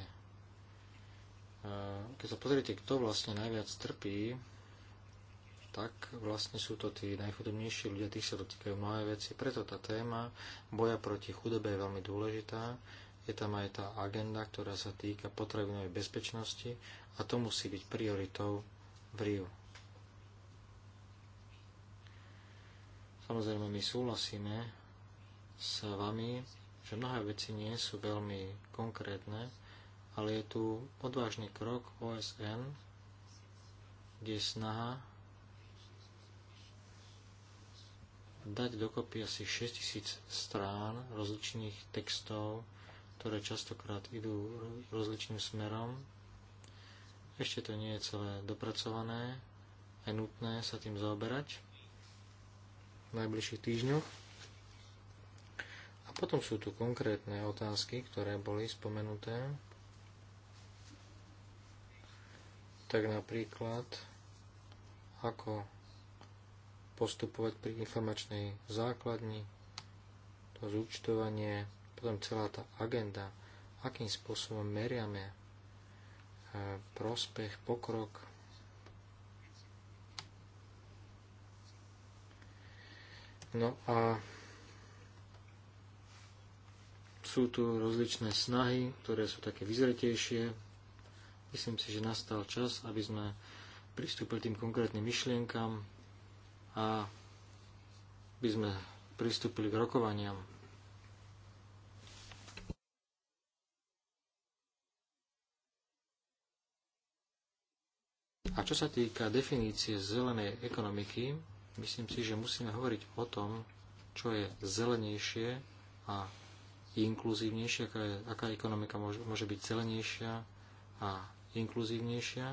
eh, keď sa pozriete, kto vlastne najviac trpí, tak vlastne sú to tí najchudobnejší ľudia, tých sa dotýkajú mnohé veci. Preto tá téma boja proti chudobe je veľmi dôležitá je tam aj tá agenda, ktorá sa týka potravinovej bezpečnosti a to musí byť prioritou v Riu. Samozrejme, my súhlasíme s vami, že mnohé veci nie sú veľmi konkrétne, ale je tu odvážny krok OSN, kde je snaha dať dokopy asi 6000 strán rozličných textov, ktoré častokrát idú rozličným smerom. Ešte to nie je celé dopracované, je nutné sa tým zaoberať v najbližších týždňoch. A potom sú tu konkrétne otázky, ktoré boli spomenuté. Tak napríklad, ako postupovať pri informačnej základni, to zúčtovanie, potom celá tá agenda, akým spôsobom meriame e, prospech, pokrok. No a sú tu rozličné snahy, ktoré sú také vyzretejšie. Myslím si, že nastal čas, aby sme pristúpili tým konkrétnym myšlienkam a by sme pristúpili k rokovaniam. A čo sa týka definície zelenej ekonomiky, myslím si, že musíme hovoriť o tom, čo je zelenejšie a inkluzívnejšie, aká, je, aká ekonomika môže, môže byť zelenejšia a inkluzívnejšia.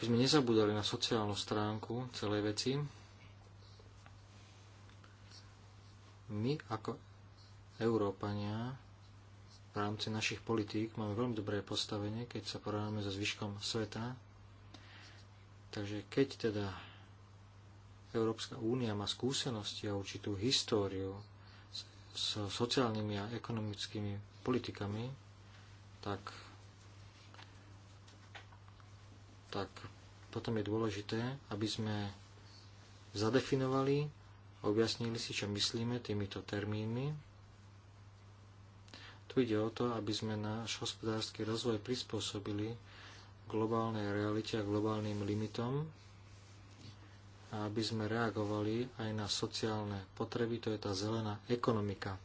My sme nezabudali na sociálnu stránku celej veci. My ako Európania v rámci našich politík máme veľmi dobré postavenie, keď sa porovnáme so zvyškom sveta. Takže keď teda Európska únia má skúsenosti a určitú históriu s sociálnymi a ekonomickými politikami, tak, tak potom je dôležité, aby sme zadefinovali, objasnili si, čo myslíme týmito termínmi. Tu ide o to, aby sme náš hospodársky rozvoj prispôsobili globálnej realite a globálnym limitom a aby sme reagovali aj na sociálne potreby, to je tá zelená ekonomika.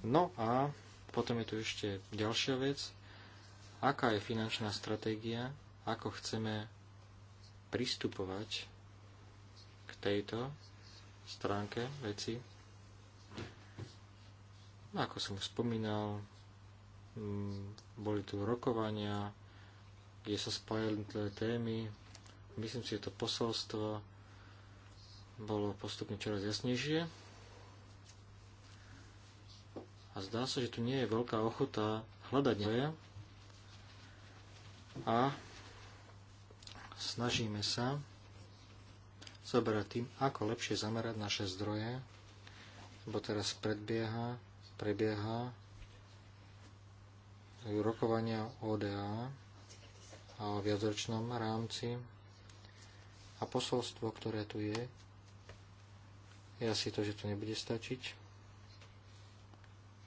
No a potom je tu ešte ďalšia vec, aká je finančná stratégia, ako chceme pristupovať k tejto stránke veci No, ako som spomínal, mm, boli tu rokovania, kde sa spájali tie témy. Myslím si, že to posolstvo bolo postupne čoraz jasnejšie. A zdá sa, že tu nie je veľká ochota hľadať nové. A snažíme sa zoberať tým, ako lepšie zamerať naše zdroje, lebo teraz predbieha prebieha rokovania ODA a o viacročnom rámci. A posolstvo, ktoré tu je, je asi to, že to nebude stačiť.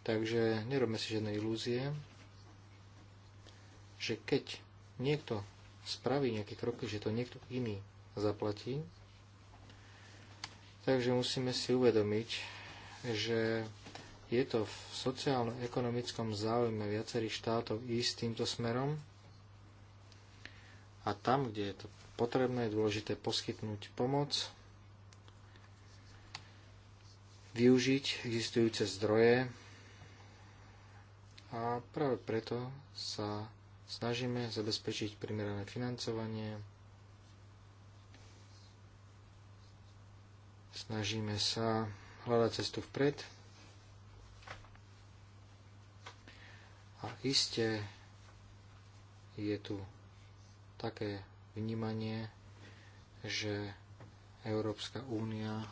Takže nerobme si žiadne ilúzie, že keď niekto spraví nejaké kroky, že to niekto iný zaplatí. Takže musíme si uvedomiť, že je to v sociálno-ekonomickom záujme viacerých štátov ísť týmto smerom a tam, kde je to potrebné, je dôležité poskytnúť pomoc, využiť existujúce zdroje a práve preto sa snažíme zabezpečiť primerané financovanie, snažíme sa hľadať cestu vpred A iste je tu také vnímanie, že Európska únia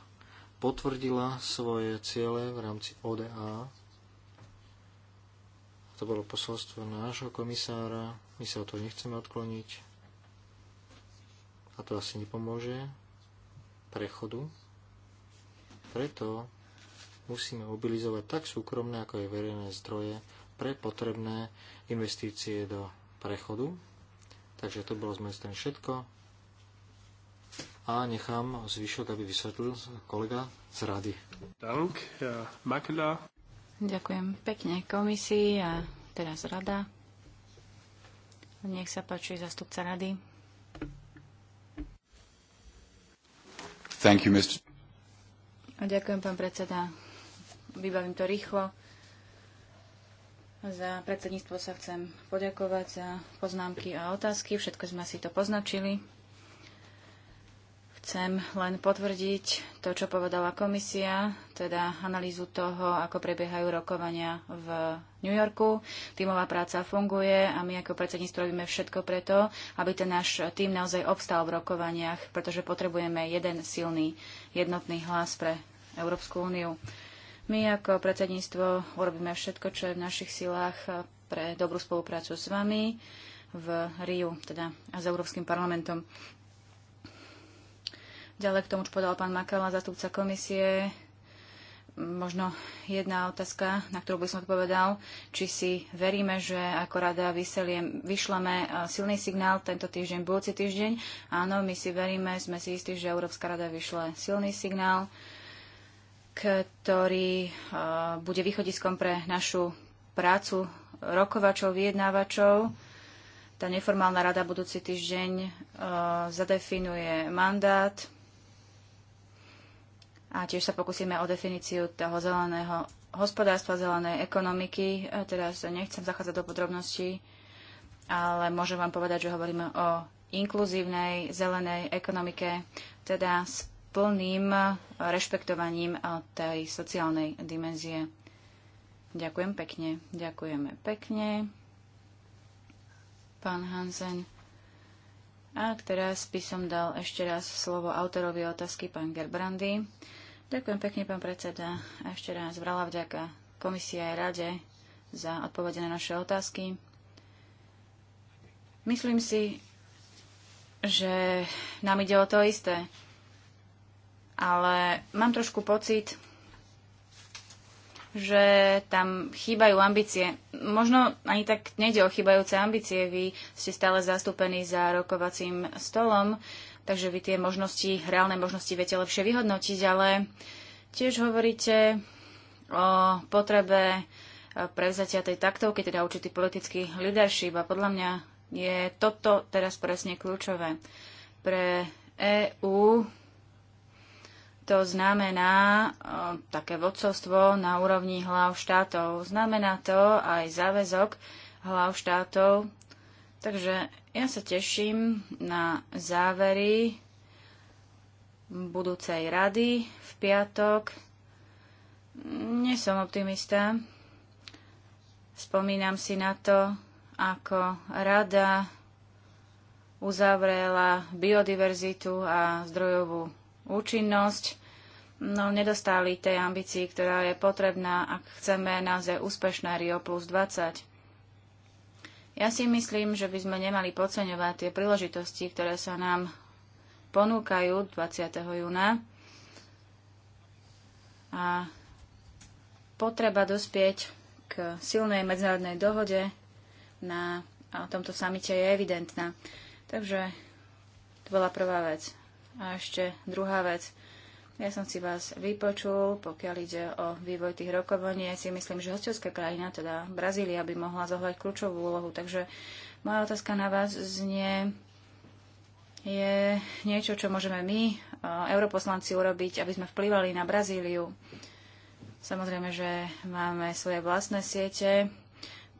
potvrdila svoje ciele v rámci ODA. To bolo posolstvo nášho komisára. My sa o to nechceme odkloniť. A to asi nepomôže prechodu. Preto musíme mobilizovať tak súkromné, ako aj verejné zdroje pre potrebné investície do prechodu. Takže to bolo z mojej strany všetko. A nechám zvyšok, aby vysvetlil kolega z rady. Dank, Ďakujem pekne komisii a teraz rada. Nech sa páči zastupca rady. Thank you, Mr. A ďakujem, pán predseda. Vybavím to rýchlo. Za predsedníctvo sa chcem poďakovať za poznámky a otázky. Všetko sme si to poznačili. Chcem len potvrdiť to, čo povedala komisia, teda analýzu toho, ako prebiehajú rokovania v New Yorku. Tímová práca funguje a my ako predsedníctvo robíme všetko preto, aby ten náš tím naozaj obstal v rokovaniach, pretože potrebujeme jeden silný, jednotný hlas pre Európsku úniu. My ako predsedníctvo urobíme všetko, čo je v našich silách eh, pre dobrú spoluprácu s vami v Riu, teda a s Európskym parlamentom. Ďalej k tomu, čo podal pán Makala, zastupca komisie, možno jedna otázka, na ktorú by som odpovedal, či si veríme, že ako rada vyseliem, vyšleme eh, silný signál tento týždeň, budúci týždeň. Áno, my si veríme, sme si istí, že Európska rada vyšle silný signál ktorý eh, bude východiskom pre našu prácu rokovačov, vyjednávačov. Tá neformálna rada budúci týždeň eh, zadefinuje mandát a tiež sa pokúsime o definíciu toho zeleného hospodárstva, zelenej ekonomiky. Eh, teraz nechcem zachádzať do podrobností, ale môžem vám povedať, že hovoríme o inkluzívnej zelenej ekonomike, teda s plným rešpektovaním tej sociálnej dimenzie. Ďakujem pekne. Ďakujeme pekne, pán Hansen. A teraz by som dal ešte raz slovo autorovi otázky, pán Gerbrandy. Ďakujem pekne, pán predseda. A ešte raz vrala vďaka komisie aj rade za odpovede na naše otázky. Myslím si, že nám ide o to isté ale mám trošku pocit, že tam chýbajú ambície. Možno ani tak nejde o chýbajúce ambície, vy ste stále zastúpení za rokovacím stolom, takže vy tie možnosti, reálne možnosti viete lepšie vyhodnotiť, ale tiež hovoríte o potrebe eh, prevzatia tej taktovky, teda určitý politický leadership a podľa mňa je toto teraz presne kľúčové. Pre EÚ to znamená také vodcovstvo na úrovni hlav štátov. Znamená to aj záväzok hlav štátov. Takže ja sa teším na závery budúcej rady v piatok. Nie som optimista. Spomínam si na to, ako rada uzavrela biodiverzitu a zdrojovú účinnosť no, nedostali tej ambícii, ktorá je potrebná, ak chceme naozaj úspešné Rio plus 20. Ja si myslím, že by sme nemali podceňovať tie príležitosti, ktoré sa nám ponúkajú 20. júna. A potreba dospieť k silnej medzinárodnej dohode na tomto samite je evidentná. Takže to bola prvá vec. A ešte druhá vec. Ja som si vás vypočul, pokiaľ ide o vývoj tých rokovaní. Ja si myslím, že hostovská krajina, teda Brazília, by mohla zohľať kľúčovú úlohu. Takže moja otázka na vás znie, je niečo, čo môžeme my, eh, europoslanci, urobiť, aby sme vplyvali na Brazíliu. Samozrejme, že máme svoje vlastné siete.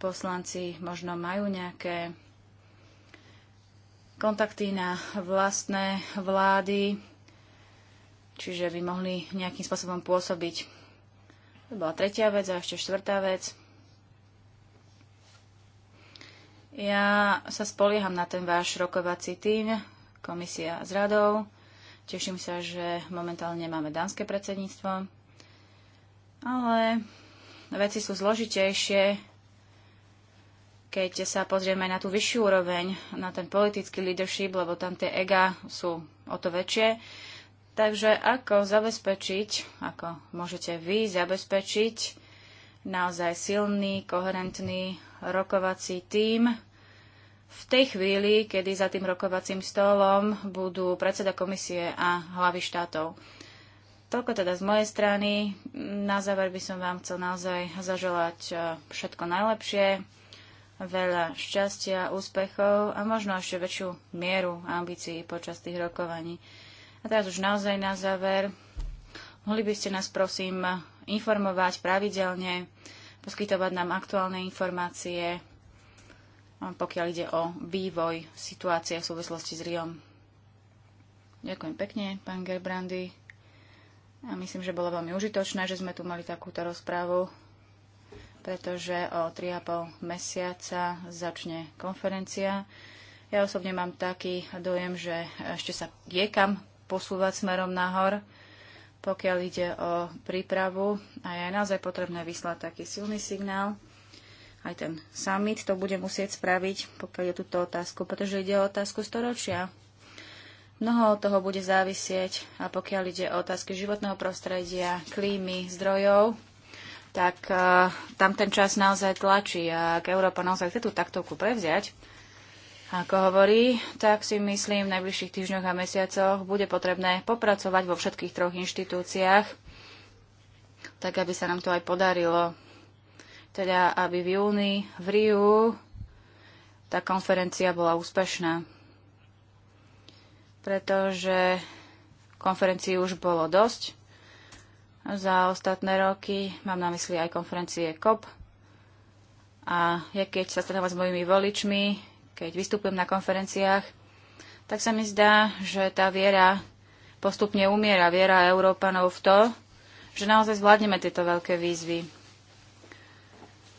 Poslanci možno majú nejaké kontakty na vlastné vlády, čiže by mohli nejakým spôsobom pôsobiť. To bola tretia vec a ešte štvrtá vec. Ja sa spolieham na ten váš rokovací tým, komisia s radou. Teším sa, že momentálne máme dánske predsedníctvo. Ale veci sú zložitejšie, keď sa pozrieme na tú vyššiu úroveň, na ten politický leadership, lebo tam tie ega sú o to väčšie. Takže ako zabezpečiť, ako môžete vy zabezpečiť naozaj silný, koherentný rokovací tím v tej chvíli, kedy za tým rokovacím stolom budú predseda komisie a hlavy štátov. Toľko teda z mojej strany. Na záver by som vám chcel naozaj zaželať e, všetko najlepšie, veľa šťastia, úspechov a možno ešte väčšiu mieru ambícií počas tých rokovaní. A teraz už naozaj na záver, mohli by ste nás prosím informovať pravidelne, poskytovať nám aktuálne informácie, pokiaľ ide o vývoj situácie v súvislosti s Riom. Ďakujem pekne, pán Gerbrandy. A myslím, že bolo veľmi užitočné, že sme tu mali takúto rozprávu, pretože o 3,5 mesiaca začne konferencia. Ja osobne mám taký dojem, že ešte sa je kam posúvať smerom nahor, pokiaľ ide o prípravu. A je naozaj potrebné vyslať taký silný signál. Aj ten summit to bude musieť spraviť, pokiaľ je túto otázku, pretože ide o otázku storočia. Mnoho od toho bude závisieť a pokiaľ ide o otázky životného prostredia, klímy, zdrojov, tak uh, tam ten čas naozaj tlačí a ak Európa naozaj chce tú taktovku prevziať, ako hovorí, tak si myslím, v najbližších týždňoch a mesiacoch bude potrebné popracovať vo všetkých troch inštitúciách, tak aby sa nám to aj podarilo. Teda, aby v júni v Riu tá konferencia bola úspešná. Pretože konferencií už bolo dosť za ostatné roky. Mám na mysli aj konferencie COP. A ja keď sa stretávam s mojimi voličmi, keď vystupujem na konferenciách, tak sa mi zdá, že tá viera postupne umiera, viera Európanov v to, že naozaj zvládneme tieto veľké výzvy.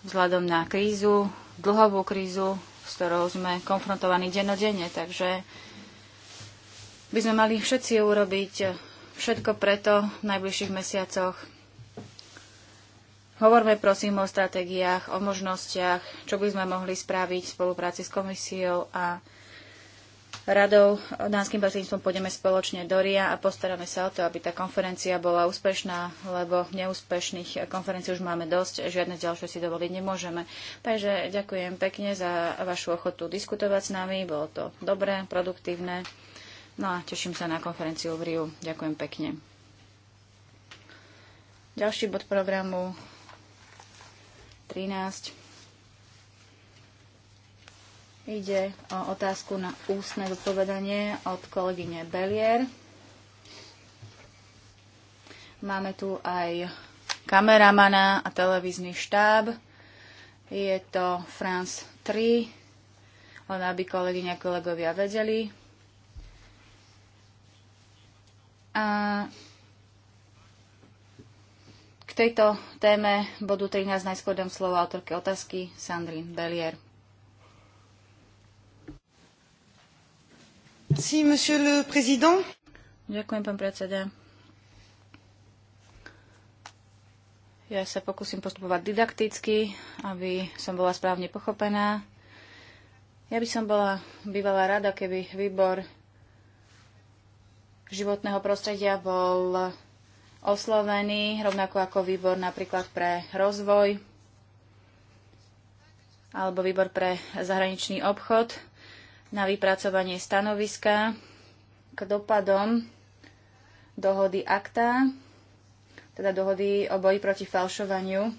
Vzhľadom na krízu, dlhovú krízu, s ktorou sme konfrontovaní dennodenne. Takže by sme mali všetci urobiť všetko preto v najbližších mesiacoch, Hovorme prosím o stratégiách, o možnostiach, čo by sme mohli spraviť v spolupráci s komisiou a radou dánskym prostredníctvom pôjdeme spoločne do RIA a postaráme sa o to, aby tá konferencia bola úspešná, lebo neúspešných konferencií už máme dosť, žiadne ďalšie si dovoliť nemôžeme. Takže ďakujem pekne za vašu ochotu diskutovať s nami, bolo to dobré, produktívne. No a teším sa na konferenciu v Riu. Ďakujem pekne. Ďalší bod programu 13. Ide o otázku na ústne zodpovedanie od kolegyne Belier. Máme tu aj kameramana a televízny štáb. Je to France 3, len aby kolegyňa a kolegovia vedeli. A k tejto téme bodu 13 najskôr dám slovo autorke otázky Sandry Bellier. Merci, monsieur le président. Ďakujem, pán predseda. Ja sa pokúsim postupovať didakticky, aby som bola správne pochopená. Ja by som bola bývala rada, keby výbor životného prostredia bol oslovení, rovnako ako výbor napríklad pre rozvoj alebo výbor pre zahraničný obchod na vypracovanie stanoviska k dopadom dohody akta, teda dohody o boji proti falšovaniu.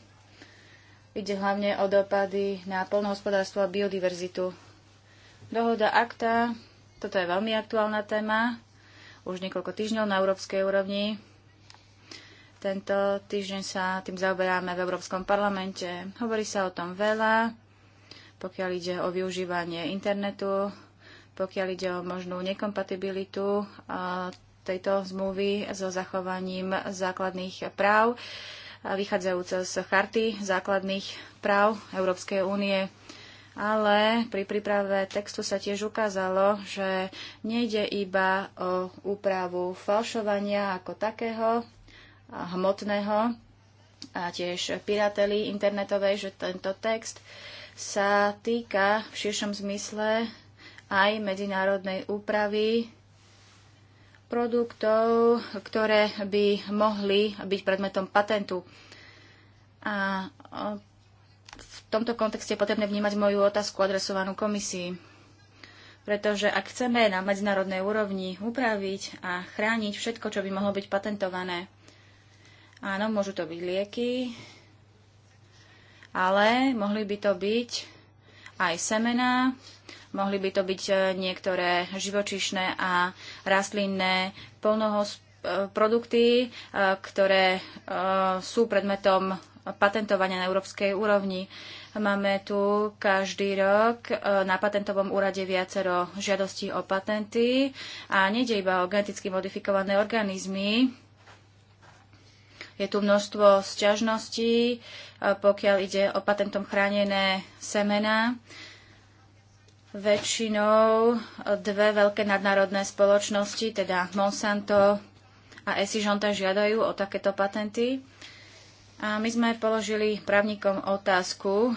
Ide hlavne o dopady na polnohospodárstvo a biodiverzitu. Dohoda akta, toto je veľmi aktuálna téma, už niekoľko týždňov na európskej úrovni. Tento týždeň sa tým zaoberáme v Európskom parlamente. Hovorí sa o tom veľa, pokiaľ ide o využívanie internetu, pokiaľ ide o možnú nekompatibilitu tejto zmluvy so zachovaním základných práv, vychádzajúce z charty základných práv Európskej únie. Ale pri príprave textu sa tiež ukázalo, že nejde iba o úpravu falšovania ako takého, hmotného a tiež pirateli internetovej, že tento text sa týka v širšom zmysle aj medzinárodnej úpravy produktov, ktoré by mohli byť predmetom patentu. A v tomto kontexte je potrebné vnímať moju otázku adresovanú komisii. Pretože ak chceme na medzinárodnej úrovni upraviť a chrániť všetko, čo by mohlo byť patentované, Áno, môžu to byť lieky, ale mohli by to byť aj semená, mohli by to byť e, niektoré živočišné a rastlinné e, produkty, e, ktoré sú predmetom patentovania na európskej úrovni. Máme tu každý rok na patentovom úrade viacero žiadostí o patenty a nejde iba o geneticky modifikované organizmy, je tu množstvo sťažností, pokiaľ ide o patentom chránené semena. Väčšinou dve veľké nadnárodné spoločnosti, teda Monsanto a Esižonta, žiadajú o takéto patenty. A my sme položili právnikom otázku,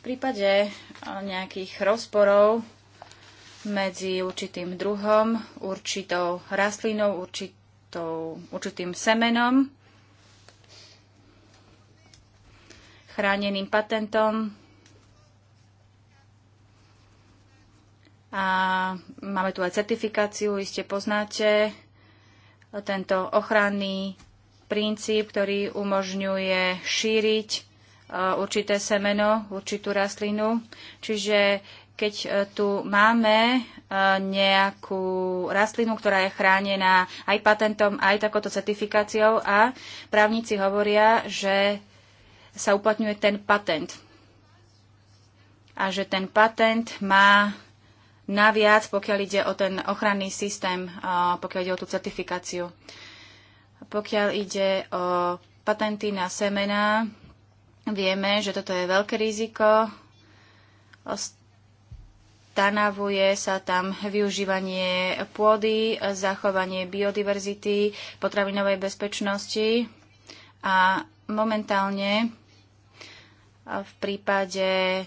v prípade e, nejakých rozporov medzi určitým druhom, určitou rastlinou, určitým určitou, určitým semenom, chráneným patentom. A máme tu aj certifikáciu, iste poznáte tento ochranný princíp, ktorý umožňuje šíriť e, určité semeno, určitú rastlinu. Čiže keď e, tu máme e, nejakú rastlinu, ktorá je chránená aj patentom, aj takouto certifikáciou a právnici hovoria, že sa uplatňuje ten patent. A že ten patent má naviac, pokiaľ ide o ten ochranný systém, e, pokiaľ ide o tú certifikáciu. Pokiaľ ide o patenty na semená, vieme, že toto je veľké riziko stanavuje sa tam využívanie pôdy, zachovanie biodiverzity, potravinovej bezpečnosti a momentálne v prípade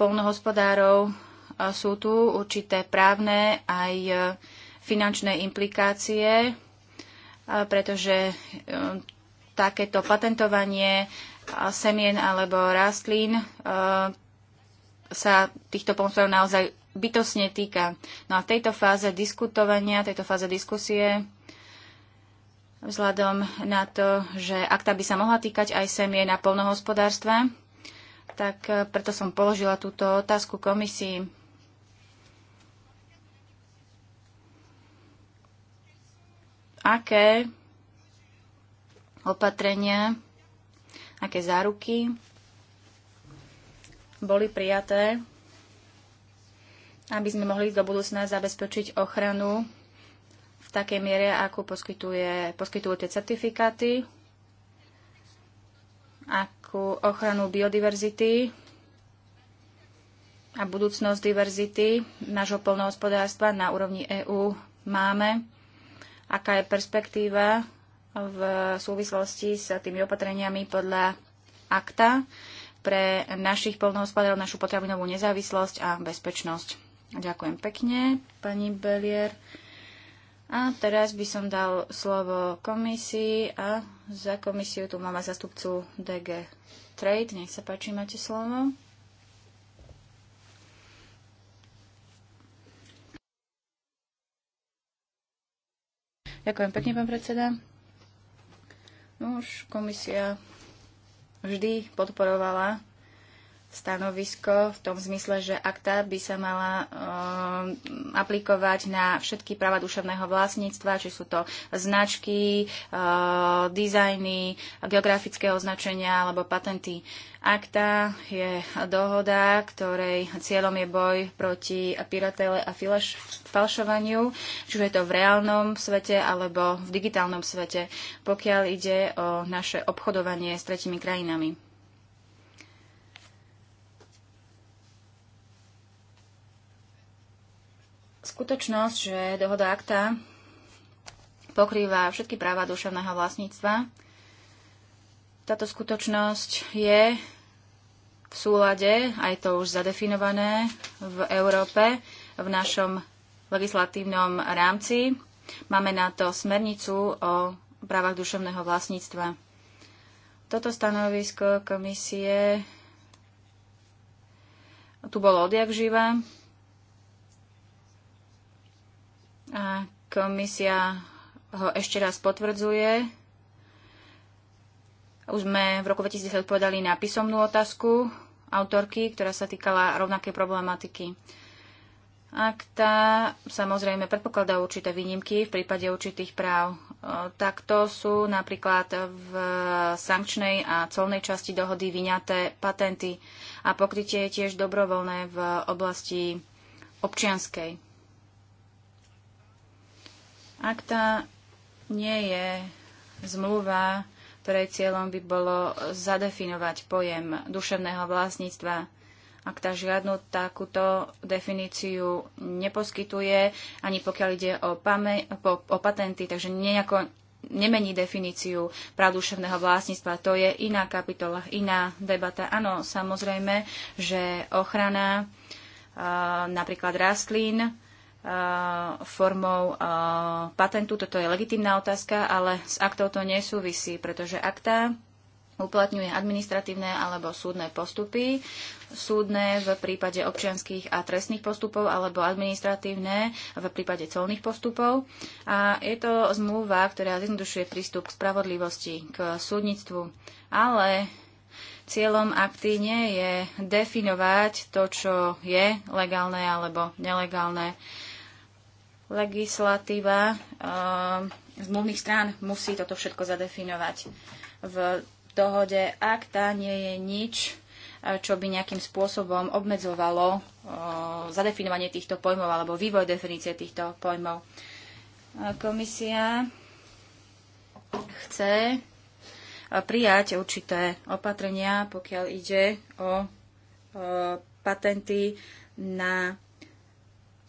polnohospodárov sú tu určité právne aj e, finančné implikácie, pretože e, takéto patentovanie semien alebo rastlín e, sa týchto pomstov naozaj bytosne týka. No a v tejto fáze diskutovania, tejto fáze diskusie, vzhľadom na to, že akta by sa mohla týkať aj semie na polnohospodárstve, tak e, preto som položila túto otázku komisii. Aké opatrenia, aké záruky boli prijaté, aby sme mohli do budúcna zabezpečiť ochranu v takej miere, ako poskytuje, poskytujú tie certifikáty, akú ochranu biodiverzity a budúcnosť diverzity nášho polnohospodárstva na úrovni EÚ máme, aká je perspektíva v súvislosti s tými opatreniami podľa akta pre našich polnohospodárov, našu potravinovú nezávislosť a bezpečnosť. Ďakujem pekne, pani Belier. A teraz by som dal slovo komisii a za komisiu tu máme zastupcu DG Trade. Nech sa páči, máte slovo. Ďakujem pekne, pán predseda. No už komisia vždy podporovala stanovisko v tom zmysle, že akta by sa mala um, aplikovať na všetky práva duševného vlastníctva, či sú to značky, uh, dizajny, geografické označenia alebo patenty. Akta je dohoda, ktorej cieľom je boj proti piratele a filaš, falšovaniu, či je to v reálnom svete alebo v digitálnom svete, pokiaľ ide o naše obchodovanie s tretimi krajinami. skutočnosť, že dohoda akta pokrýva všetky práva duševného vlastníctva. Táto skutočnosť je v súlade, aj to už zadefinované v Európe, v našom legislatívnom rámci. Máme na to smernicu o právach duševného vlastníctva. Toto stanovisko komisie tu bolo odjak živa. A komisia ho ešte raz potvrdzuje. Už sme v roku 2010 odpovedali na písomnú otázku autorky, ktorá sa týkala rovnakej problematiky. Akta samozrejme predpokladá určité výnimky v prípade určitých práv. Takto sú napríklad v sankčnej a colnej časti dohody vyňaté patenty a pokrytie je tiež dobrovoľné v oblasti občianskej akta nie je zmluva, ktorej cieľom by bolo zadefinovať pojem duševného vlastníctva. Akta žiadnu takúto definíciu neposkytuje, ani pokiaľ ide o, pame- o, o patenty, takže nejako nemení definíciu pravduševného vlastníctva. To je iná kapitola, iná debata. Áno, samozrejme, že ochrana e, napríklad rastlín formou patentu. Toto je legitimná otázka, ale s aktou to nesúvisí, pretože akta uplatňuje administratívne alebo súdne postupy. Súdne v prípade občianských a trestných postupov alebo administratívne v prípade colných postupov. A je to zmluva, ktorá zjednodušuje prístup k spravodlivosti, k súdnictvu. Ale cieľom akty nie je definovať to, čo je legálne alebo nelegálne. Uh, Legislatíva eh, zmluvných strán musí toto všetko zadefinovať. V dohode Ak tá nie je nič, eh, čo by nejakým spôsobom obmedzovalo uh, zadefinovanie týchto pojmov alebo vývoj definície týchto pojmov. Komisia chce prijať určité opatrenia, pokiaľ ide o patenty na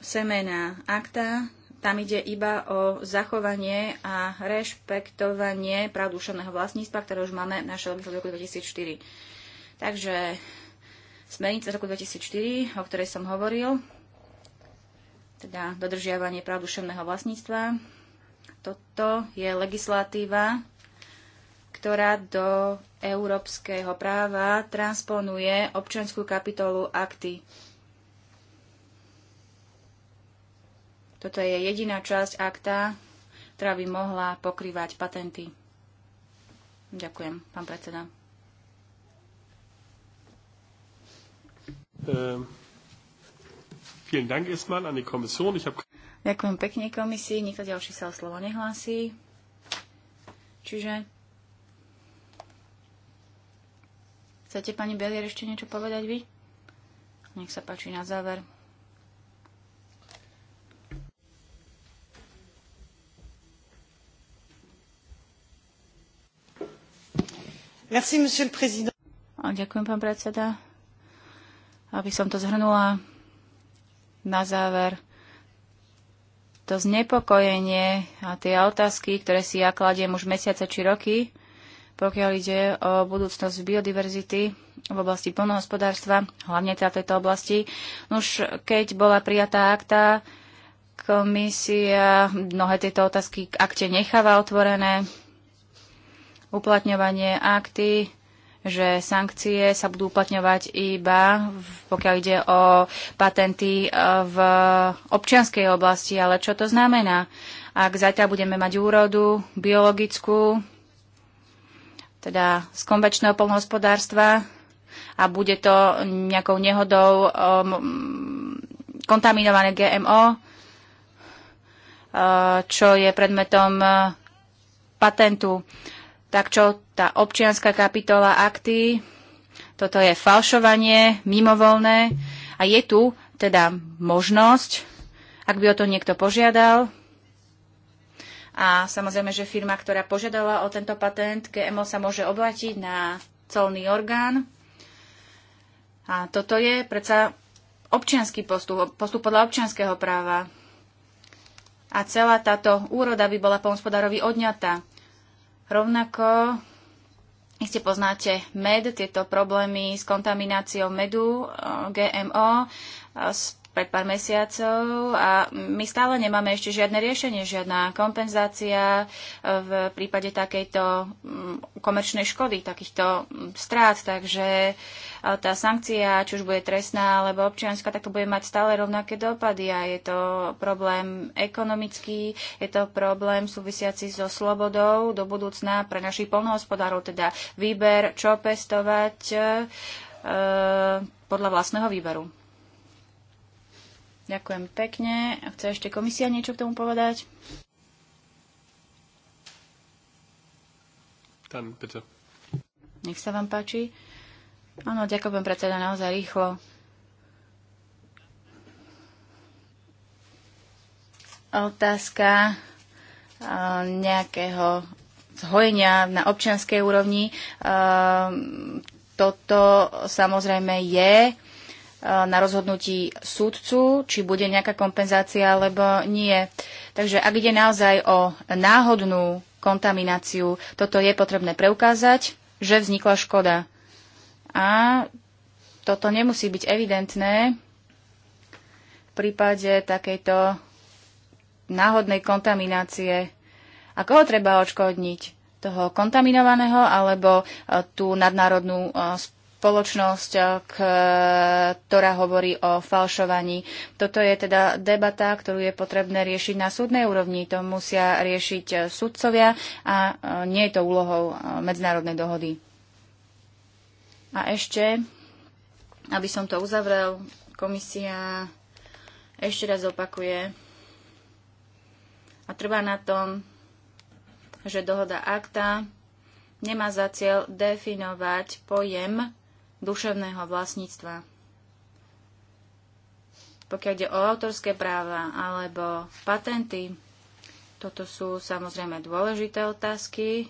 semena akta, tam ide iba o zachovanie a rešpektovanie pravdušeného vlastníctva, ktoré už máme v našej legislatíve roku 2004. Takže smernica z roku 2004, o ktorej som hovoril, teda dodržiavanie pravdušeného vlastníctva, toto je legislatíva, ktorá do európskeho práva transponuje občianskú kapitolu akty Toto je jediná časť akta, ktorá by mohla pokrývať patenty. Ďakujem, pán predseda. Ähm, Ďakujem pekne komisii. Nikto ďalší sa o slovo nehlási. Čiže chcete, pani Belier, ešte niečo povedať vy? Nech sa páči na záver. Ďakujem, pán predseda. Aby som to zhrnula na záver, to znepokojenie a tie otázky, ktoré si ja kladiem už mesiace či roky, pokiaľ ide o budúcnosť biodiverzity v oblasti plnohospodárstva, hlavne teda tejto oblasti. Už keď bola prijatá akta, komisia mnohé tieto otázky k akte necháva otvorené uplatňovanie akty, že sankcie sa budú uplatňovať iba, pokiaľ ide o patenty e, v občianskej oblasti. Ale čo to znamená? Ak zatiaľ budeme mať úrodu biologickú, teda z konvečného polnohospodárstva a bude to nejakou nehodou um, kontaminované GMO, e, čo je predmetom e, patentu tak čo tá občianská kapitola akty, toto je falšovanie mimovolné a je tu teda možnosť, ak by o to niekto požiadal, a samozrejme, že firma, ktorá požiadala o tento patent, KMO sa môže obratiť na colný orgán. A toto je predsa občianský postup, postup podľa občianského práva. A celá táto úroda by bola hospodárovi odňatá. Rovnako Iste poznáte med, tieto problémy s kontamináciou medu, eh, GMO, eh, s pred pár mesiacov a my stále nemáme ešte žiadne riešenie, žiadna kompenzácia e, v prípade takejto mm, komerčnej škody, takýchto mm, strát, takže e, tá sankcia, či už bude trestná alebo občianská, tak to bude mať stále rovnaké dopady a je to problém ekonomický, je to problém súvisiaci so slobodou do budúcna pre našich polnohospodárov, teda výber, čo pestovať e, podľa vlastného výberu. Ďakujem pekne. A chce ešte komisia niečo k tomu povedať? Tam, Peter. Nech sa vám páči. Áno, ďakujem predseda naozaj rýchlo. Otázka nejakého zhojenia na občianskej úrovni. Toto samozrejme je Eh, na rozhodnutí súdcu, či bude nejaká kompenzácia alebo nie. Takže ak ide naozaj o náhodnú kontamináciu, toto je potrebné preukázať, že vznikla škoda. A toto nemusí byť evidentné v prípade takejto náhodnej kontaminácie. A koho treba odškodniť? Toho kontaminovaného alebo eh, tú nadnárodnú eh, spoločnosť, eh, ktorá hovorí o falšovaní. Toto je teda debata, ktorú je potrebné riešiť na súdnej úrovni. To musia riešiť eh, sudcovia a eh, nie je to úlohou medzinárodnej dohody. A ešte, aby som to uzavrel, komisia ešte raz opakuje a trvá na tom, že dohoda akta nemá za cieľ definovať pojem duševného vlastníctva. Pokiaľ ide o autorské práva alebo patenty, toto sú samozrejme dôležité otázky,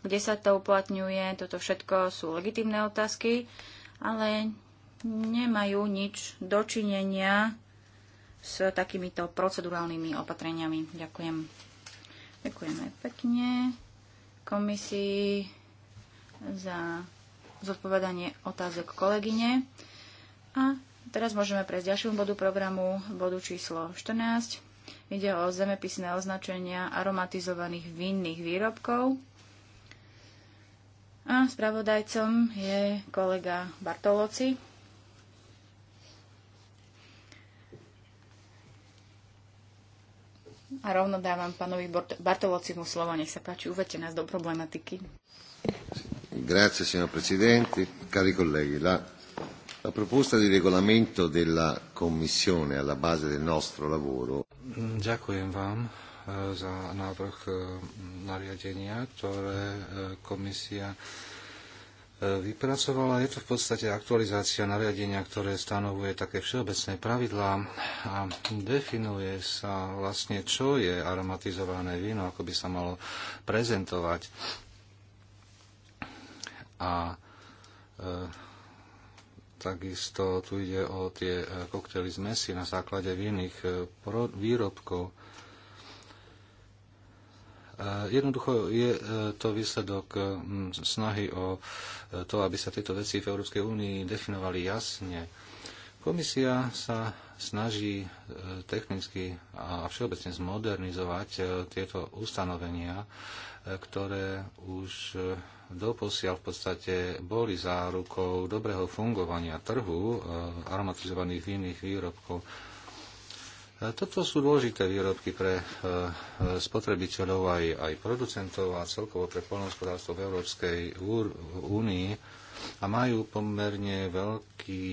kde sa to uplatňuje, toto všetko sú legitimné otázky, ale nemajú nič dočinenia s takýmito procedurálnymi opatreniami. Ďakujem. Ďakujeme pekne komisii za zodpovedanie otázok kolegyne. A teraz môžeme prejsť ďalšiemu bodu programu, bodu číslo 14. Ide o zemepisné označenia aromatizovaných vinných výrobkov. A spravodajcom je kolega Bartoloci. A rovno dávam pánovi Bartolocimu slovo. Nech sa páči, uvedte nás do problematiky. (laughs) Grazie signor Presidente, cari colleghi. La, la proposta di regolamento della Commissione alla base del nostro lavoro. Mm, ďakujem vám eh, za návrh eh, nariadenia, ktoré eh, komisia vypracovala. Je to v podstate aktualizácia nariadenia, ktoré stanovuje také všeobecné pravidlá a definuje sa vlastne, čo je aromatizované víno, ako by sa malo prezentovať a e, takisto tu ide o tie e, koktely z mesi na základe vinných e, výrobkov. Jednoducho je to výsledok snahy o to, aby sa tieto veci v Európskej únii definovali jasne. Komisia sa snaží technicky a všeobecne zmodernizovať tieto ustanovenia ktoré už e, doposiaľ v podstate boli zárukou dobrého fungovania trhu e, aromatizovaných vinných výrobkov. E, toto sú dôležité výrobky pre spotrebiteľov aj, aj producentov a celkovo pre poľnohospodárstvo v Európskej únii a majú pomerne veľký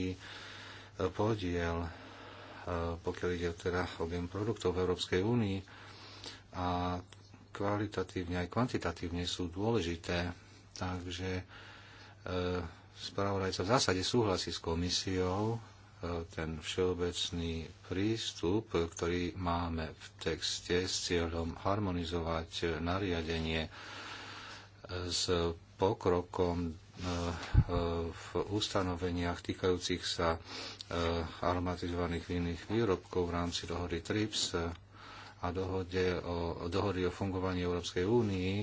podiel, pokiaľ ide teda objem produktov v Európskej únii. A kvalitatívne aj kvantitatívne sú dôležité. Takže e, spravodajca v zásade súhlasí s komisiou, e, ten všeobecný prístup, ktorý máme v texte s cieľom harmonizovať nariadenie s pokrokom e, v ustanoveniach týkajúcich sa e, aromatizovaných vinných výrobkov v rámci dohody TRIPS a dohode o, dohody o fungovaní Európskej únii,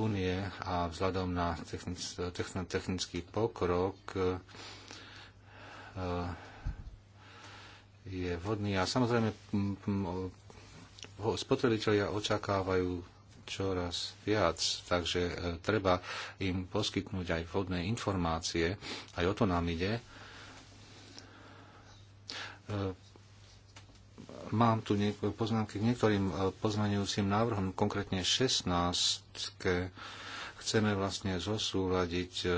únie a vzhľadom na technic, technický pokrok e, je vhodný. A samozrejme spotrebitelia očakávajú čoraz viac, takže e, treba im poskytnúť aj vhodné informácie, aj o to nám ide e, Mám tu poznámky k niektorým e, pozmeňujúcim návrhom, konkrétne 16. Chceme vlastne zosúľadiť e,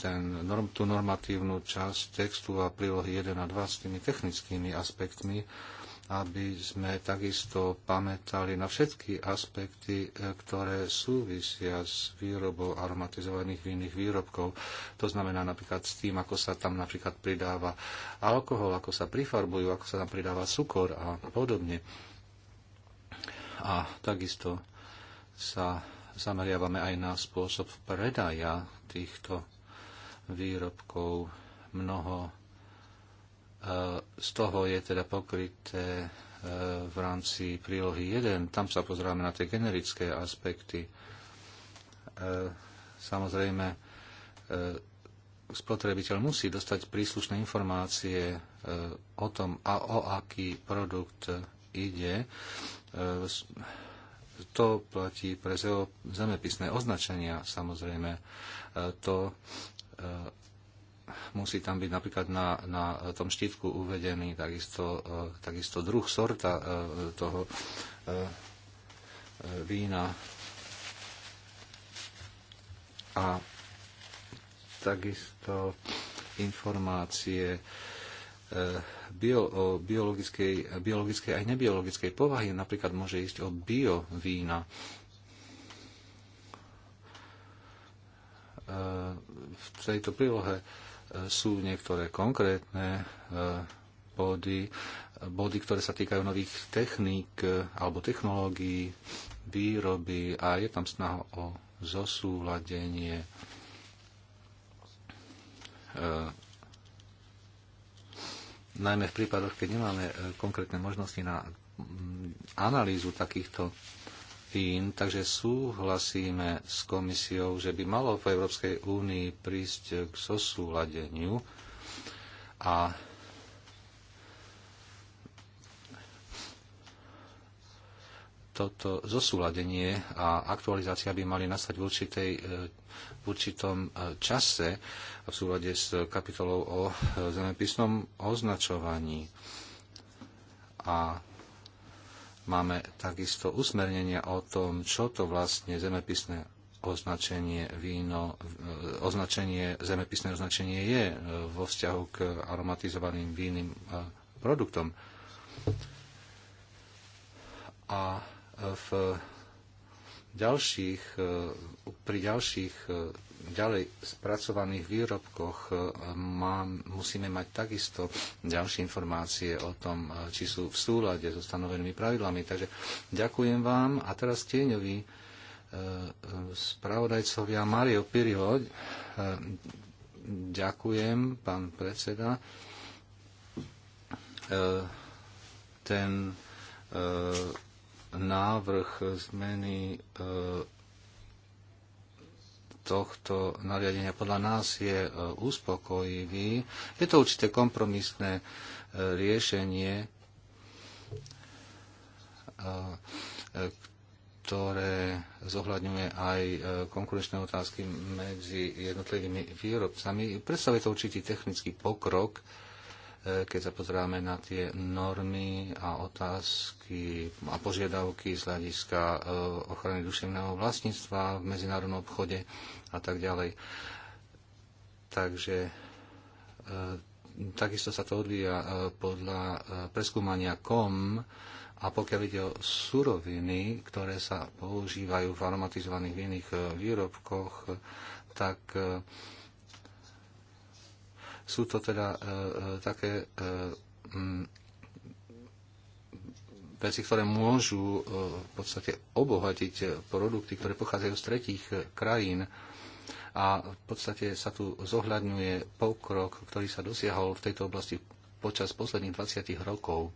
ten, tú normatívnu časť textu a prílohy 1 a 2 s tými technickými aspektmi aby sme takisto pamätali na všetky aspekty, e, ktoré súvisia s výrobou aromatizovaných vinných výrobkov. To znamená napríklad s tým, ako sa tam napríklad pridáva alkohol, ako sa prifarbujú, ako sa tam pridáva cukor a podobne. A takisto sa zameriavame aj na spôsob predaja týchto výrobkov. Mnoho z toho je teda pokryté e, v rámci prílohy 1. Tam sa pozrieme na tie generické aspekty. E, samozrejme, e, spotrebiteľ musí dostať príslušné informácie o tom, a o aký produkt ide. To platí pre zemepisné označenia, samozrejme. To musí tam byť napríklad na, na tom štítku uvedený takisto, e, takisto druh sorta e, toho e, vína. A takisto informácie bio, o biologickej, biologickej aj nebiologickej povahy. Napríklad môže ísť o biovína. V tejto prílohe sú niektoré konkrétne e, body, body, ktoré sa týkajú nových techník e, alebo technológií výroby a je tam snaha o zosúladenie e, najmä v prípadoch, keď nemáme konkrétne možnosti na analýzu takýchto tým, takže súhlasíme s komisiou, že by malo v Európskej únii prísť k zosúladeniu a toto zosúladenie a aktualizácia by mali nastať v, určitej, e, v určitom e, čase v súlade s kapitolou o e, zemepisnom označovaní. A Máme takisto usmernenia o tom, čo to vlastne zemepisné označenie víno, e, označenie, zemepisné označenie je e, vo vzťahu k aromatizovaným vínnym e, produktom. A v ďalších, e, pri ďalších e, ďalej spracovaných výrobkoch e, má, musíme mať takisto ďalšie informácie o tom, či sú v súlade so stanovenými pravidlami. Takže ďakujem vám a teraz tieňovi spravodajcovia Mario Piriho. Ďakujem, pán predseda. Ten návrh zmeny e, tohto nariadenia podľa nás je e, uspokojivý. Je to určité kompromisné e, riešenie, ktoré zohľadňuje aj konkurenčné otázky medzi jednotlivými výrobcami. Predstavuje to určitý technický pokrok, E, keď sa pozráme na tie normy a otázky a požiadavky z hľadiska e, ochrany duševného vlastníctva v medzinárodnom obchode a tak ďalej. Takže e, takisto sa to odvíja podľa preskúmania KOM a pokiaľ ide o suroviny, ktoré sa používajú v aromatizovaných iných výrobkoch, tak sú to teda e, e, také e, m, veci, ktoré môžu e, v podstate obohatiť produkty, ktoré pochádzajú z tretích e, krajín. A v podstate sa tu zohľadňuje pokrok, ktorý sa dosiahol v tejto oblasti počas posledných 20 rokov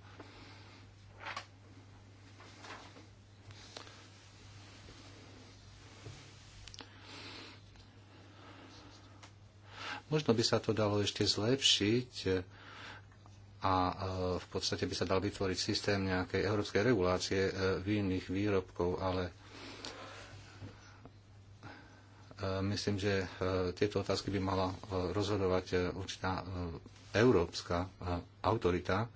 Možno by sa to dalo ešte zlepšiť e, a e, v podstate by sa dal vytvoriť systém nejakej európskej regulácie e, vínnych výrobkov, ale myslím, že tieto otázky by mala rozhodovať určitá európska autorita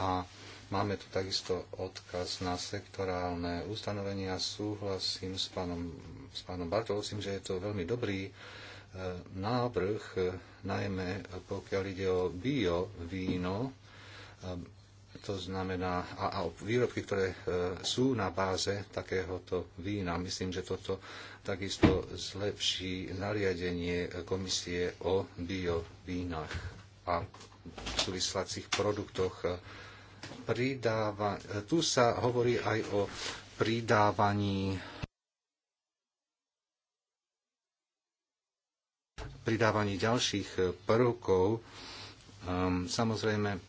a Máme tu takisto odkaz na sektorálne ustanovenia. Súhlasím s pánom, s pánom Bartolovcim, že je to veľmi dobrý návrh, e, najmä pokiaľ ide o bio víno, to znamená, a, a výrobky, ktoré e, sú na báze takéhoto vína. Myslím, že toto takisto zlepší nariadenie komisie o bio vínach a súvislacích produktoch. Pridáva, tu sa hovorí aj o pridávaní pridávaní ďalších eh, prvkov. Ehm, samozrejme, eh,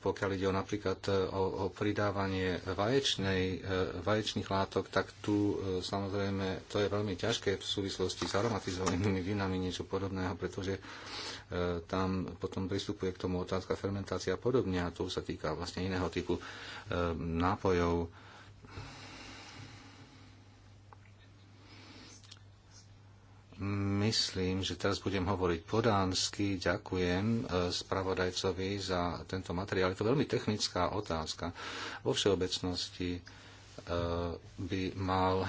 pokiaľ ide o napríklad eh, o, o pridávanie vaječnej, vaječných látok, tak tu samozrejme to je veľmi ťažké v súvislosti s aromatizovanými vínami, niečo podobného, pretože tam potom pristupuje k tomu otázka fermentácia a podobne a to sa týka vlastne iného typu nápojov Myslím, že teraz budem hovoriť po dánsky. Ďakujem e, spravodajcovi za tento materiál. Je to veľmi technická otázka. Vo všeobecnosti e, by mal e,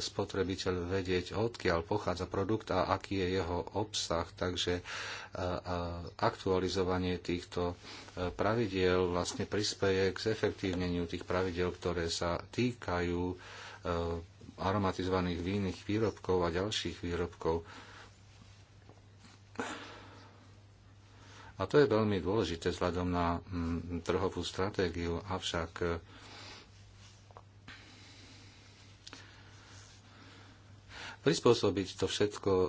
spotrebiteľ vedieť, odkiaľ pochádza produkt a aký je jeho obsah. Takže aktualizovanie týchto pravidiel vlastne prispieje k zefektívneniu tých pravidiel, ktoré sa týkajú aromatizovaných vínnych výrobkov a ďalších výrobkov. A to je veľmi dôležité vzhľadom na mm, trhovú stratégiu, avšak e, prispôsobiť to všetko e, e,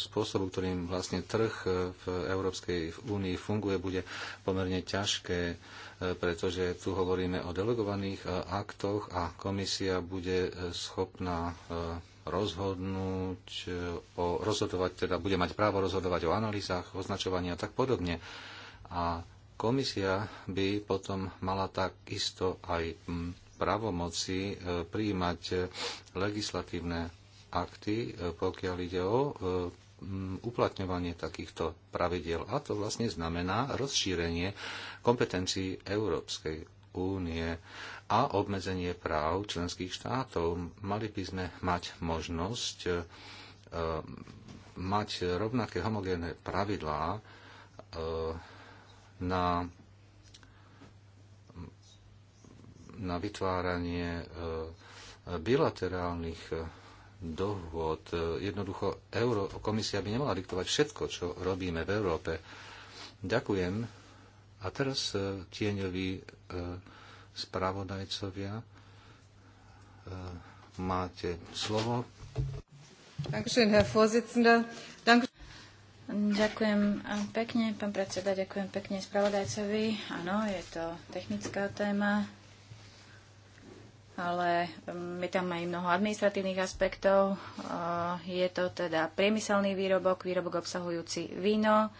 spôsobu, ktorým vlastne trh v Európskej únii funguje, bude pomerne ťažké pretože tu hovoríme o delegovaných e, aktoch a komisia bude e, schopná e, rozhodnúť, o, rozhodovať, teda bude mať právo rozhodovať o analýzach, označovaní a tak podobne. A komisia by potom mala takisto aj právomoci prijímať legislatívne akty, pokiaľ ide o Mm, uplatňovanie takýchto pravidiel. A to vlastne znamená rozšírenie kompetencií Európskej únie a obmedzenie práv členských štátov. Mali by sme mať možnosť e, mať rovnaké homogénne pravidlá e, na, na vytváranie e, bilaterálnych dohôd. E, jednoducho Euro, komisia by nemala diktovať všetko, čo robíme v Európe. Ďakujem. A teraz e, tieňoví e, spravodajcovia. Máte slovo. Dankeschön, Herr Vorsitzender. Ďakujem pekne, pán predseda, ďakujem pekne spravodajcovi. Áno, je to technická téma, ale mm, je tam aj mnoho administratívnych aspektov. E, je to teda priemyselný výrobok, výrobok obsahujúci víno,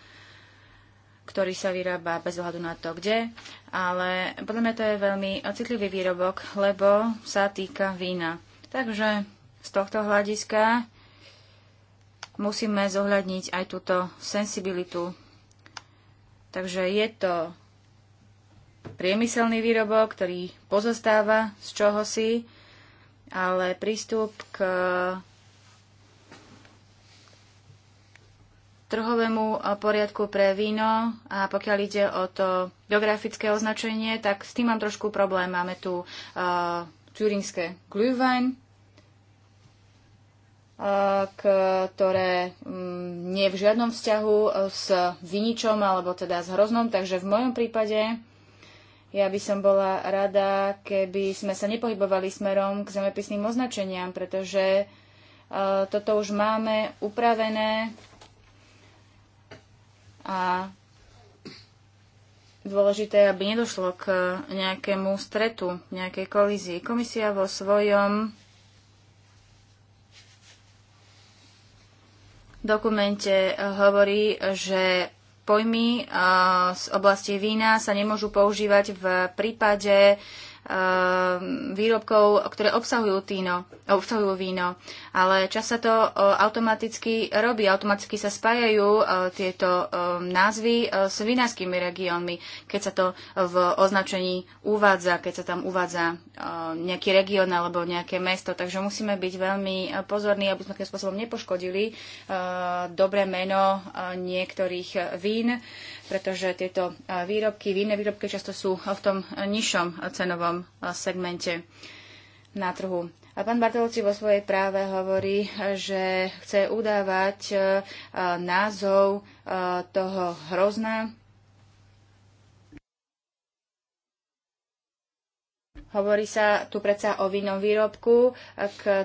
ktorý sa vyrába bez ohľadu na to, kde. Ale podľa mňa to je veľmi citlivý výrobok, lebo sa týka vína. Takže z tohto hľadiska musíme zohľadniť aj túto sensibilitu. Takže je to priemyselný výrobok, ktorý pozostáva z čohosi, ale prístup k trhovému poriadku pre víno a pokiaľ ide o to geografické označenie, tak s tým mám trošku problém. Máme tu uh, eh, turinské glühwein, uh, ktoré um, nie je v žiadnom vzťahu s viničom alebo teda s hroznom, takže v mojom prípade ja by som bola rada, keby sme sa nepohybovali smerom k zemepisným označeniam, pretože e, toto už máme upravené a dôležité, aby nedošlo k nejakému stretu, nejakej kolízii. Komisia vo svojom dokumente hovorí, že pojmy z oblasti vína sa nemôžu používať v prípade výrobkov, ktoré obsahujú, týno, obsahujú víno ale čas sa to e, automaticky robí, automaticky sa spájajú e, tieto e, názvy s vinárskymi regiónmi, keď sa to v označení uvádza, keď sa tam uvádza nejaký región alebo nejaké mesto. Takže musíme byť veľmi pozorní, aby sme takým spôsobom nepoškodili dobré meno niektorých vín, pretože tieto výrobky, vínne výrobky často sú v tom nižšom cenovom segmente na trhu. A pán Bartolci vo svojej práve hovorí, že chce udávať eh, názov eh, toho hrozna, Hovorí sa tu predsa o vínom výrobku,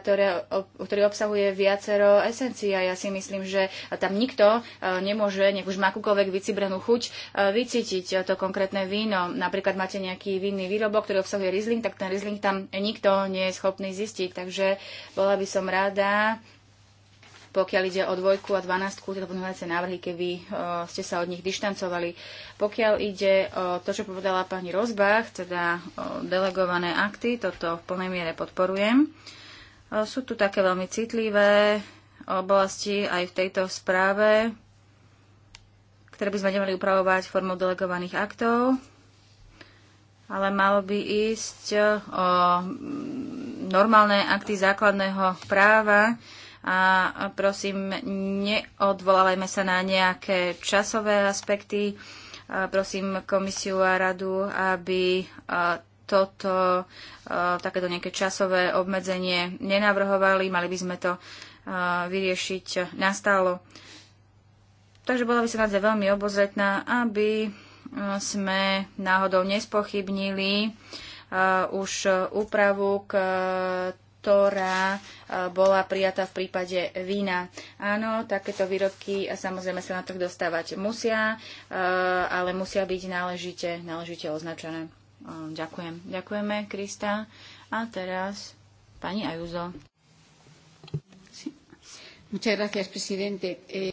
ktoré, ktorý obsahuje viacero esencií a ja si myslím, že tam nikto e, nemôže, nech už má akúkoľvek vycibrenú chuť, e, vycítiť to konkrétne víno. Napríklad máte nejaký vinný výrobok, ktorý obsahuje Riesling, tak ten Riesling tam nikto nie je schopný zistiť. Takže bola by som rada, pokiaľ ide o dvojku a dvanáctku, tieto pozmeňovacie návrhy, keby e, ste sa od nich dištancovali. Pokiaľ ide o to, čo povedala pani Rozbach, teda delegované akty, toto v plnej miere podporujem. E, sú tu také veľmi citlivé oblasti aj v tejto správe, ktoré by sme nemali upravovať formou delegovaných aktov, ale malo by ísť e, o normálne akty základného práva, a prosím, neodvolávajme sa na nejaké časové aspekty. Prosím komisiu a radu, aby toto, takéto nejaké časové obmedzenie nenavrhovali. Mali by sme to vyriešiť nastálo. Takže bola by som naozaj veľmi obozretná, aby sme náhodou nespochybnili už úpravu, ktorá e, bola prijatá v prípade vína. Áno, takéto výrobky samozrejme sa na trh dostávať musia, e, ale musia byť náležite, náležite označené. E, ďakujem. Ďakujeme, Krista. A teraz pani Ajuzo. Eh,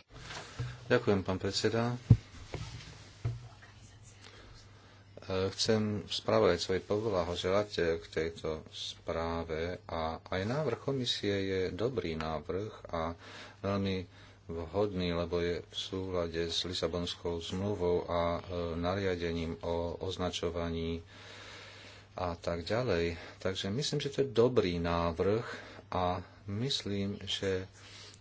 ďakujem, pán predseda. Eh, chcem svoje poblahoželať eh, k tejto správe a aj návrh komisie je dobrý návrh a veľmi vhodný, lebo je v súlade s Lisabonskou zmluvou a eh, nariadením o označovaní a tak ďalej. Takže myslím, že to je dobrý návrh a myslím, že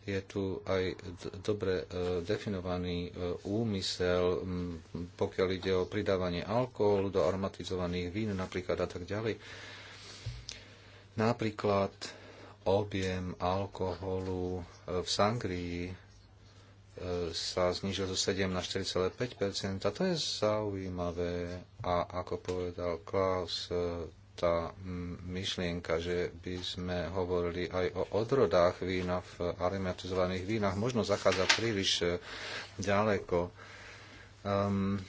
je tu aj dobre e, definovaný e, úmysel, pokiaľ ide o pridávanie alkoholu do aromatizovaných vín napríklad a tak ďalej. Napríklad objem alkoholu e, v sangrii sa znížil zo 7 na 4,5 A to je zaujímavé. A ako povedal Klaus, tá myšlienka, že by sme hovorili aj o odrodách vína v aromatizovaných vínach, možno zachádza príliš e, ďaleko. Um,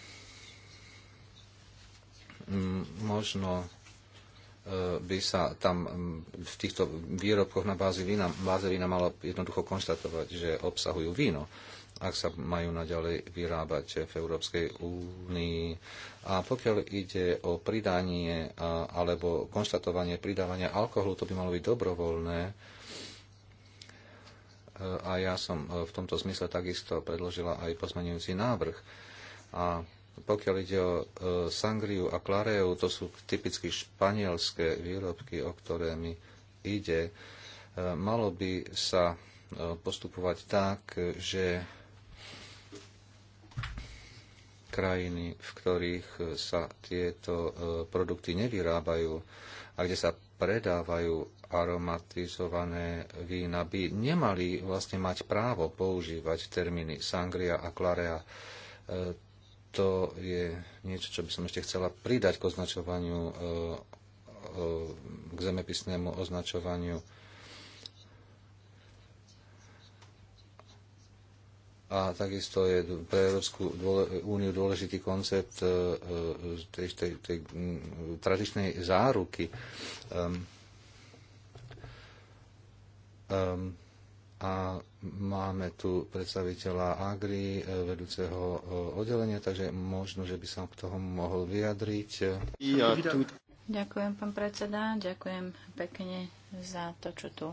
možno e, by sa tam v týchto výrobkoch na báze vína, báze vína malo jednoducho konštatovať, že obsahujú víno ak sa majú naďalej vyrábať v Európskej únii. A pokiaľ ide o pridanie alebo konštatovanie pridávania alkoholu, to by malo byť dobrovoľné. E, a ja som e, v tomto zmysle takisto predložila aj pozmenujúci návrh. A pokiaľ ide o e, sangriu a klareu, to sú typicky španielské výrobky, o ktoré mi ide. Malo by sa postupovať tak, že krajiny, v ktorých e, sa tieto e, produkty nevyrábajú a kde sa predávajú aromatizované vína, by nemali vlastne mať právo používať termíny sangria a clarea. E, to je niečo, čo by som ešte chcela pridať k označovaniu, k zemepisnému označovaniu a takisto je pre Európsku úniu dôležitý koncept e, e, tej, tej, tej tradičnej záruky. Um, um, a máme tu predstaviteľa Agri, e, vedúceho oddelenia, takže možno, že by som k tomu mohol vyjadriť. Ja tu... Ďakujem, pán predseda, ďakujem pekne za to, čo tu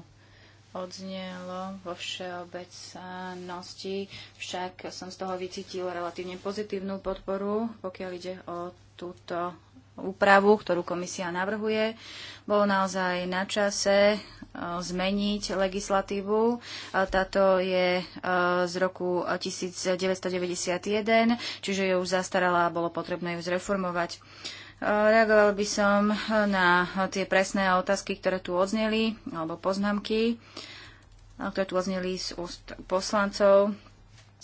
odznelo vo všeobecnosti, však som z toho vycítil relatívne pozitívnu podporu, pokiaľ ide o túto úpravu, ktorú komisia navrhuje. Bolo naozaj na čase e, zmeniť legislatívu. E, táto je e, z roku 1991, čiže ju zastarala a bolo potrebné ju zreformovať. Reagoval by som na tie presné otázky, ktoré tu odzneli, alebo poznámky, ktoré tu odzneli z úst poslancov.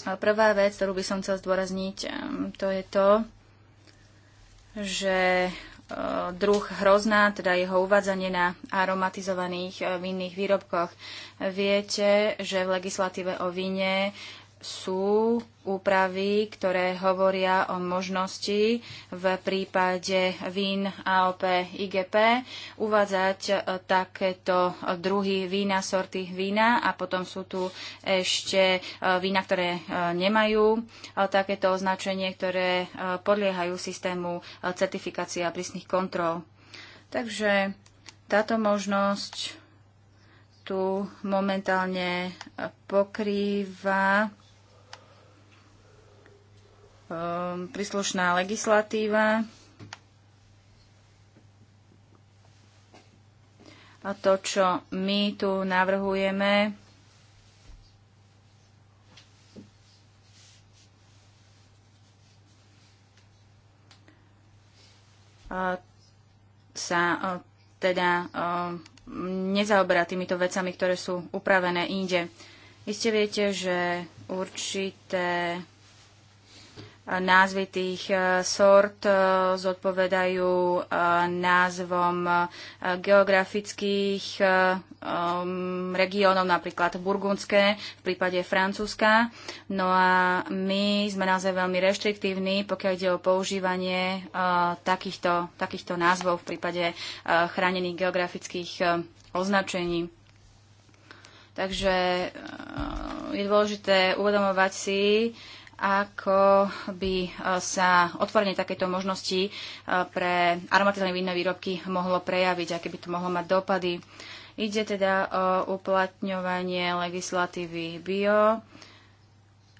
Prvá vec, ktorú by som chcel zdôrazniť, to je to, že e, druh hrozná, teda jeho uvádzanie na aromatizovaných e, vinných výrobkoch. Viete, že v legislatíve o vine sú úpravy, ktoré hovoria o možnosti v prípade vín AOP IGP uvádzať e, takéto druhy vína, sorty vína a potom sú tu ešte e, vína, ktoré e, nemajú takéto označenie, ktoré podliehajú systému certifikácie a prísnych kontrol. Takže táto možnosť tu momentálne pokrýva Ehm, príslušná legislatíva. A to, čo my tu navrhujeme, sa e, teda e, nezaoberá týmito vecami, ktoré sú upravené inde. ste viete, že určité názvy tých e, sort e, zodpovedajú e, názvom geografických regiónov, napríklad burgundské, v prípade Francúzska. No a my sme naozaj veľmi reštriktívni, pokiaľ ide o používanie takýchto, takýchto názvov v prípade chránených geografických označení. Takže je dôležité uvedomovať si, ako by e, sa otvorenie takéto možnosti e, pre aromatizované vinné výrobky mohlo prejaviť, aké by to mohlo mať dopady. Ide teda o uplatňovanie legislatívy bio,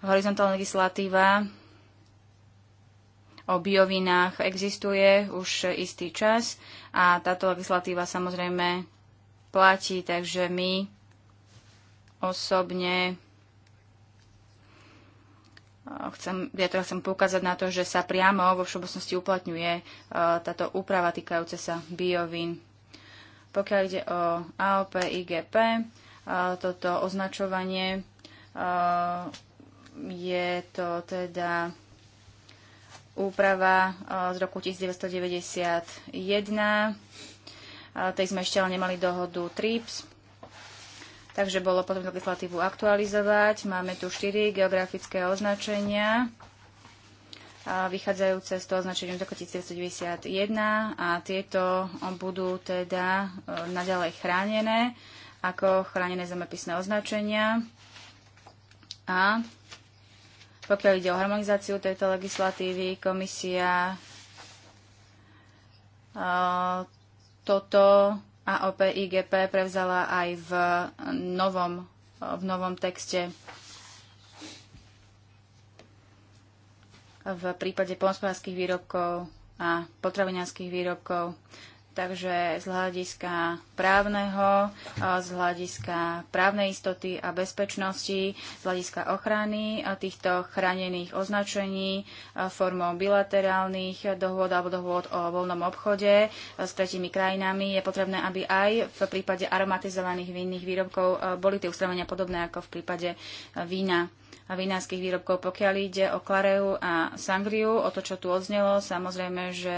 horizontálna legislatíva o biovinách existuje už istý čas a táto legislatíva samozrejme platí, takže my osobne chcem, ja teda chcem poukázať na to, že sa priamo vo všeobecnosti uplatňuje e, táto úprava týkajúca sa biovín. Pokiaľ ide o AOP, IGP, e, toto označovanie e, je to teda úprava z roku 1991. Tej sme ešte ale nemali dohodu TRIPS takže bolo potom legislatívu aktualizovať. Máme tu štyri geografické označenia vychádzajúce z toho označenia z roku 1991 a tieto budú teda e, naďalej chránené ako chránené zemepisné označenia. A pokiaľ ide o harmonizáciu tejto legislatívy, komisia e, toto AOP IGP prevzala aj v novom, v novom texte. v prípade polnospodárských výrobkov a potravinárských výrobkov. Takže z hľadiska právneho, z hľadiska právnej istoty a bezpečnosti, z hľadiska ochrany týchto chránených označení formou bilaterálnych dohôd alebo dohôd o voľnom obchode s tretimi krajinami, je potrebné, aby aj v prípade aromatizovaných vinných výrobkov boli tie ustrovenia podobné ako v prípade vína vinárskych výrobkov. Pokiaľ ide o Klareu a Sangriu, o to, čo tu odznelo, samozrejme, že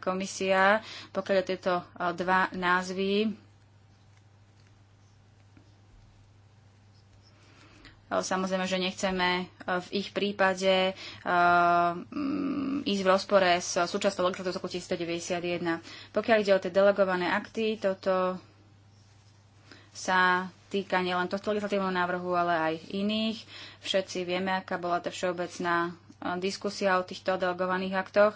komisia, pokiaľ tieto eh, dva názvy, eh, Samozrejme, že nechceme eh, v ich prípade mm, ísť v rozpore s súčasnou legislatívou z roku 1991. Pokiaľ ide o tie delegované akty, toto sa týka nielen tohto legislatívneho návrhu, ale aj iných. Všetci vieme, aká bola tá všeobecná e, diskusia o týchto delegovaných aktoch.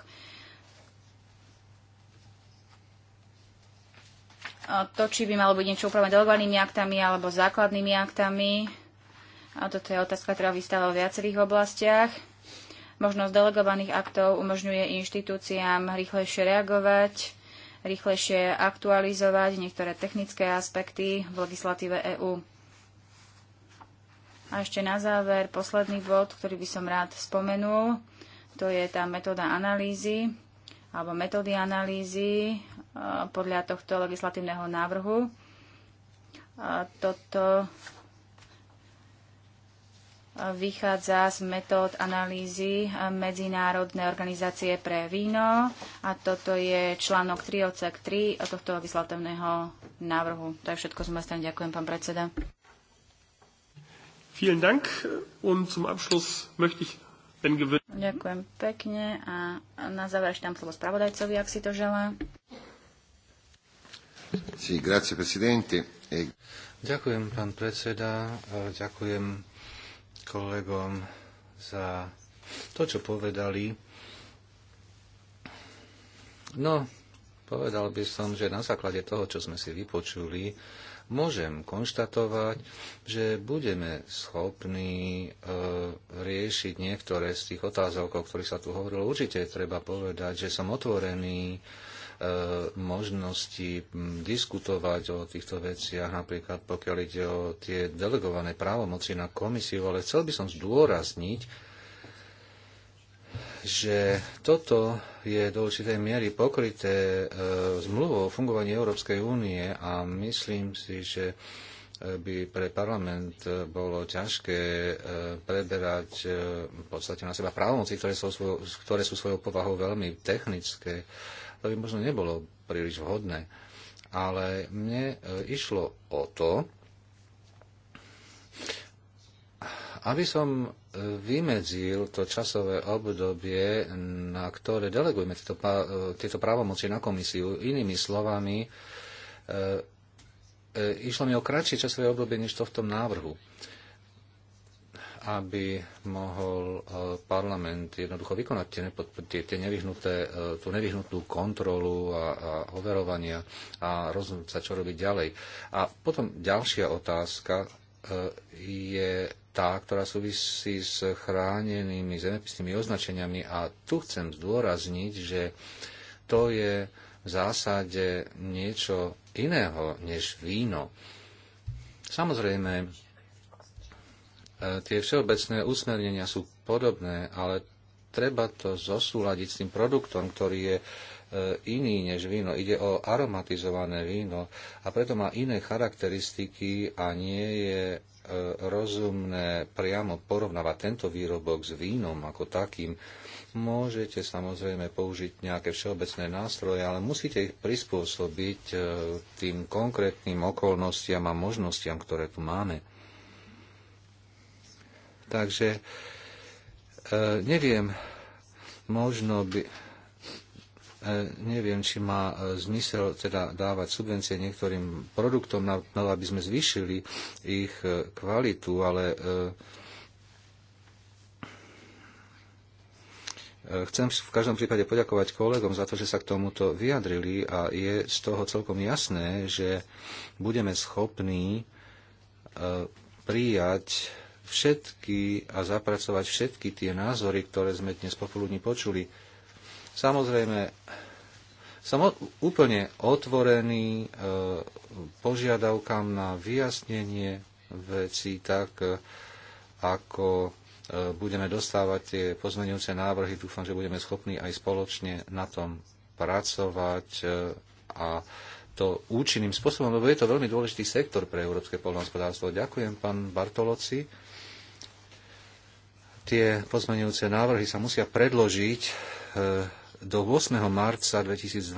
To, či by malo byť niečo upravené delegovanými aktami alebo základnými aktami, a toto je otázka, ktorá vystáva v viacerých oblastiach. Možnosť delegovaných aktov umožňuje inštitúciám rýchlejšie reagovať rýchlejšie aktualizovať niektoré technické aspekty v legislatíve EÚ. A ešte na záver posledný bod, ktorý by som rád spomenul, to je tá metóda analýzy alebo metódy analýzy eh, podľa tohto legislatívneho návrhu. Toto vychádza z metód analýzy eh, Medzinárodnej organizácie pre víno a toto je článok 3 odsek 3 tohto legislatívneho návrhu. To je všetko z mojej strany. Ďakujem, pán predseda. Vielen Dank und zum Abschluss möchte ich Ďakujem pekne a na záver ešte dám slovo spravodajcovi, ak si to želá. Sí, grazie, presidente. E- ďakujem, pán predseda. Ďakujem kolegom za to, čo povedali. No, povedal by som, že na základe toho, čo sme si vypočuli, môžem konštatovať, že budeme schopní e, riešiť niektoré z tých otázok, o ktorých sa tu hovorilo. Určite treba povedať, že som otvorený E, možnosti diskutovať o týchto veciach, napríklad pokiaľ ide o tie delegované právomoci na komisiu, ale chcel by som zdôrazniť, že toto je do určitej miery pokryté e, zmluvou o fungovaní Európskej únie a myslím si, že e, by pre parlament bolo ťažké preberať v podstate na seba právomoci, ktoré sú, svojou, ktoré sú svojou povahou veľmi technické to by možno nebolo príliš vhodné. Ale mne e, išlo o to, aby som e, vymedzil to časové obdobie, na ktoré delegujeme tieto, e, tieto právomoci na komisiu. Inými slovami, e, e, išlo mi o kratšie časové obdobie, než to v tom návrhu. E, aby mohol e, parlament jednoducho vykonať tie, tie, tie nevyhnuté, e, tú nevyhnutú kontrolu a, a overovania a rozhodnúť sa, čo robiť ďalej. A potom ďalšia otázka e, je tá, ktorá súvisí s chránenými zemepisnými označeniami a tu chcem zdôrazniť, že to je v zásade niečo iného než víno. Samozrejme, E, tie všeobecné usmernenia sú podobné, ale treba to zosúľadiť s tým produktom, ktorý je e, iný než víno. Ide o aromatizované víno a preto má iné charakteristiky a nie je e, rozumné priamo porovnávať tento výrobok s vínom ako takým. Môžete samozrejme použiť nejaké všeobecné nástroje, ale musíte ich prispôsobiť tým konkrétnym okolnostiam a možnostiam, ktoré tu máme. Takže e, neviem, možno by, e, neviem, či má e, zmysel teda dávať subvencie niektorým produktom, na, na aby sme zvýšili ich kvalitu, ale Chcem v každom prípade poďakovať kolegom za to, že sa k tomuto vyjadrili a je z toho celkom jasné, že budeme schopní prijať všetky a zapracovať všetky tie názory, ktoré sme dnes popoludní počuli. Samozrejme, som úplne otvorený e, požiadavkám na vyjasnenie veci tak, e, ako e, budeme dostávať tie pozmenujúce návrhy. Dúfam, že budeme schopní aj spoločne na tom pracovať a to účinným spôsobom, lebo je to veľmi dôležitý sektor pre európske poľnohospodárstvo. Ďakujem, pán Bartoloci tie pozmenujúce návrhy sa musia predložiť e, do 8. marca 2012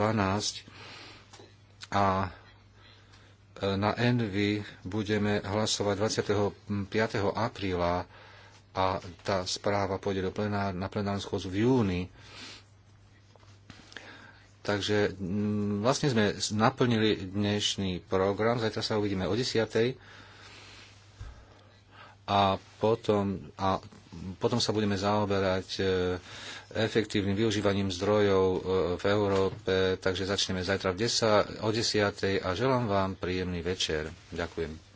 a e, na Envy budeme hlasovať 25. apríla a tá správa pôjde do plenár, na plenárnu schôdzu v júni. Takže mm, vlastne sme naplnili dnešný program. Zajtra sa uvidíme o 10. A potom, a potom sa budeme zaoberať e, efektívnym využívaním zdrojov e, v Európe, takže začneme zajtra v 10, o 10. a želám vám príjemný večer. Ďakujem.